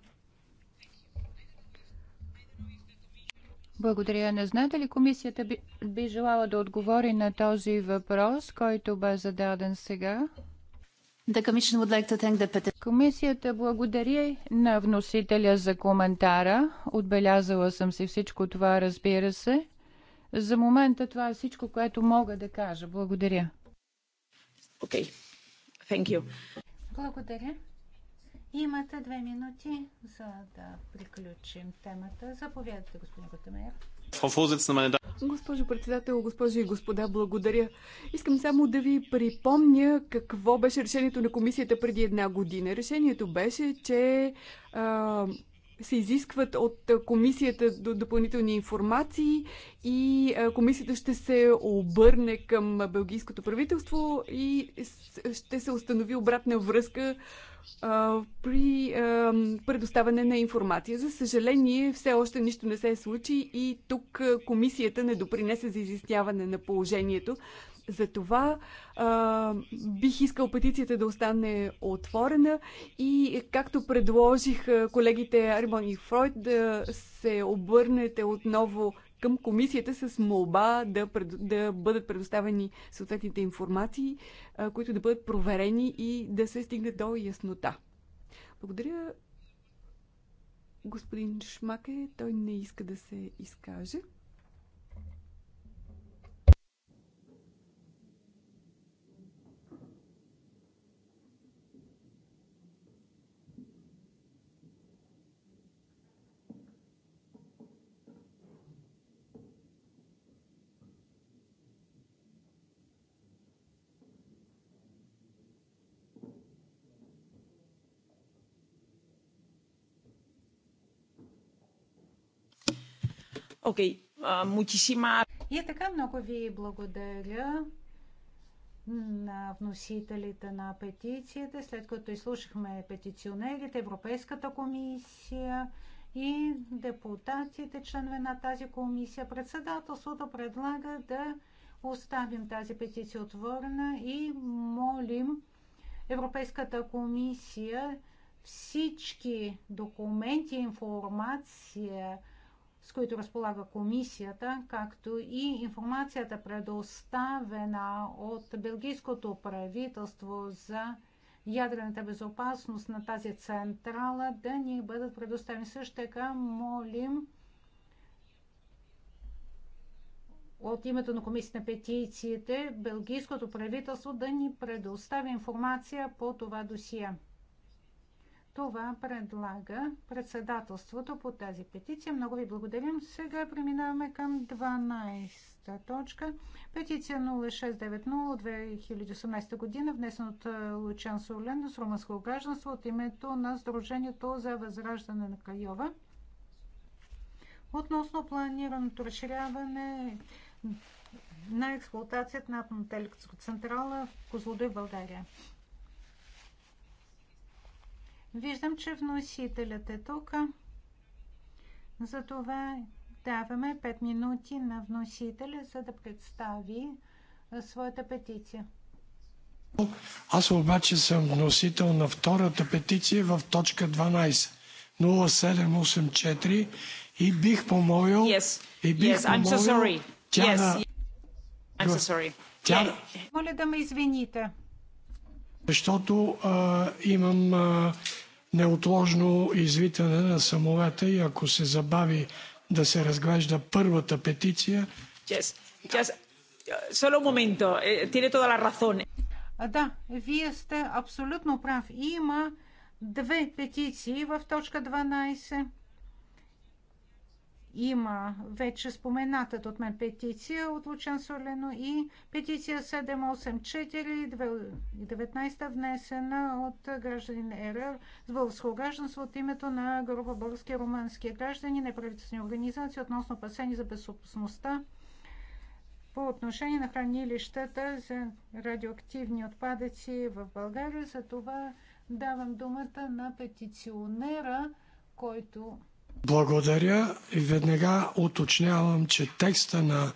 Благодаря. Не знаете ли комисията би, би желала да отговори на този въпрос, който бе зададен сега? Комисията благодари на вносителя за коментара. Отбелязала съм си всичко това, разбира се. За момента това е всичко, което мога да кажа. Благодаря. Okay. Thank you. Благодаря. Имате две минути, за да приключим темата. Заповядайте, господин Готемер. Госпожо председател, госпожи и господа, благодаря. Искам само да ви припомня какво беше решението на комисията преди една година. Решението беше, че а, се изискват от комисията до допълнителни информации и комисията ще се обърне към бългийското правителство и ще се установи обратна връзка при предоставяне на информация. За съжаление, все още нищо не се случи и тук комисията не допринесе за изясняване на положението. Затова а, бих искал петицията да остане отворена и както предложих колегите Армон и Фройд да се обърнете отново към комисията с молба да, пред, да бъдат предоставени съответните информации, а, които да бъдат проверени и да се стигне до яснота. Благодаря господин Шмаке. Той не иска да се изкаже. Окей, мучисима. Uh, и така много ви благодаря на вносителите на петицията, след като изслушахме петиционерите, Европейската комисия и депутатите, членове на тази комисия. Председателството предлага да оставим тази петиция отворена и молим Европейската комисия всички документи, информация, с които разполага комисията, както и информацията предоставена от белгийското правителство за ядрената безопасност на тази централа да ни бъдат предоставени. Също така молим от името на комисията на петициите, белгийското правителство да ни предостави информация по това досие. Това предлага председателството по тази петиция. Много ви благодарим. Сега преминаваме към 12-та точка. Петиция 0690-2018 от година, внесена от е, Лучан Солен с румънско гражданство от името на Сдружението за възраждане на Кайова. Относно планираното разширяване на експлуатацията на атомната електроцентрала в Козлодой, България. Виждам, че вносителят е тук. Затова даваме 5 минути на вносителя, за да представи своята петиция. Аз обаче съм вносител на втората петиция в точка 12 0784 и бих помолил yes. и бих yes, помолил I'm so sorry. тя yes. на... I'm so sorry. Тя... Yeah. Моля да ме извините. Защото а, имам а, неотложно извитане на самолета и ако се забави да се разглежда първата петиция. Yes. Yes. Uh, solo un momento. Eh, tiene toda la razón. Да, вие сте абсолютно прав. Има две петиции в точка 12. Има вече споменатът от мен петиция от Лучан Солено и петиция 784-19 внесена от гражданин РР с българско гражданство от името на група български и румънски граждани, неправителствени организации относно пасени за безопасността по отношение на хранилищата за радиоактивни отпадъци в България. За това давам думата на петиционера, който благодаря и веднага уточнявам, че текста на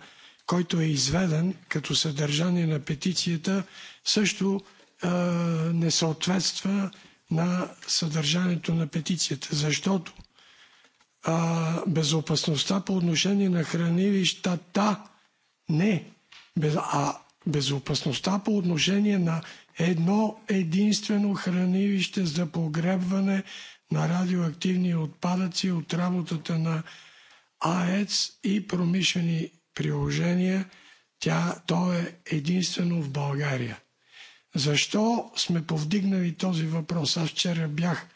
който е изведен като съдържание на петицията, също е, не съответства на съдържанието на петицията, защото е, безопасността по отношение на хранилищата не, без, а безопасността по отношение на едно единствено хранилище за погребване на радиоактивни отпадъци от работата на АЕЦ и промишлени приложения, тя, то е единствено в България. Защо сме повдигнали този въпрос? Аз вчера бях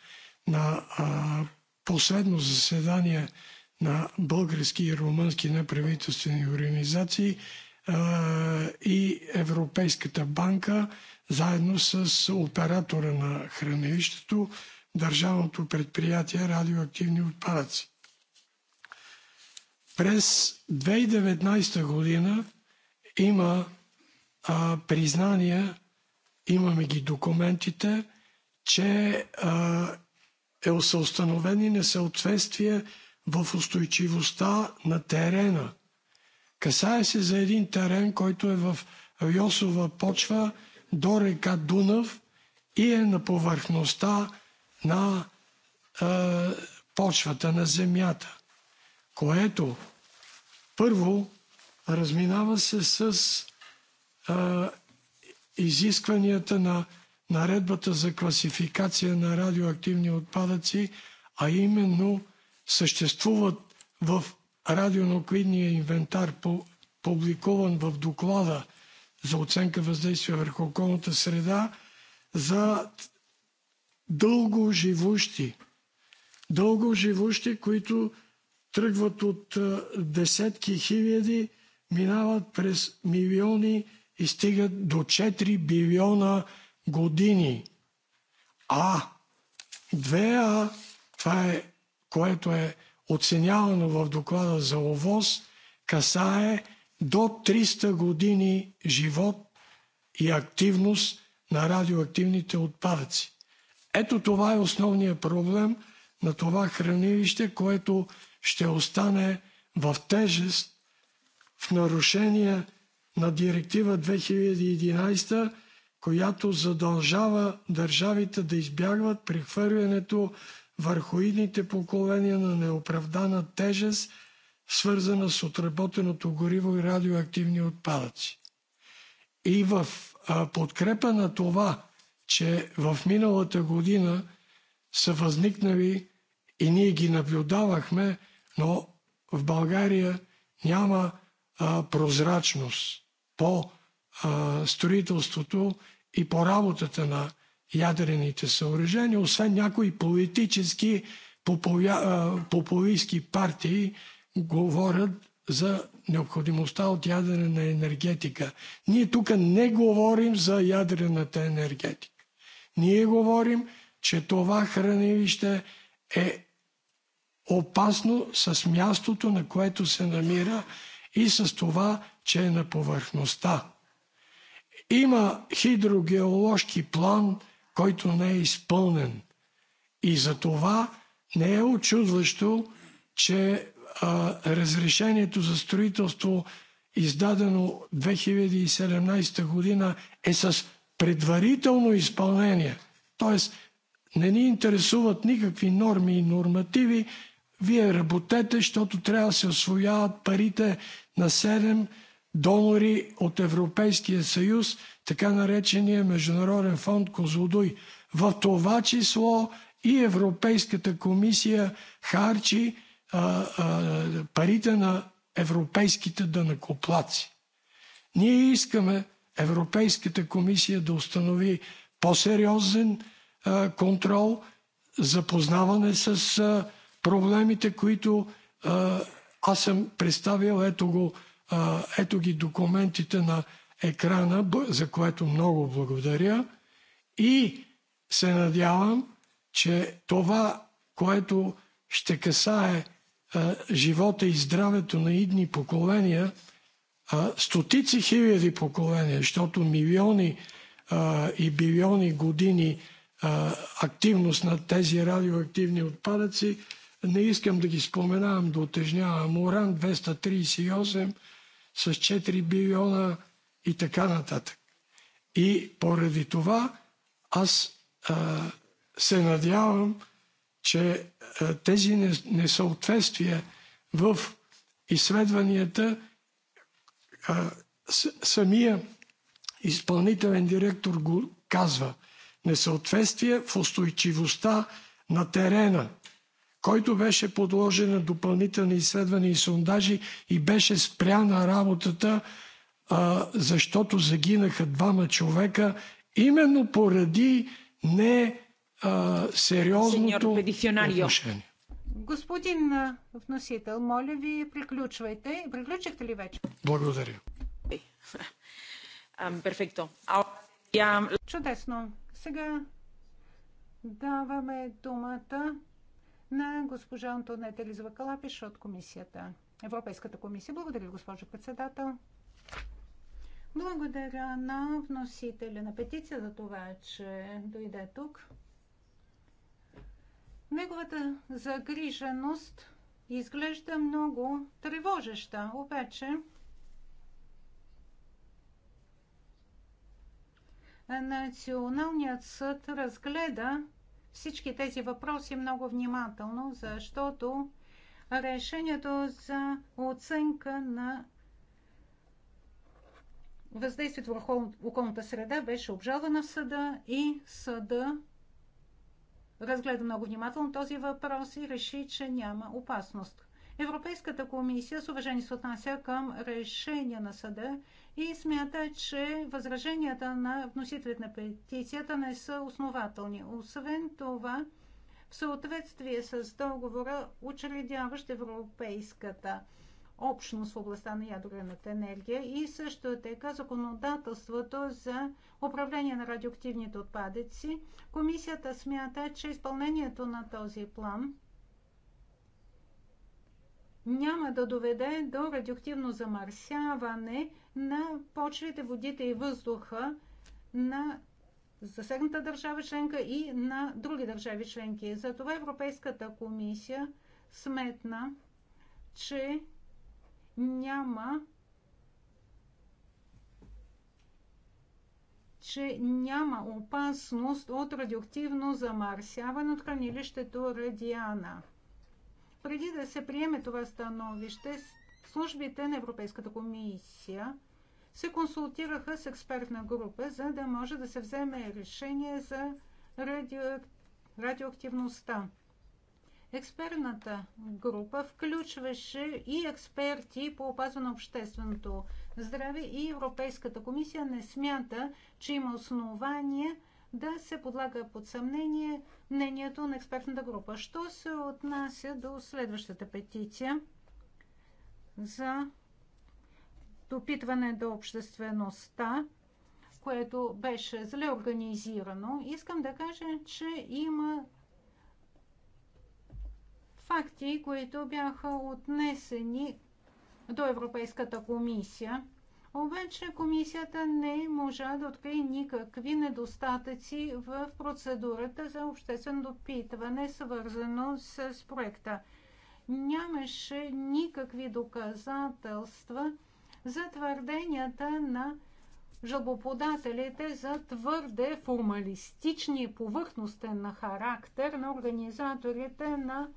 на а, последно заседание на български и румънски неправителствени организации а, и Европейската банка, заедно с оператора на хранилището, Държавното предприятие Радиоактивни отпадъци. През 2019 година има а, признания, имаме ги документите, че а, е, са установени несъответствия в устойчивостта на терена. Касае се за един терен, който е в Йосова почва до река Дунав и е на повърхността на а, е, почвата на земята, което първо разминава се с а, е, изискванията на наредбата за класификация на радиоактивни отпадъци, а именно съществуват в радионуклидния инвентар, публикуван в доклада за оценка въздействие върху околната среда, за дълго живущи. Дълго живущи, които тръгват от десетки хиляди, минават през милиони и стигат до 4 билиона години. А 2А, това е, което е оценявано в доклада за ОВОз, касае до 300 години живот и активност на радиоактивните отпадъци. Ето това е основният проблем на това хранилище, което ще остане в тежест в нарушение на Директива 2011, която задължава държавите да избягват прехвърлянето върху идните поколения на неоправдана тежест, свързана с отработеното гориво и радиоактивни отпадъци. И в подкрепа на това че в миналата година са възникнали и ние ги наблюдавахме, но в България няма а, прозрачност по а, строителството и по работата на ядрените съоръжения, освен някои политически популистски партии говорят за необходимостта от ядрена енергетика. Ние тук не говорим за ядрената енергетика. Ние говорим, че това хранилище е опасно с мястото, на което се намира и с това, че е на повърхността. Има хидрогеоложки план, който не е изпълнен. И за това не е очудващо, че а, разрешението за строителство, издадено 2017 година, е с предварително изпълнение. Тоест, не ни интересуват никакви норми и нормативи. Вие работете, защото трябва да се освояват парите на 7 донори от Европейския съюз, така наречения Международен фонд Козлодуй. В това число и Европейската комисия харчи а, а, парите на европейските дънакоплаци. Ние искаме Европейската комисия да установи по-сериозен контрол, запознаване с проблемите, които аз съм представил. Ето, го, ето ги документите на екрана, за което много благодаря. И се надявам, че това, което ще касае живота и здравето на идни поколения – а, стотици хиляди поколения, защото милиони а, и билиони години а, активност на тези радиоактивни отпадъци, не искам да ги споменавам, да отежнявам. Уран 238 с 4 билиона и така нататък. И поради това аз а, се надявам, че а, тези несъответствия в изследванията самия изпълнителен директор го казва. Несъответствие в устойчивостта на терена, който беше подложен на допълнителни изследвания и сондажи и беше спряна работата, защото загинаха двама човека именно поради не сериозното отношение. Господин вносител, моля ви, приключвайте. Приключихте ли вече? Благодаря. *laughs* Перфекто. Чудесно. Сега даваме думата на госпожа Антонета Лизова Калапиш от комисията. Европейската комисия. Благодаря, госпожо председател. Благодаря на вносителя на петиция за това, че дойде тук. Неговата загриженост изглежда много тревожеща, обаче Националният съд разгледа всички тези въпроси много внимателно, защото решението за оценка на въздействието върху околната среда беше обжалвана в съда и съда разгледа много внимателно този въпрос и реши, че няма опасност. Европейската комисия с уважение се отнася към решение на съда и смята, че възраженията на вносителите на петицията не са основателни. Освен това, в съответствие с договора, учредяващ Европейската комисия, общност в областта на ядрената енергия и също така законодателството за управление на радиоактивните отпадъци. Комисията смята, че изпълнението на този план няма да доведе до радиоактивно замърсяване на почвите, водите и въздуха на засегната държава членка и на други държави членки. Затова Европейската комисия сметна, че няма че няма опасност от радиоактивно замърсяване от хранилището Радиана. Преди да се приеме това становище, службите на Европейската комисия се консултираха с експертна група, за да може да се вземе решение за радио... радиоактивността. Експертната група включваше и експерти по опазване на общественото здраве и Европейската комисия не смята, че има основания да се подлага под съмнение мнението на експертната група. Що се отнася до следващата петиция за допитване до обществеността, което беше зле организирано, искам да кажа, че има факти, които бяха отнесени до Европейската комисия. Обаче комисията не можа да открие никакви недостатъци в процедурата за обществено допитване, свързано с проекта. Нямаше никакви доказателства за твърденията на жалбоподателите за твърде формалистични повърхностен на характер на организаторите на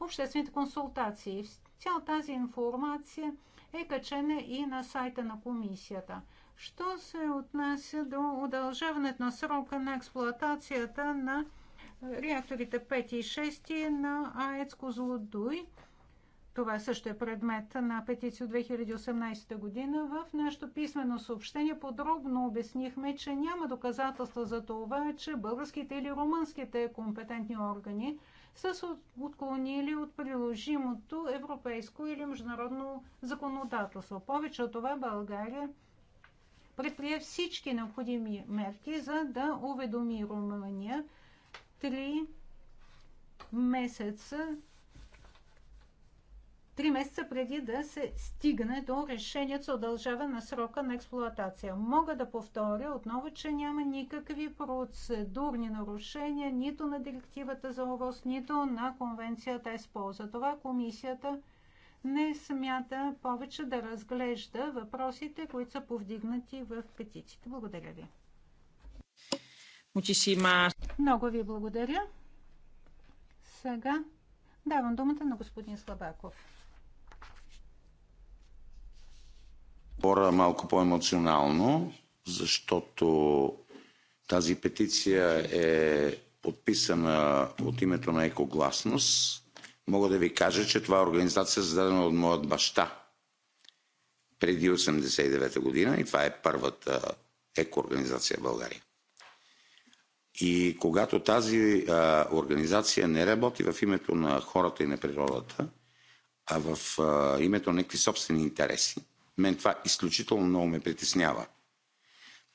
обществените консултации. Цял тази информация е качена и на сайта на комисията. Що се отнася до удължаването на срока на експлоатацията на реакторите 5 и 6 на АЕЦ Козлодуй, това също е предмет на петиция от 2018 година. В нашето писмено съобщение подробно обяснихме, че няма доказателства за това, че българските или румънските компетентни органи са се отклонили от приложимото европейско или международно законодателство. Повече от това България предприе всички необходими мерки, за да уведоми Румъния три месеца три месеца преди да се стигне до решението за удължаване на срока на експлуатация. Мога да повторя отново, че няма никакви процедурни нарушения нито на директивата за ОВОС, нито на конвенцията ЕСПО. Това, комисията не смята повече да разглежда въпросите, които са повдигнати в петициите. Благодаря ви. Много ви благодаря. Сега давам думата на господин Слабаков. Пора малко по-емоционално, защото тази петиция е подписана от името на Екогласност. Мога да ви кажа, че това е организация създадена от моят баща преди 89 година и това е първата екоорганизация в България. И когато тази а, организация не работи в името на хората и на природата, а в а, името на някакви собствени интереси, мен това изключително много ме притеснява.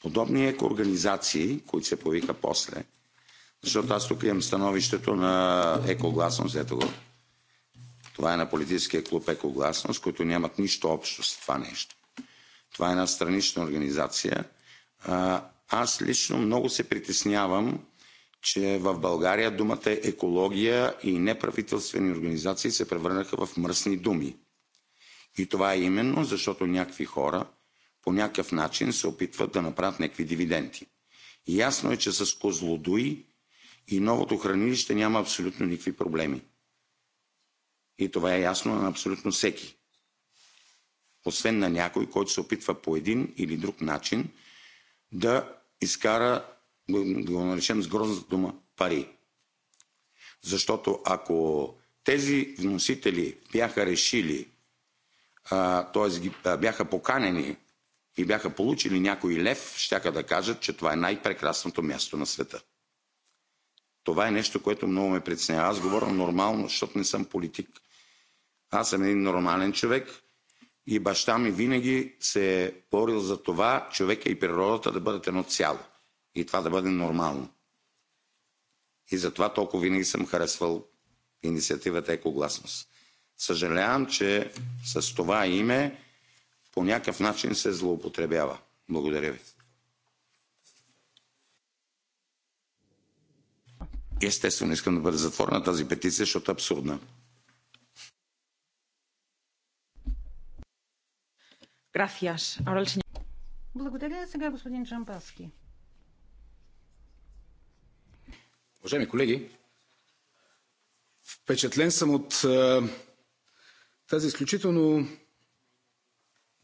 Подобни екоорганизации, които се повика после, защото аз тук имам становището на екогласност, ето го. Това е на политическия клуб Екогласност, които нямат нищо общо с това нещо. Това е една странична организация. Аз лично много се притеснявам, че в България думата екология и неправителствени организации се превърнаха в мръсни думи. И това е именно защото някакви хора по някакъв начин се опитват да направят някакви дивиденти. И ясно е, че с Козлодуи и новото хранилище няма абсолютно никакви проблеми. И това е ясно на абсолютно всеки. Освен на някой, който се опитва по един или друг начин да изкара, да го наречем с грозната дума, пари. Защото ако тези вносители бяха решили т.е. бяха поканени и бяха получили някой лев, щяха да кажат, че това е най-прекрасното място на света. Това е нещо, което много ме притеснява. Аз говоря нормално, защото не съм политик. Аз съм един нормален човек и баща ми винаги се е борил за това човека и природата да бъдат едно цяло. И това да бъде нормално. И затова толкова винаги съм харесвал инициативата Екогласност. Съжалявам, че с това име по някакъв начин се злоупотребява. Благодаря ви. Естествено, искам да бъде затворена тази петиция, защото е абсурдна. Благодаря сега, господин Джампаски. Уважаеми колеги, впечатлен съм от е, тази изключително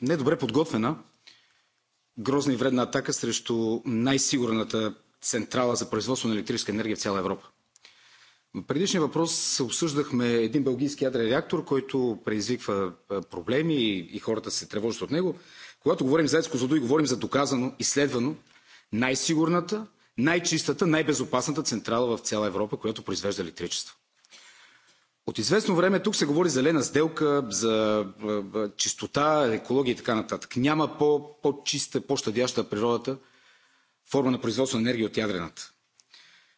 недобре подготвена, грозна и вредна атака срещу най-сигурната централа за производство на електрическа енергия в цяла Европа. В предишния въпрос обсъждахме един бългийски ядрен реактор, който предизвиква проблеми и хората се тревожат от него. Когато говорим за Ецко и говорим за доказано, изследвано, най-сигурната, най-чистата, най-безопасната централа в цяла Европа, която произвежда електричество. От известно време тук се говори зелена сделка, за чистота, екология и така нататък. Няма по, чиста по-щадяща природата форма на производство на енергия от ядрената.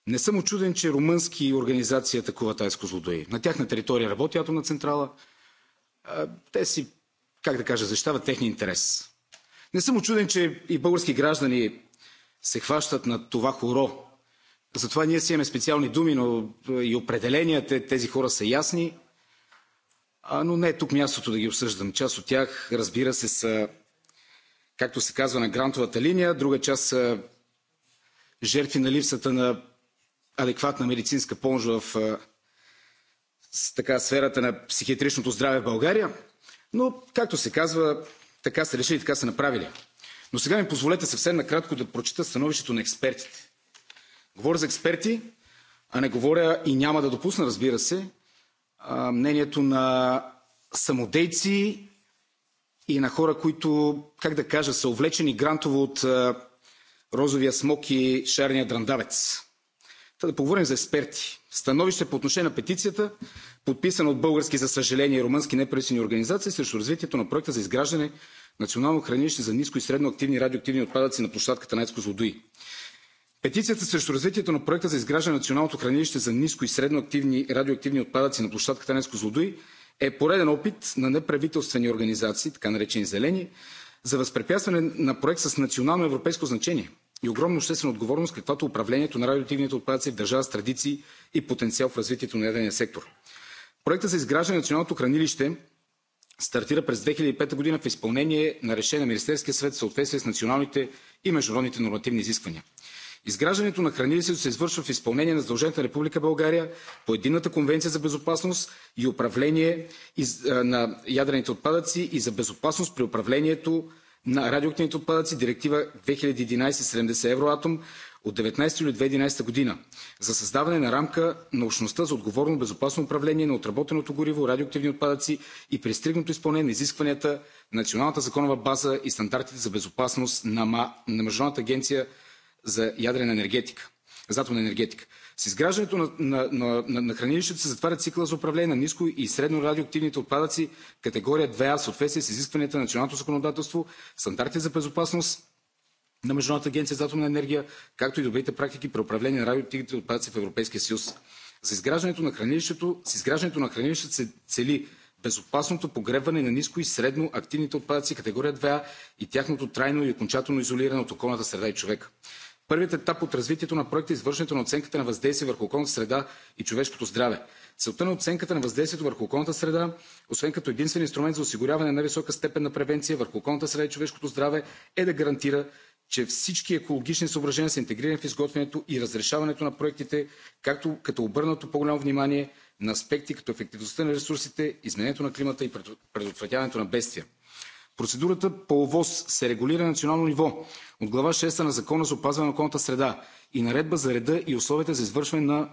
Не съм очуден, че румънски организации атакуват АЕС Козлодуи. На тяхна територия работи атомна централа. Те си, как да кажа, защитават техния интерес. Не съм очуден, че и български граждани се хващат на това хоро, затова ние си имаме специални думи, но е, и определения, тези хора са ясни. А, но не е тук мястото да ги обсъждам. Част от тях, разбира се, са, както се казва, на грантовата линия, друга част са жертви на липсата на адекватна медицинска помощ в е, така, сферата на психиатричното здраве в България. Но, както се казва, така са решили, така са направили. Но сега ми позволете съвсем накратко да прочета становището на експертите. Говоря за експерти, а не говоря и няма да допусна, разбира се, мнението на самодейци и на хора, които, как да кажа, са увлечени грантово от розовия смок и шарения драндавец. Та да поговорим за експерти. Становище по отношение на петицията, подписана от български, за съжаление, и румънски неправителствени организации срещу развитието на проекта за изграждане национално хранилище за ниско и средно активни радиоактивни отпадъци на площадката на Ецко Злодуи. Петицията срещу развитието на проекта за изграждане на националното хранилище за ниско и средно активни радиоактивни отпадъци на площадката Тенеско Злодуй е пореден опит на неправителствени организации, така наречени зелени, за възпрепятстване на проект с национално европейско значение и огромна обществена отговорност, каквато управлението на радиоактивните отпадъци в държава с традиции и потенциал в развитието на ядрения сектор. Проектът за изграждане на националното хранилище стартира през 2005 година в изпълнение на решение на Министерския съвет в съответствие с националните и международните нормативни изисквания. Изграждането на хранилището се извършва в изпълнение на задълженията на Република България по Единната конвенция за безопасност и управление на ядрените отпадъци и за безопасност при управлението на радиоактивните отпадъци, Директива 2011/70 Евроатом от 19 юли 2011 година за създаване на рамка на общността за отговорно безопасно управление на отработеното гориво, радиоактивни отпадъци и при стриктното изпълнение на изискванията на националната законова база и стандартите за безопасност на Международната агенция за ядрена енергетика, за атомна енергетика. С изграждането на, на, на, на хранилището се затваря цикъла за управление на ниско и средно радиоактивните отпадъци категория 2А в съответствие с изискванията на националното законодателство, стандарти за безопасност на Международната агенция за атомна енергия, както и добрите практики при управление на радиоактивните отпадъци в Европейския съюз. С изграждането на хранилището, с изграждането на хранилището се цели безопасното погребване на ниско и средно активните отпадъци категория 2А и тяхното трайно и окончателно изолиране от околната среда и човека. Първият етап от развитието на проекта е извършването на оценката на въздействие върху околната среда и човешкото здраве. Целта на оценката на въздействието върху околната среда, освен като единствен инструмент за осигуряване на висока степен на превенция върху околната среда и човешкото здраве, е да гарантира, че всички екологични съображения са интегрирани в изготвянето и разрешаването на проектите, както като обърнато по-голямо внимание на аспекти като ефективността на ресурсите, изменението на климата и предотвратяването на бедствия. Процедурата по ОВОС се регулира на национално ниво от глава 6 на Закона за опазване на околната среда и наредба за реда и условията за извършване на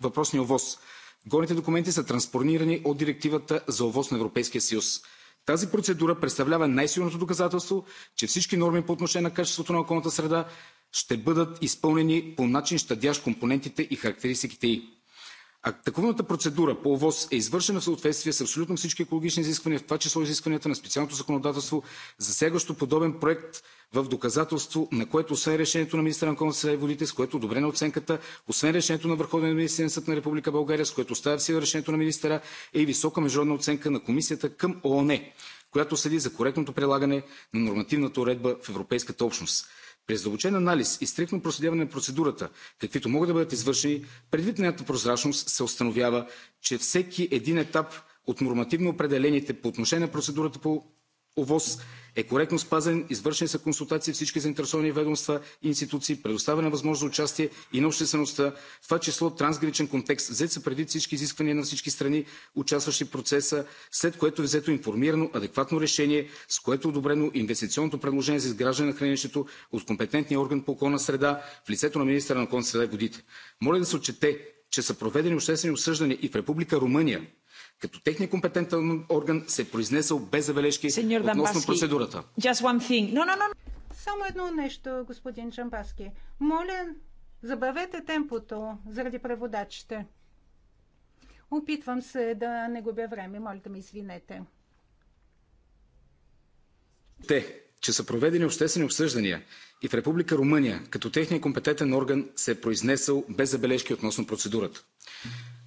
въпросния ОВОС. Горните документи са транспорнирани от Директивата за ОВОС на Европейския съюз. Тази процедура представлява най-силното доказателство, че всички норми по отношение на качеството на околната среда ще бъдат изпълнени по начин, щадящ компонентите и характеристиките й. Атакуваната процедура по ОВОС е извършена в съответствие с абсолютно всички екологични изисквания, в това число изискванията на специалното законодателство, засягащо подобен проект, в доказателство на което освен решението на министъра на околната среда и водите, с което е одобрена оценката, освен решението на Върховния административен съд на Република България, с което оставя в сила решението на министъра, е и висока международна оценка на Комисията към ООН, която следи за коректното прилагане на нормативната уредба в Европейската общност. При задълбочен анализ и стриктно проследяване на процедурата, каквито могат да бъдат извършени, предвид на прозрачност се установява, че всеки един етап от нормативно определените по отношение на процедурата по ОВОС е коректно спазен, извършени са консултации всички заинтересовани ведомства и институции, предоставена е възможност за участие и на обществеността, в това число трансграничен контекст, взети са предвид всички изисквания на всички страни, участващи в процеса, след което е взето информирано, адекватно решение, с което е одобрено инвестиционното предложение за изграждане на хранилището от компетентния орган по околна среда в лицето на министъра на околната среда и водите. Моля да се отчете, че са проведени обществени обсъждания и в Република Румъния като техния компетентен орган се е произнесъл без забележки относно процедурата. Само едно нещо, господин Джамбаски. Моля, забавете темпото заради преводачите. Опитвам се да не губя време. Моля да ме извинете. Те, че са проведени обществени обсъждания и в Република Румъния, като техния компетентен орган се е произнесъл без забележки относно процедурата.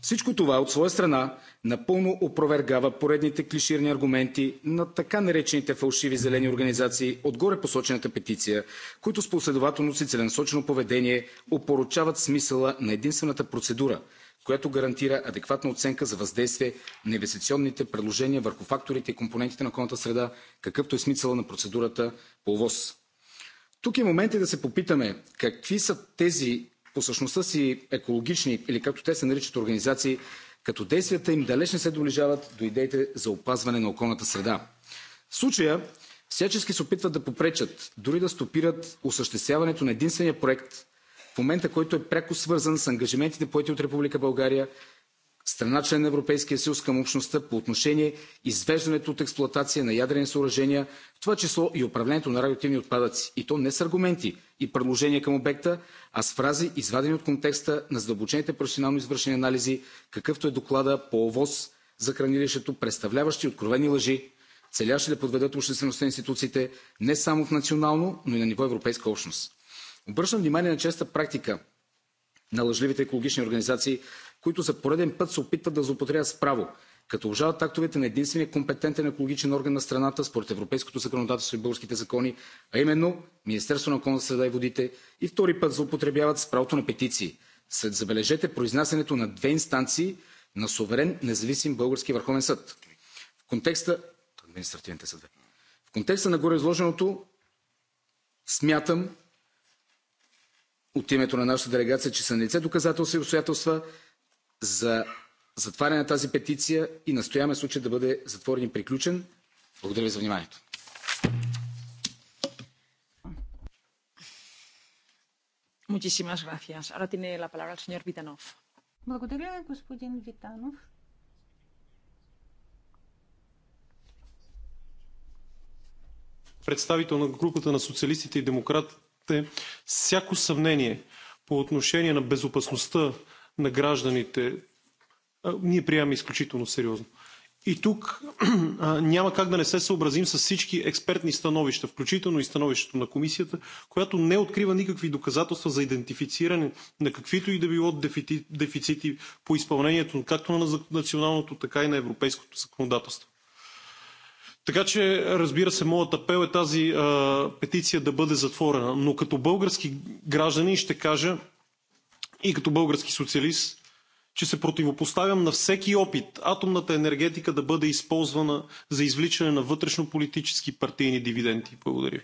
Всичко това от своя страна напълно опровергава поредните клиширни аргументи на така наречените фалшиви зелени организации от посочената петиция, които с последователно си целенасочено поведение опоручават смисъла на единствената процедура, която гарантира адекватна оценка за въздействие на инвестиционните предложения върху факторите и компонентите на околната среда, какъвто е смисъла на процедурата по ОВОС. Тук е момент и да се попитаме какви са тези по същността си екологични или както те се наричат организации, като действията им далеч не се доближават до идеите за опазване на околната среда. В случая всячески се опитват да попречат, дори да стопират осъществяването на единствения проект в момента, който е пряко свързан с ангажиментите, поети от Република България страна член на Европейския съюз към общността по отношение извеждането от експлоатация на ядрени съоръжения, в това число и управлението на радиоактивни отпадъци. И то не с аргументи и предложения към обекта, а с фрази, извадени от контекста на задълбочените професионално извършени анализи, какъвто е доклада по ОВОз за хранилището, представляващи откровени лъжи, целящи да подведат обществеността и институциите не само в национално, но и на ниво Европейска общност. Обръщам внимание на честа практика на лъжливите екологични организации които за пореден път се опитват да злоупотребят с право, като обжалват актовете на единствения компетентен екологичен орган на страната според европейското законодателство и българските закони, а именно Министерството на околната среда и водите, и втори път злоупотребяват с правото на петиции. След, забележете, произнасянето на две инстанции на суверен независим български върховен съд. В контекста... Административните В контекста на гореизложеното смятам от името на нашата делегация, че са на лице доказателства и обстоятелства, за затваряне на тази петиция и настояваме случай да бъде затворен и приключен. Благодаря ви за вниманието. Благодаря, господин Витанов. Представител на групата на социалистите и демократите, всяко съмнение по отношение на безопасността на гражданите ние приемаме изключително сериозно. И тук *clears throat* няма как да не се съобразим с всички експертни становища, включително и становището на комисията, която не открива никакви доказателства за идентифициране на каквито и да било дефицити по изпълнението както на националното, така и на европейското законодателство. Така че, разбира се, моят апел е тази а, петиция да бъде затворена. Но като български гражданин ще кажа, и като български социалист, че се противопоставям на всеки опит атомната енергетика да бъде използвана за извличане на вътрешнополитически партийни дивиденти. Благодаря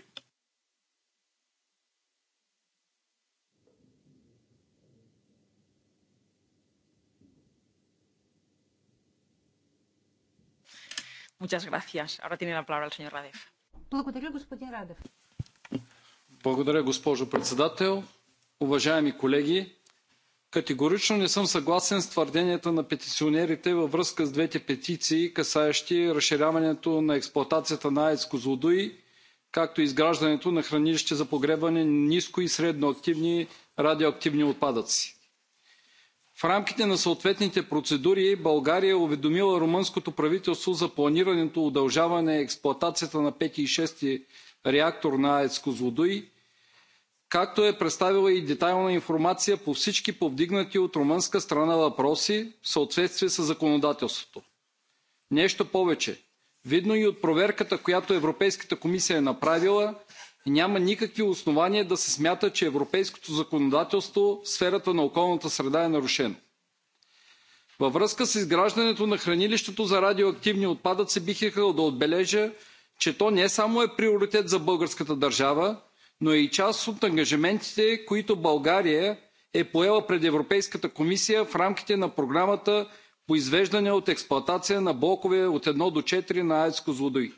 Radev. Благодаря, господин Радев. Благодаря, госпожо председател. Уважаеми колеги, Категорично не съм съгласен с твърденията на петиционерите във връзка с двете петиции, касаещи разширяването на експлоатацията на АЕЦ Козлодуй, както и изграждането на хранилище за погребване на ниско и средно активни радиоактивни отпадъци. В рамките на съответните процедури България е уведомила румънското правителство за планираното удължаване експлоатацията на пети и шести реактор на АЕЦ Козлодуй както е представила и детайлна информация по всички повдигнати от румънска страна въпроси в съответствие със законодателството. Нещо повече, видно и от проверката, която Европейската комисия е направила, няма никакви основания да се смята, че европейското законодателство в сферата на околната среда е нарушено. Във връзка с изграждането на хранилището за радиоактивни отпадъци бих искал да отбележа, че то не само е приоритет за българската държава, но е и част от ангажиментите, които България е поела пред Европейската комисия в рамките на програмата по извеждане от експлоатация на блокове от 1 до 4 на АЕЦ Козлодуй.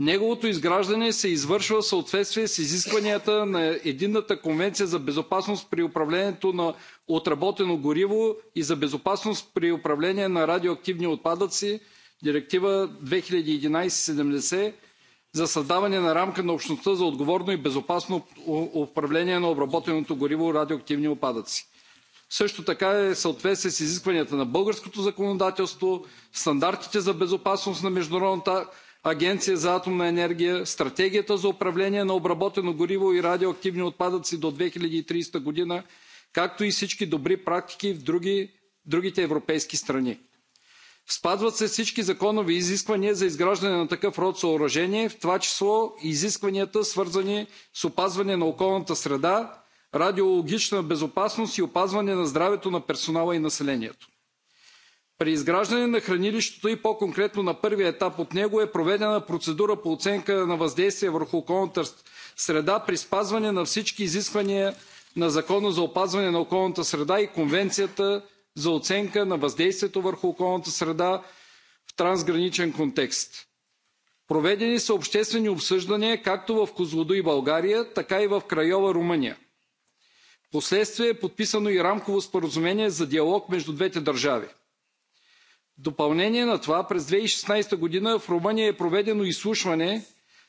Неговото изграждане се извършва в съответствие с изискванията на Единната конвенция за безопасност при управлението на отработено гориво и за безопасност при управление на радиоактивни отпадъци, Директива 2011-70 за създаване на рамка на Общността за отговорно и безопасно управление на обработеното гориво радиоактивни отпадъци. Също така е съответствие с изискванията на българското законодателство, стандартите за безопасност на Международната агенция за атомна енергия, стратегията за управление на обработено гориво и радиоактивни отпадъци до 2030 година, както и всички добри практики в другите европейски страни. Спазват се всички законови изисквания за изграждане на такъв род съоръжение, в това число и изискванията, свързани с опазване на околната среда, радиологична безопасност и опазване на здравето на персонала и населението. При изграждане на хранилището и по-конкретно на първия етап от него е проведена процедура по оценка на въздействие върху околната среда при спазване на всички изисквания на Закона за опазване на околната среда и Конвенцията за оценка на въздействието върху околната среда в трансграничен контекст. Проведени са обществени обсъждания както в Козлодуй, България, така и в Крайова, Румъния. Впоследствие е подписано и рамково споразумение за диалог между двете държави. В допълнение на това през 2016 година в Румъния е проведено изслушване,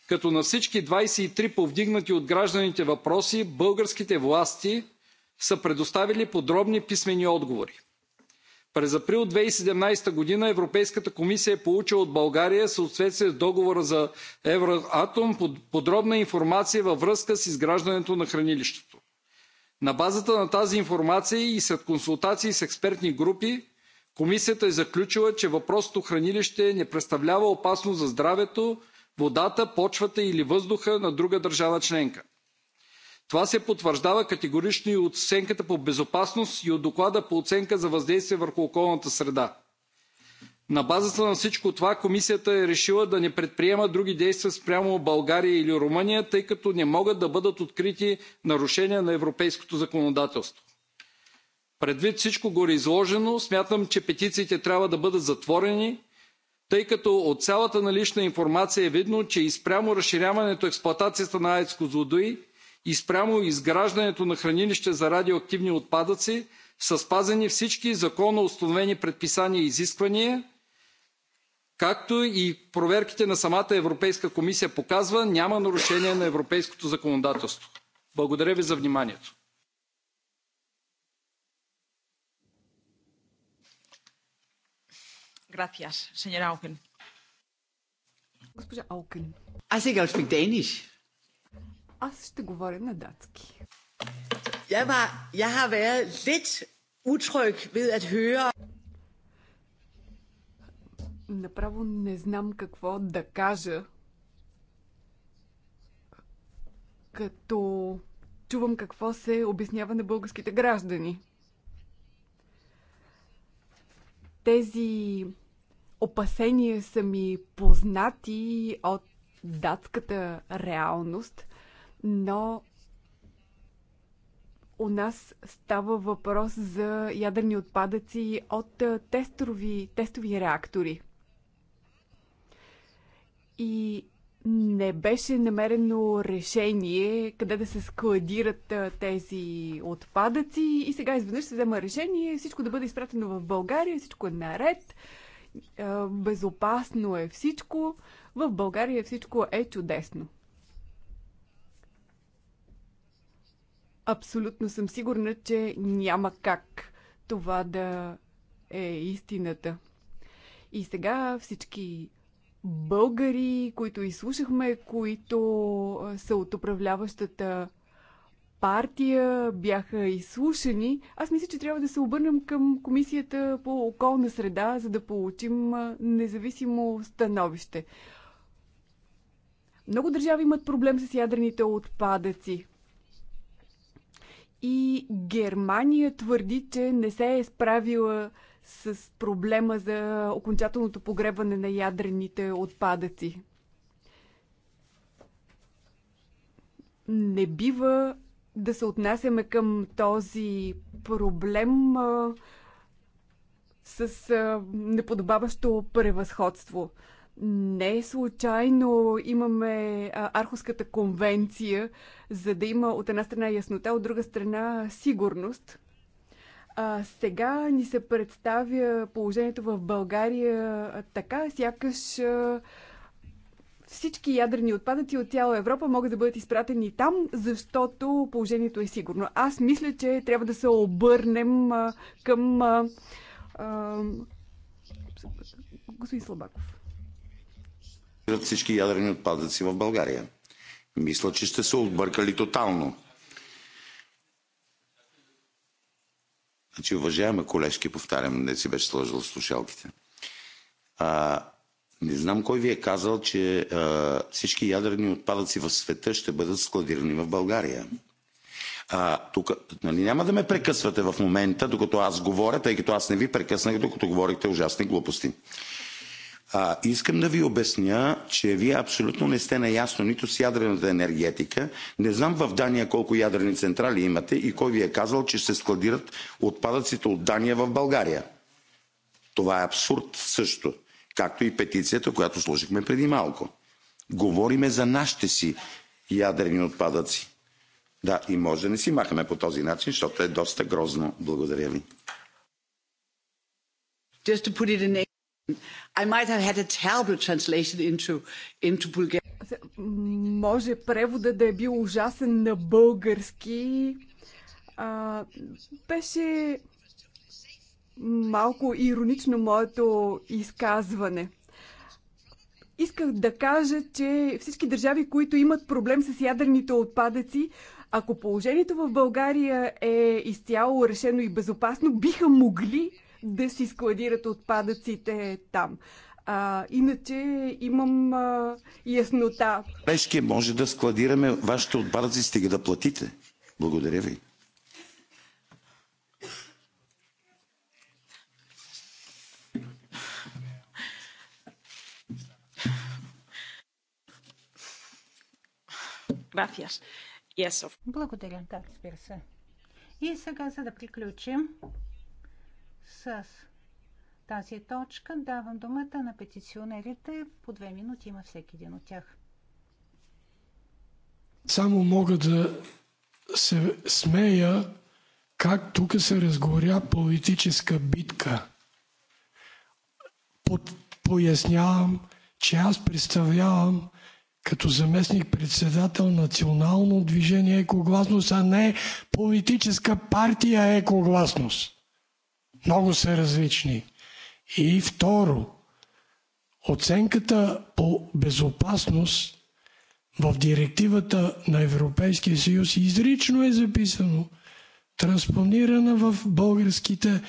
като на всички 23 повдигнати от гражданите въпроси българските власти са предоставили подробни писмени отговори. През април 2017 г. Европейската комисия е получила от България в съответствие с договора за Евроатом подробна информация във връзка с изграждането на хранилището. На базата на тази информация и след консултации с експертни групи комисията е заключила, че въпросното хранилище не представлява опасност за здравето, водата, почвата или въздуха на друга държава членка. Това се потвърждава категорично и от оценката по безопасност и от доклада по оценка за въздействие върху околната среда. На базата на всичко това комисията е решила да не предприема други действия спрямо България или Румъния, тъй като не могат да бъдат открити нарушения на европейското законодателство. Предвид всичко гореизложено, смятам, че петициите трябва да бъдат затворени, тъй като от цялата налична информация е видно, че и спрямо разширяването експлоатацията на АЕЦ Козлодуй и спрямо изграждането на хранилище за радиоактивни отпадъци са спазени всички законоустановени предписания и изисквания, както и проверките на самата Европейска комисия показва, няма нарушение на европейското законодателство. Благодаря ви за вниманието. Gracias, señora Auken. Госпожа Auken. I think I'll speak Danish. Аз ще говоря на датски. Jeg, var, jeg har været lidt utryg ved at høre. Направо не знам какво да кажа. Като чувам какво се обяснява на българските граждани. Тези опасения са ми познати от датската реалност – но у нас става въпрос за ядрени отпадъци от тестови, тестови реактори. И не беше намерено решение къде да се складират тези отпадъци и сега изведнъж се взема решение всичко да бъде изпратено в България, всичко е наред, безопасно е всичко, в България всичко е чудесно. Абсолютно съм сигурна, че няма как това да е истината. И сега всички българи, които изслушахме, които са от управляващата партия, бяха изслушани. Аз мисля, че трябва да се обърнем към Комисията по околна среда, за да получим независимо становище. Много държави имат проблем с ядрените отпадъци. И Германия твърди, че не се е справила с проблема за окончателното погребване на ядрените отпадъци. Не бива да се отнасяме към този проблем а, с а, неподобаващо превъзходство. Не е случайно имаме Архуската конвенция, за да има от една страна яснота, от друга страна сигурност. А, сега ни се представя положението в България така, сякаш а, всички ядрени отпадъци от цяла Европа могат да бъдат изпратени там, защото положението е сигурно. Аз мисля, че трябва да се обърнем а, към. А, а, господин Слабаков всички ядрени отпадъци в България. Мисля, че ще се объркали тотално. Значи, уважаема колежки, повтарям, не си беше сложил слушалките. А, не знам кой ви е казал, че а, всички ядрени отпадъци в света ще бъдат складирани в България. А, тук, нали, няма да ме прекъсвате в момента, докато аз говоря, тъй като аз не ви прекъснах, докато говорихте ужасни глупости. А, искам да ви обясня, че вие абсолютно не сте наясно нито с ядрената енергетика. Не знам в Дания колко ядрени централи имате и кой ви е казал, че ще се складират отпадъците от Дания в България. Това е абсурд също. Както и петицията, която сложихме преди малко. Говориме за нашите си ядрени отпадъци. Да, и може да не си махаме по този начин, защото е доста грозно. Благодаря ви. Just to put it in I might have had a terrible translation into, into Bulgarian. Може превода да е бил ужасен на български. А, беше малко иронично моето изказване. Исках да кажа, че всички държави, които имат проблем с ядрените отпадъци, ако положението в България е изцяло решено и безопасно, биха могли да си складират отпадъците там. А, иначе имам а, яснота. Пешки може да складираме вашите отпадъци, стига да платите. Благодаря ви. Благодаря, да, разбира се. И сега, за да приключим, с тази точка давам думата на петиционерите. По две минути има всеки един от тях. Само мога да се смея как тук се разгоря политическа битка. Под, пояснявам, че аз представлявам като заместник-председател национално движение Екогласност, а не политическа партия Екогласност. Много са различни. И второ, оценката по безопасност в директивата на Европейския съюз изрично е записано, транспонирана в българските а,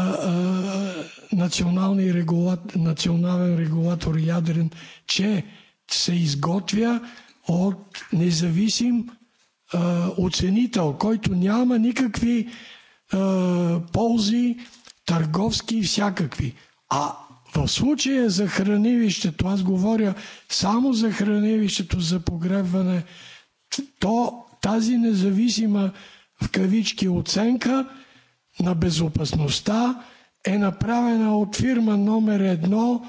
а, национални регула... национален регулатор ядрен, че се изготвя от независим а, оценител, който няма никакви е, ползи, търговски и всякакви. А в случая за хранилището, аз говоря само за хранилището за погребване, то тази независима в кавички оценка на безопасността е направена от фирма номер едно,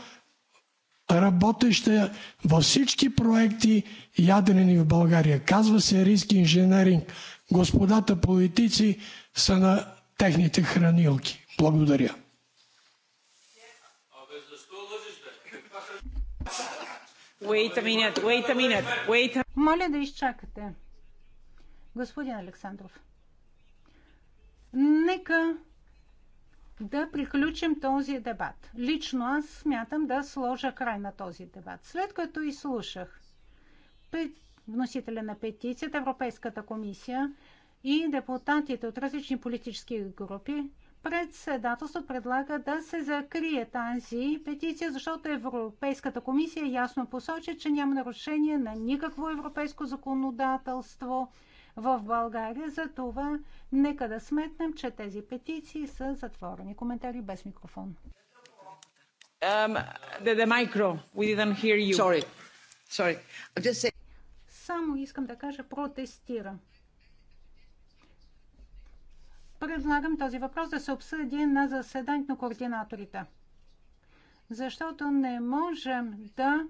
работеща във всички проекти ядрени в България. Казва се риск инженеринг. Господата политици са на техните хранилки. Благодаря. Wait a minute, wait a minute, wait a... Моля да изчакате. Господин Александров, нека да приключим този дебат. Лично аз смятам да сложа край на този дебат. След като изслушах вносителя на петицията, Европейската комисия и депутатите от различни политически групи, председателство предлага да се закрие тази петиция, защото Европейската комисия ясно посочи, че няма нарушение на никакво европейско законодателство в България. За това, нека да сметнем, че тези петиции са затворени. Коментари без микрофон. Um, the, the micro. We didn't hear you. Sorry. Sorry. Just say... Само искам да кажа протестира предлагам този въпрос да се обсъди на заседанието на координаторите. Защото не можем да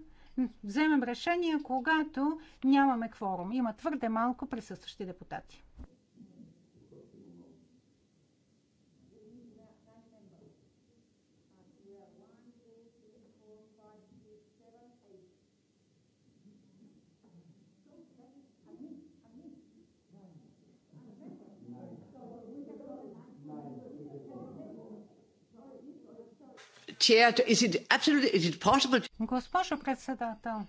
вземем решение, когато нямаме кворум. Има твърде малко присъстващи депутати. Госпожо председател,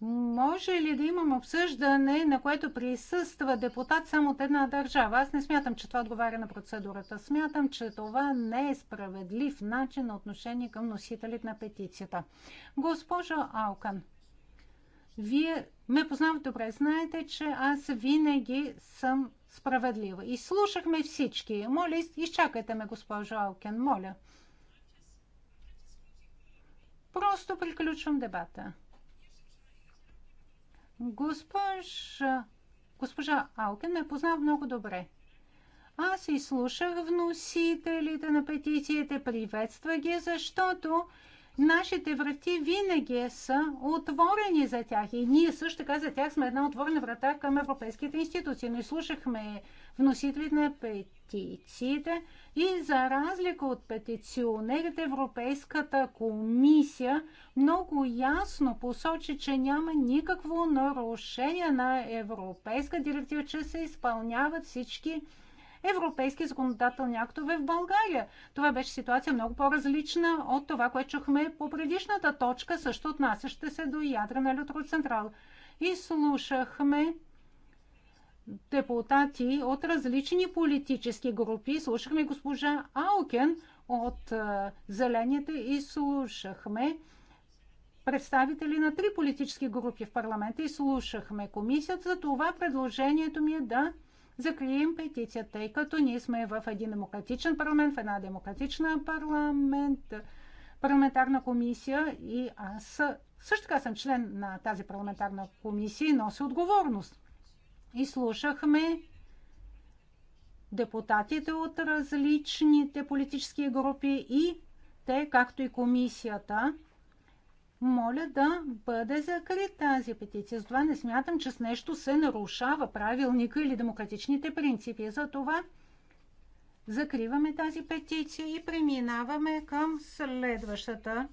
може ли да имам обсъждане, на което присъства депутат само от една държава? Аз не смятам, че това отговаря на процедурата. Смятам, че това не е справедлив начин на отношение към носителите на петицията. Госпожо Алкан, вие ме познавате добре. Знаете, че аз винаги съм справедливо. И слушахме всички. Моля, изчакайте ме, госпожо Алкен, моля. Просто приключвам дебата. Госпожа, госпожа Алкен ме познава много добре. Аз изслушах вносителите на петициите, приветствах ги, защото нашите врати винаги са отворени за тях. И ние също така за тях сме една отворена врата към европейските институции. Но слушахме вносителите на петициите и за разлика от петиционерите, Европейската комисия много ясно посочи, че няма никакво нарушение на Европейска директива, че се изпълняват всички европейски законодателни актове в България. Това беше ситуация много по-различна от това, което чухме по предишната точка, също отнасяща се до на електроцентрал. И слушахме депутати от различни политически групи. Слушахме госпожа Аукен от е, Зелените и слушахме представители на три политически групи в парламента и слушахме комисията. За това предложението ми е да закрием петицията, тъй като ние сме в един демократичен парламент, в една демократична парламент, парламентарна комисия и аз също така съм член на тази парламентарна комисия и нося отговорност. И слушахме депутатите от различните политически групи и те, както и комисията, моля да бъде закрит тази петиция. Затова не смятам, че с нещо се нарушава правилника или демократичните принципи. Затова закриваме тази петиция и преминаваме към следващата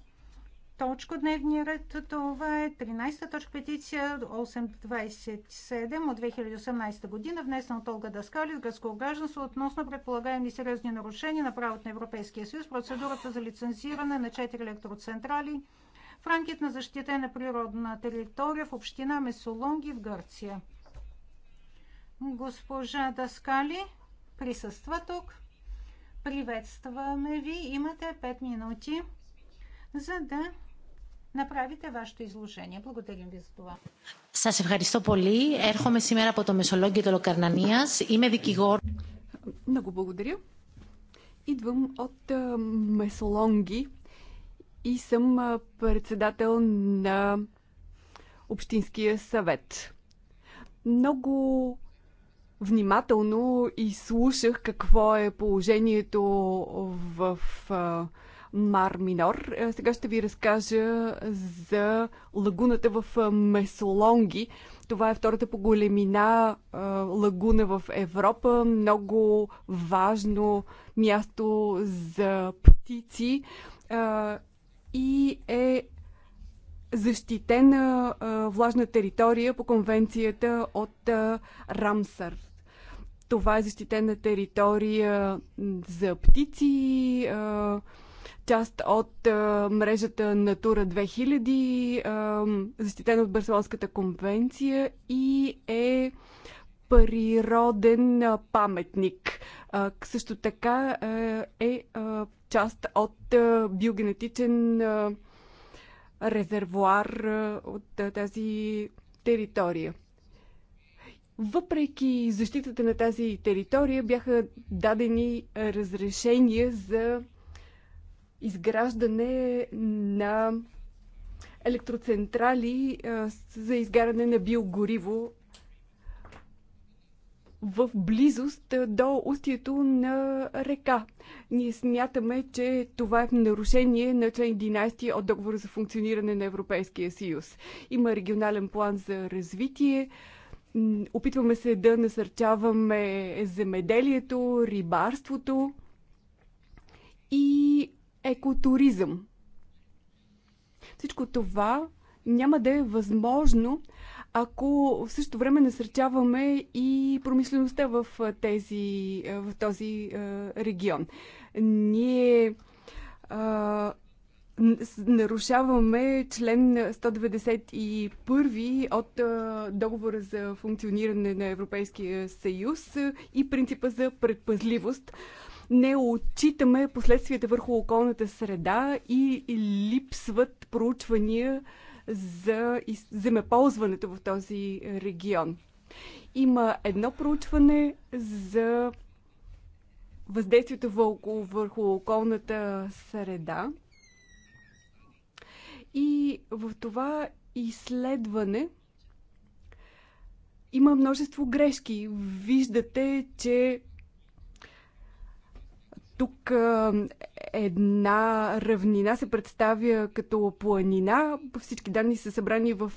точка от дневния ред. Това е 13-та точка петиция 827 от 2018 година, внесена от Олга Даскали с градско гражданство относно предполагаеми сериозни нарушения на правото на Европейския съюз, процедурата за лицензиране на 4 електроцентрали – в рамките на защитена природна територия в община Месолонги в Гърция. Госпожа Даскали присъства тук. Приветстваме ви. Имате 5 минути, за да направите вашето изложение. Благодарим ви за това. Σας ευχαριστώ πολύ. Έρχομαι σήμερα από το Μεσολόγγιο Τελοκαρνανίας. Είμαι δικηγόρο. Много благодаря. Идвам от Месолонги, и съм председател на Общинския съвет. Много внимателно слушах какво е положението в Мар Минор. Сега ще ви разкажа за лагуната в Месолонги. Това е втората по големина лагуна в Европа. Много важно място за птици и е защитена а, влажна територия по конвенцията от а, Рамсър. Това е защитена територия за птици, а, част от а, мрежата Натура 2000, а, защитена от Барселонската конвенция и е природен паметник. А, също така а, е а, част от биогенетичен резервуар от тази територия. Въпреки защитата на тази територия бяха дадени разрешения за изграждане на електроцентрали за изгаряне на биогориво в близост до устието на река. Ние смятаме, че това е в нарушение на член 11 от договора за функциониране на Европейския съюз. Има регионален план за развитие. Опитваме се да насърчаваме земеделието, рибарството и екотуризъм. Всичко това няма да е възможно, ако в същото време насърчаваме и промишлеността в, тези, в този регион. Ние а, нарушаваме член 191 от договора за функциониране на Европейския съюз и принципа за предпазливост. Не отчитаме последствията върху околната среда и липсват проучвания за земеползването в този регион. Има едно проучване за въздействието върху, околната среда. И в това изследване има множество грешки. Виждате, че тук една равнина се представя като планина. Всички данни са събрани в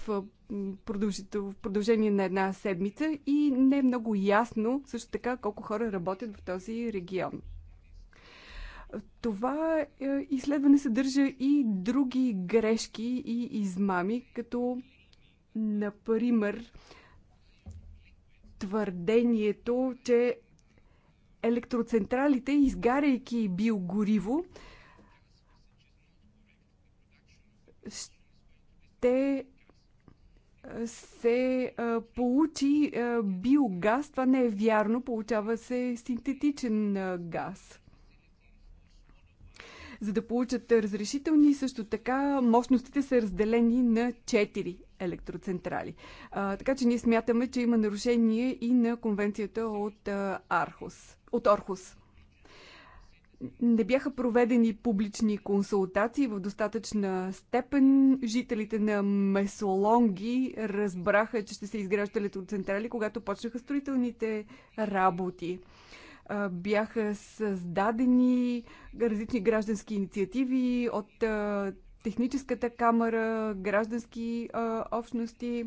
продължение на една седмица и не е много ясно също така колко хора работят в този регион. Това е, изследване съдържа и други грешки и измами, като например твърдението, че електроцентралите, изгаряйки биогориво, ще се получи биогаз. Това не е вярно. Получава се синтетичен газ. За да получат разрешителни, също така мощностите са разделени на 4 електроцентрали. А, така че ние смятаме, че има нарушение и на конвенцията от а, Архус, от Орхус. Не бяха проведени публични консултации в достатъчна степен. Жителите на Месолонги разбраха, че ще се изграждат електроцентрали, когато почнаха строителните работи бяха създадени различни граждански инициативи от техническата камера, граждански а, общности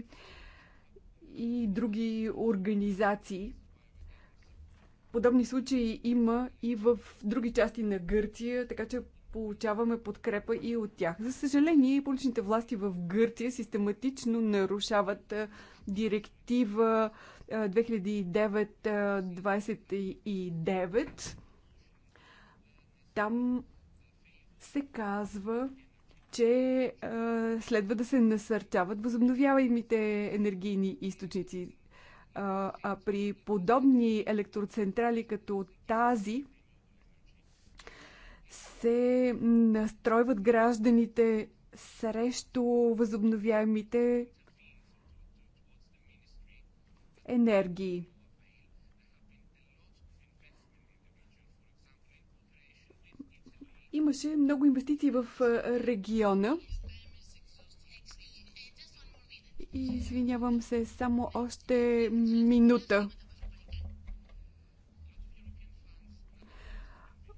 и други организации. Подобни случаи има и в други части на Гърция, така че получаваме подкрепа и от тях. За съжаление, публичните власти в Гърция систематично нарушават директива 2009-29. Там се казва, че а, следва да се насърчават възобновяемите енергийни източници. А, а при подобни електроцентрали като тази се настройват гражданите срещу възобновяемите енергии. имаше много инвестиции в региона. извинявам се, само още минута.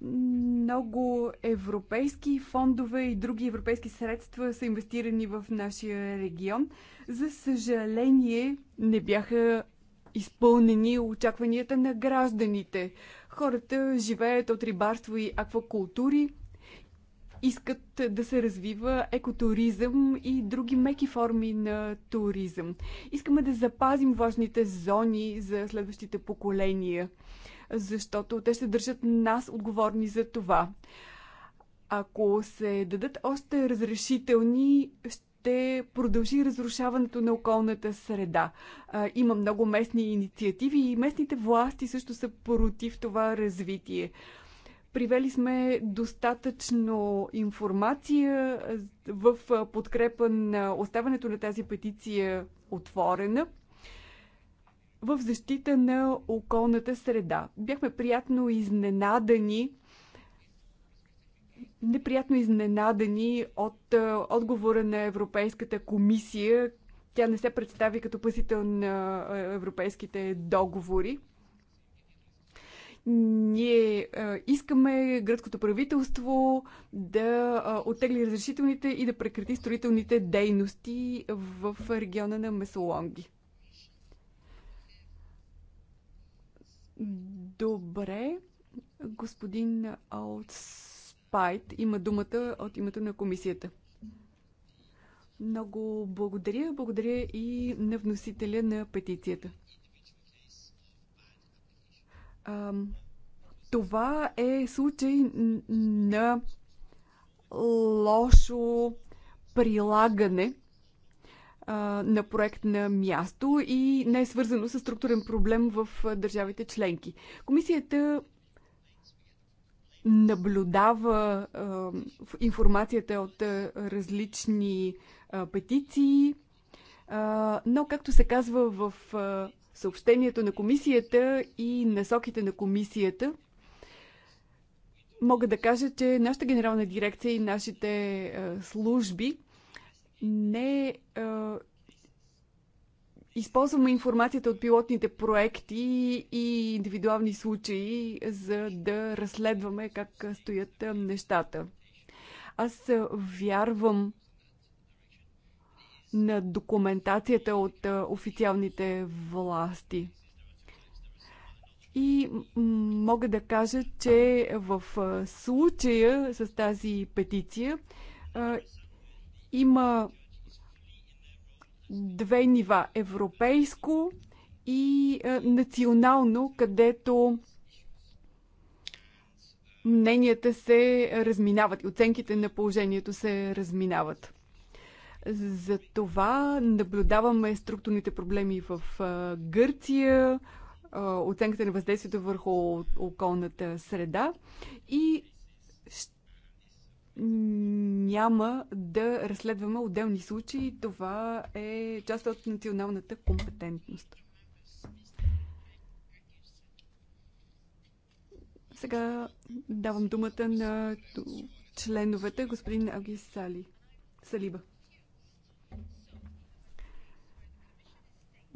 Много европейски фондове и други европейски средства са инвестирани в нашия регион. За съжаление, не бяха изпълнени очакванията на гражданите. Хората живеят от рибарство и аквакултури, искат да се развива екотуризъм и други меки форми на туризъм. Искаме да запазим важните зони за следващите поколения, защото те ще държат нас отговорни за това. Ако се дадат още разрешителни, ще продължи разрушаването на околната среда. има много местни инициативи и местните власти също са против това развитие. Привели сме достатъчно информация в подкрепа на оставането на тази петиция отворена в защита на околната среда. Бяхме приятно изненадани неприятно изненадани от отговора на Европейската комисия. Тя не се представи като пасител на европейските договори. Ние искаме гръцкото правителство да оттегли разрешителните и да прекрати строителните дейности в региона на Месолонги. Добре. Господин Спайт, има думата от името на комисията. Много благодаря. Благодаря и на вносителя на петицията това е случай на лошо прилагане на проект на място и не е свързано с структурен проблем в държавите членки. Комисията наблюдава а, информацията от а, различни а, петиции, а, но, както се казва в а, съобщението на комисията и насоките на комисията, мога да кажа, че нашата генерална дирекция и нашите а, е, служби не а, е, използваме информацията от пилотните проекти и индивидуални случаи, за да разследваме как стоят е, нещата. Аз вярвам на документацията от официалните власти. И мога да кажа, че в случая с тази петиция има две нива европейско и национално, където мненията се разминават и оценките на положението се разминават. За това наблюдаваме структурните проблеми в Гърция, оценката на въздействието върху околната среда и няма да разследваме отделни случаи. Това е част от националната компетентност. Сега давам думата на членовете господин Агис Сали. Салиба.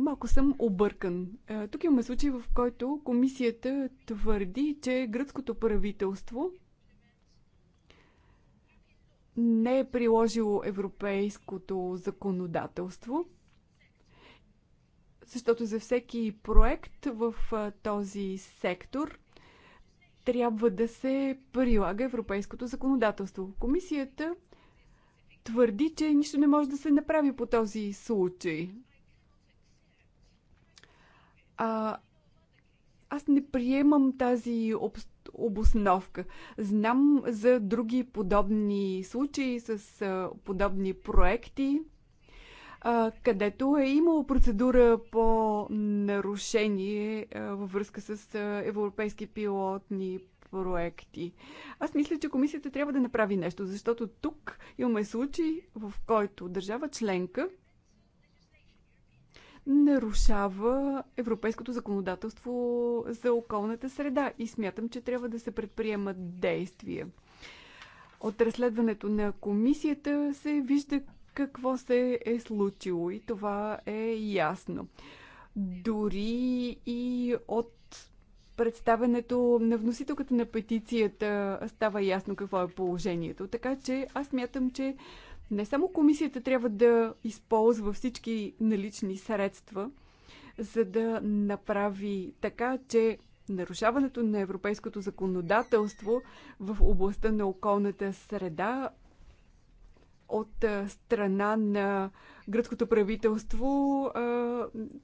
Малко съм объркан. Е, тук имаме случай, в който комисията твърди, че гръцкото правителство не е приложило европейското законодателство, защото за всеки проект в е, този сектор трябва да се прилага европейското законодателство. Комисията твърди, че нищо не може да се направи по този случай. А, аз не приемам тази об, обосновка. Знам за други подобни случаи с а, подобни проекти, а, където е имало процедура по нарушение а, във връзка с а, европейски пилотни проекти. Аз мисля, че комисията трябва да направи нещо, защото тук имаме случай, в който държава членка нарушава европейското законодателство за околната среда и смятам, че трябва да се предприемат действия. От разследването на комисията се вижда какво се е случило и това е ясно. Дори и от представенето на вносителката на петицията става ясно какво е положението. Така че аз мятам, че не само комисията трябва да използва всички налични средства, за да направи така, че нарушаването на европейското законодателство в областта на околната среда от страна на гръцкото правителство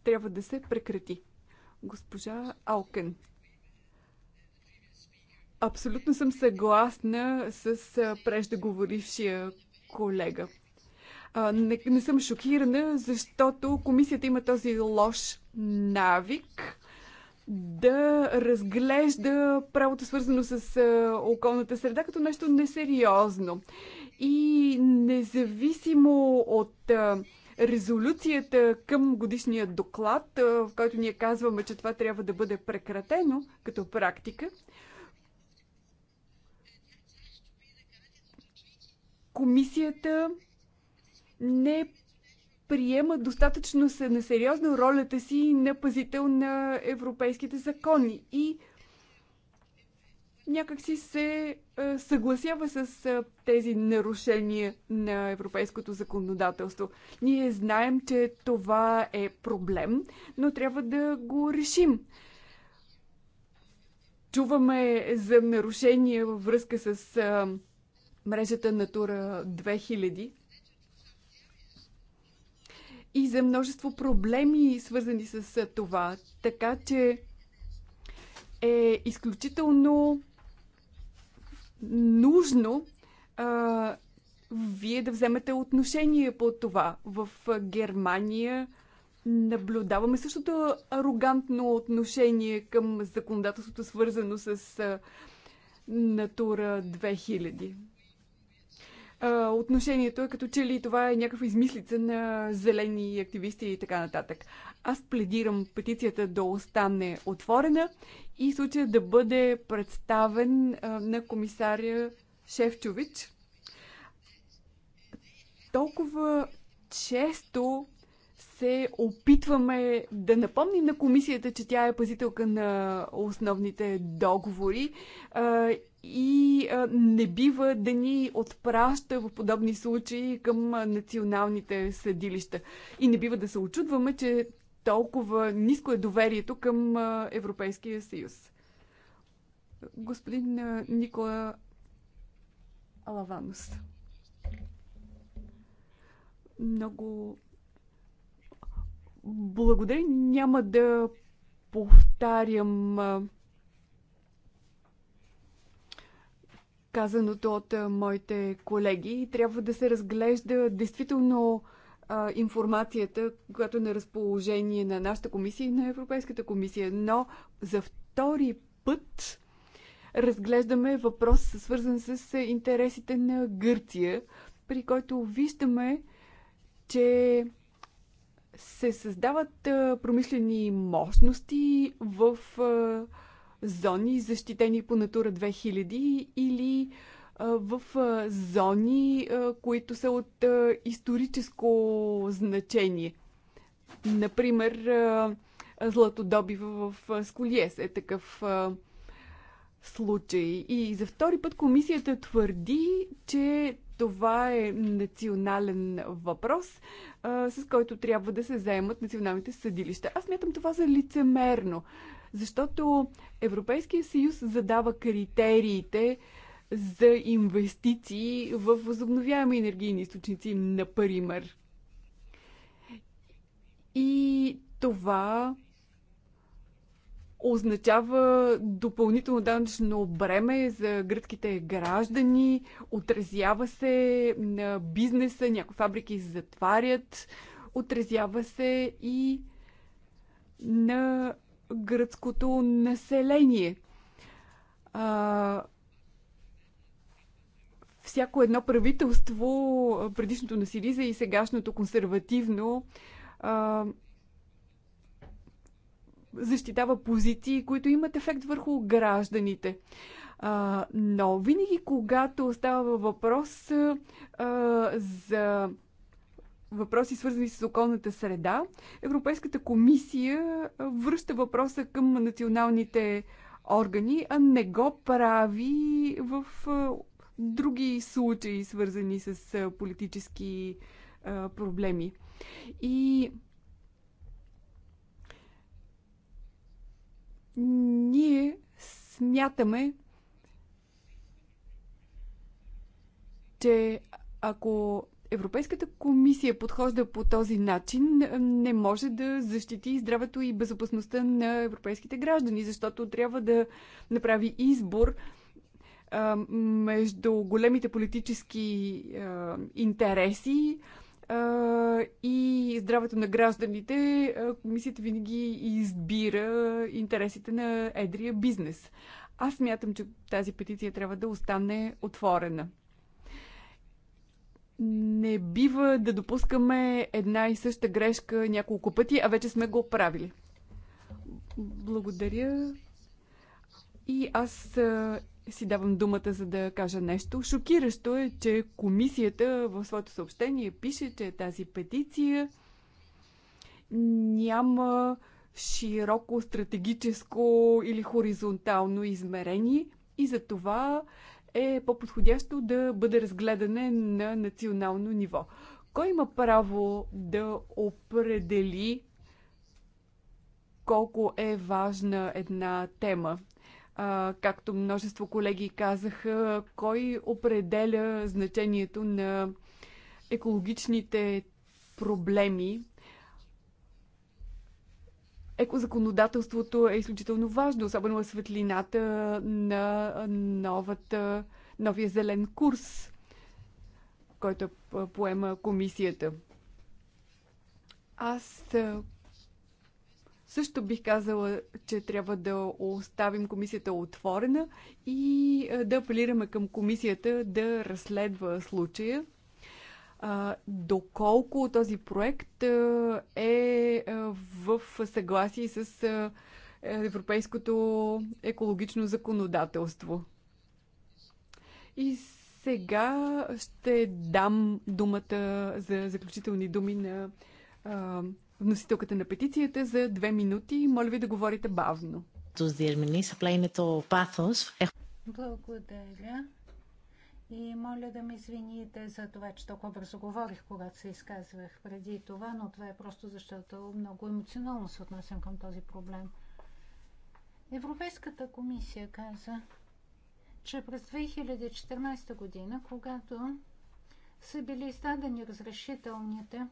трябва да се прекрати. Госпожа Алкен. Абсолютно съм съгласна с преждеговорившия колега. А, не, не съм шокирана, защото комисията има този лош навик да разглежда правото свързано с а, околната среда като нещо несериозно. И независимо от а, резолюцията към годишния доклад, а, в който ние казваме, че това трябва да бъде прекратено като практика, комисията не приема достатъчно несериозно ролята си на пазител на европейските закони и някакси се е, съгласява с е, тези нарушения на европейското законодателство. Ние знаем, че това е проблем, но трябва да го решим. Чуваме за нарушения във връзка с е, мрежата Натура 2000 и за множество проблеми, свързани с това. Така че е изключително нужно а, вие да вземете отношение по това. В Германия наблюдаваме същото арогантно отношение към законодателството, свързано с Натура 2000 отношението е като че ли това е някаква измислица на зелени активисти и така нататък. Аз пледирам петицията да остане отворена и случая да бъде представен а, на комисаря Шевчович. Толкова често се опитваме да напомним на комисията, че тя е пазителка на основните договори а, и не бива да ни отпраща в подобни случаи към националните съдилища. И не бива да се очудваме, че толкова ниско е доверието към Европейския съюз. Господин Никола Алаванус. Много благодаря. Няма да повтарям казаното от моите колеги. Трябва да се разглежда действително а, информацията, която е на разположение на нашата комисия и на Европейската комисия. Но за втори път разглеждаме въпрос, свързан с интересите на Гърция, при който виждаме, че се създават промишлени мощности в зони, защитени по Натура 2000 или в зони, които са от историческо значение. Например, златодобива в Сколиес е такъв случай. И за втори път комисията твърди, че това е национален въпрос, с който трябва да се заемат националните съдилища. Аз мятам това за лицемерно. Защото Европейския съюз задава критериите за инвестиции в възобновяеми енергийни източници, например. И това означава допълнително данъчно бреме за гръцките граждани, отразява се на бизнеса, някои фабрики затварят, отразява се и на гръцкото население. А, всяко едно правителство, предишното на Сириза и сегашното консервативно, а, защитава позиции, които имат ефект върху гражданите. А, но винаги, когато става въпрос а, за въпроси, свързани с околната среда, Европейската комисия връща въпроса към националните органи, а не го прави в други случаи, свързани с политически проблеми. И ние смятаме, че ако Европейската комисия подхожда по този начин, не може да защити здравето и безопасността на европейските граждани, защото трябва да направи избор а, между големите политически а, интереси а, и здравето на гражданите. А, комисията винаги избира интересите на едрия бизнес. Аз мятам, че тази петиция трябва да остане отворена не бива да допускаме една и съща грешка няколко пъти, а вече сме го правили. Благодаря. И аз си давам думата, за да кажа нещо. Шокиращо е, че комисията в своето съобщение пише, че тази петиция няма широко стратегическо или хоризонтално измерение и за това е по-подходящо да бъде разгледане на национално ниво. Кой има право да определи колко е важна една тема? А, както множество колеги казаха, кой определя значението на екологичните проблеми Екозаконодателството е изключително важно, особено в е светлината на новата, новия зелен курс, който поема комисията. Аз също бих казала, че трябва да оставим комисията отворена и да апелираме към комисията да разследва случая доколко този проект е в съгласие с европейското екологично законодателство. И сега ще дам думата за заключителни думи на а, вносителката на петицията за две минути. Моля ви да говорите бавно. Благодаря. И моля да ме извините за това, че толкова бързо говорих, когато се изказвах преди това, но това е просто защото много емоционално се отнасям към този проблем. Европейската комисия каза, че през 2014 година, когато са били издадени разрешителните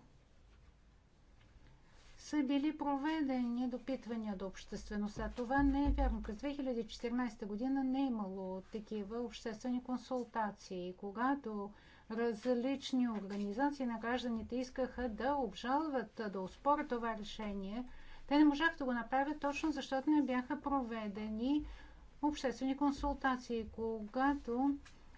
са били проведени допитвания до обществеността. Това не е вярно. През 2014 година не е имало такива обществени консултации. Когато различни организации на гражданите искаха да обжалват, да успорят това решение, те не можаха да го направят точно защото не бяха проведени обществени консултации. Когато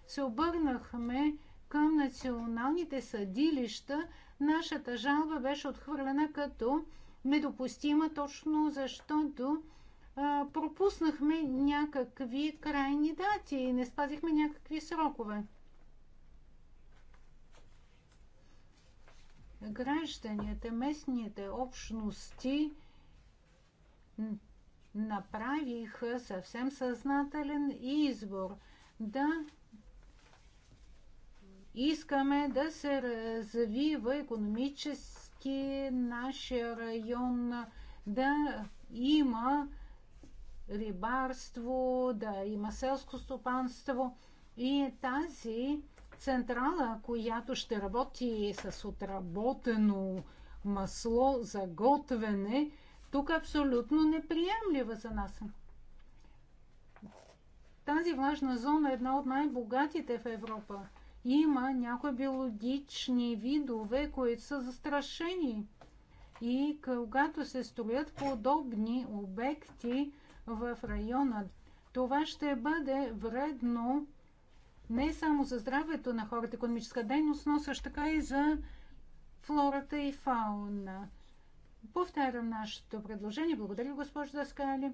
се обърнахме към националните съдилища, Нашата жалба беше отхвърлена като недопустима, точно защото а, пропуснахме някакви крайни дати и не спазихме някакви срокове. Гражданите, местните общности направиха съвсем съзнателен избор да Искаме да се развива економически нашия район, да има рибарство, да има селско стопанство и тази централа, която ще работи с отработено масло за готвене, тук е абсолютно неприемлива за нас. Тази влажна зона е една от най-богатите в Европа има някои биологични видове, които са застрашени. И когато се строят подобни обекти в района, това ще бъде вредно не само за здравето на хората, економическа дейност, но също така и за флората и фауна. Повтарям нашето предложение. Благодаря, госпожо Даскали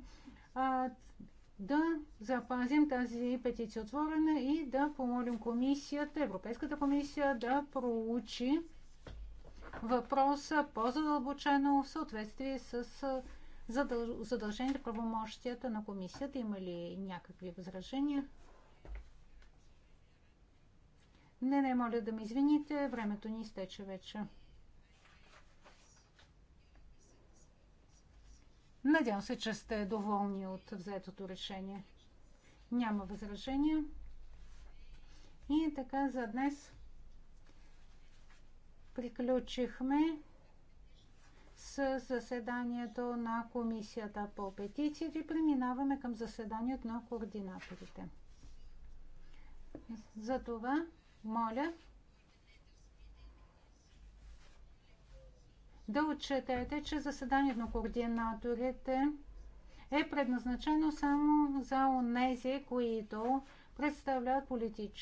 да запазим тази петиция отворена и да помолим комисията, Европейската комисия да проучи въпроса по-задълбочено в съответствие с задължените правомощията на комисията. Има ли някакви възражения? Не, не, моля да ме извините, времето ни изтече вече. Надявам се, че сте доволни от взетото решение. Няма възражения. И така за днес приключихме с заседанието на Комисията по петициите и преминаваме към заседанието на координаторите. За това моля да отчетете, че заседанието на координаторите е предназначено само за онези, които представляват политически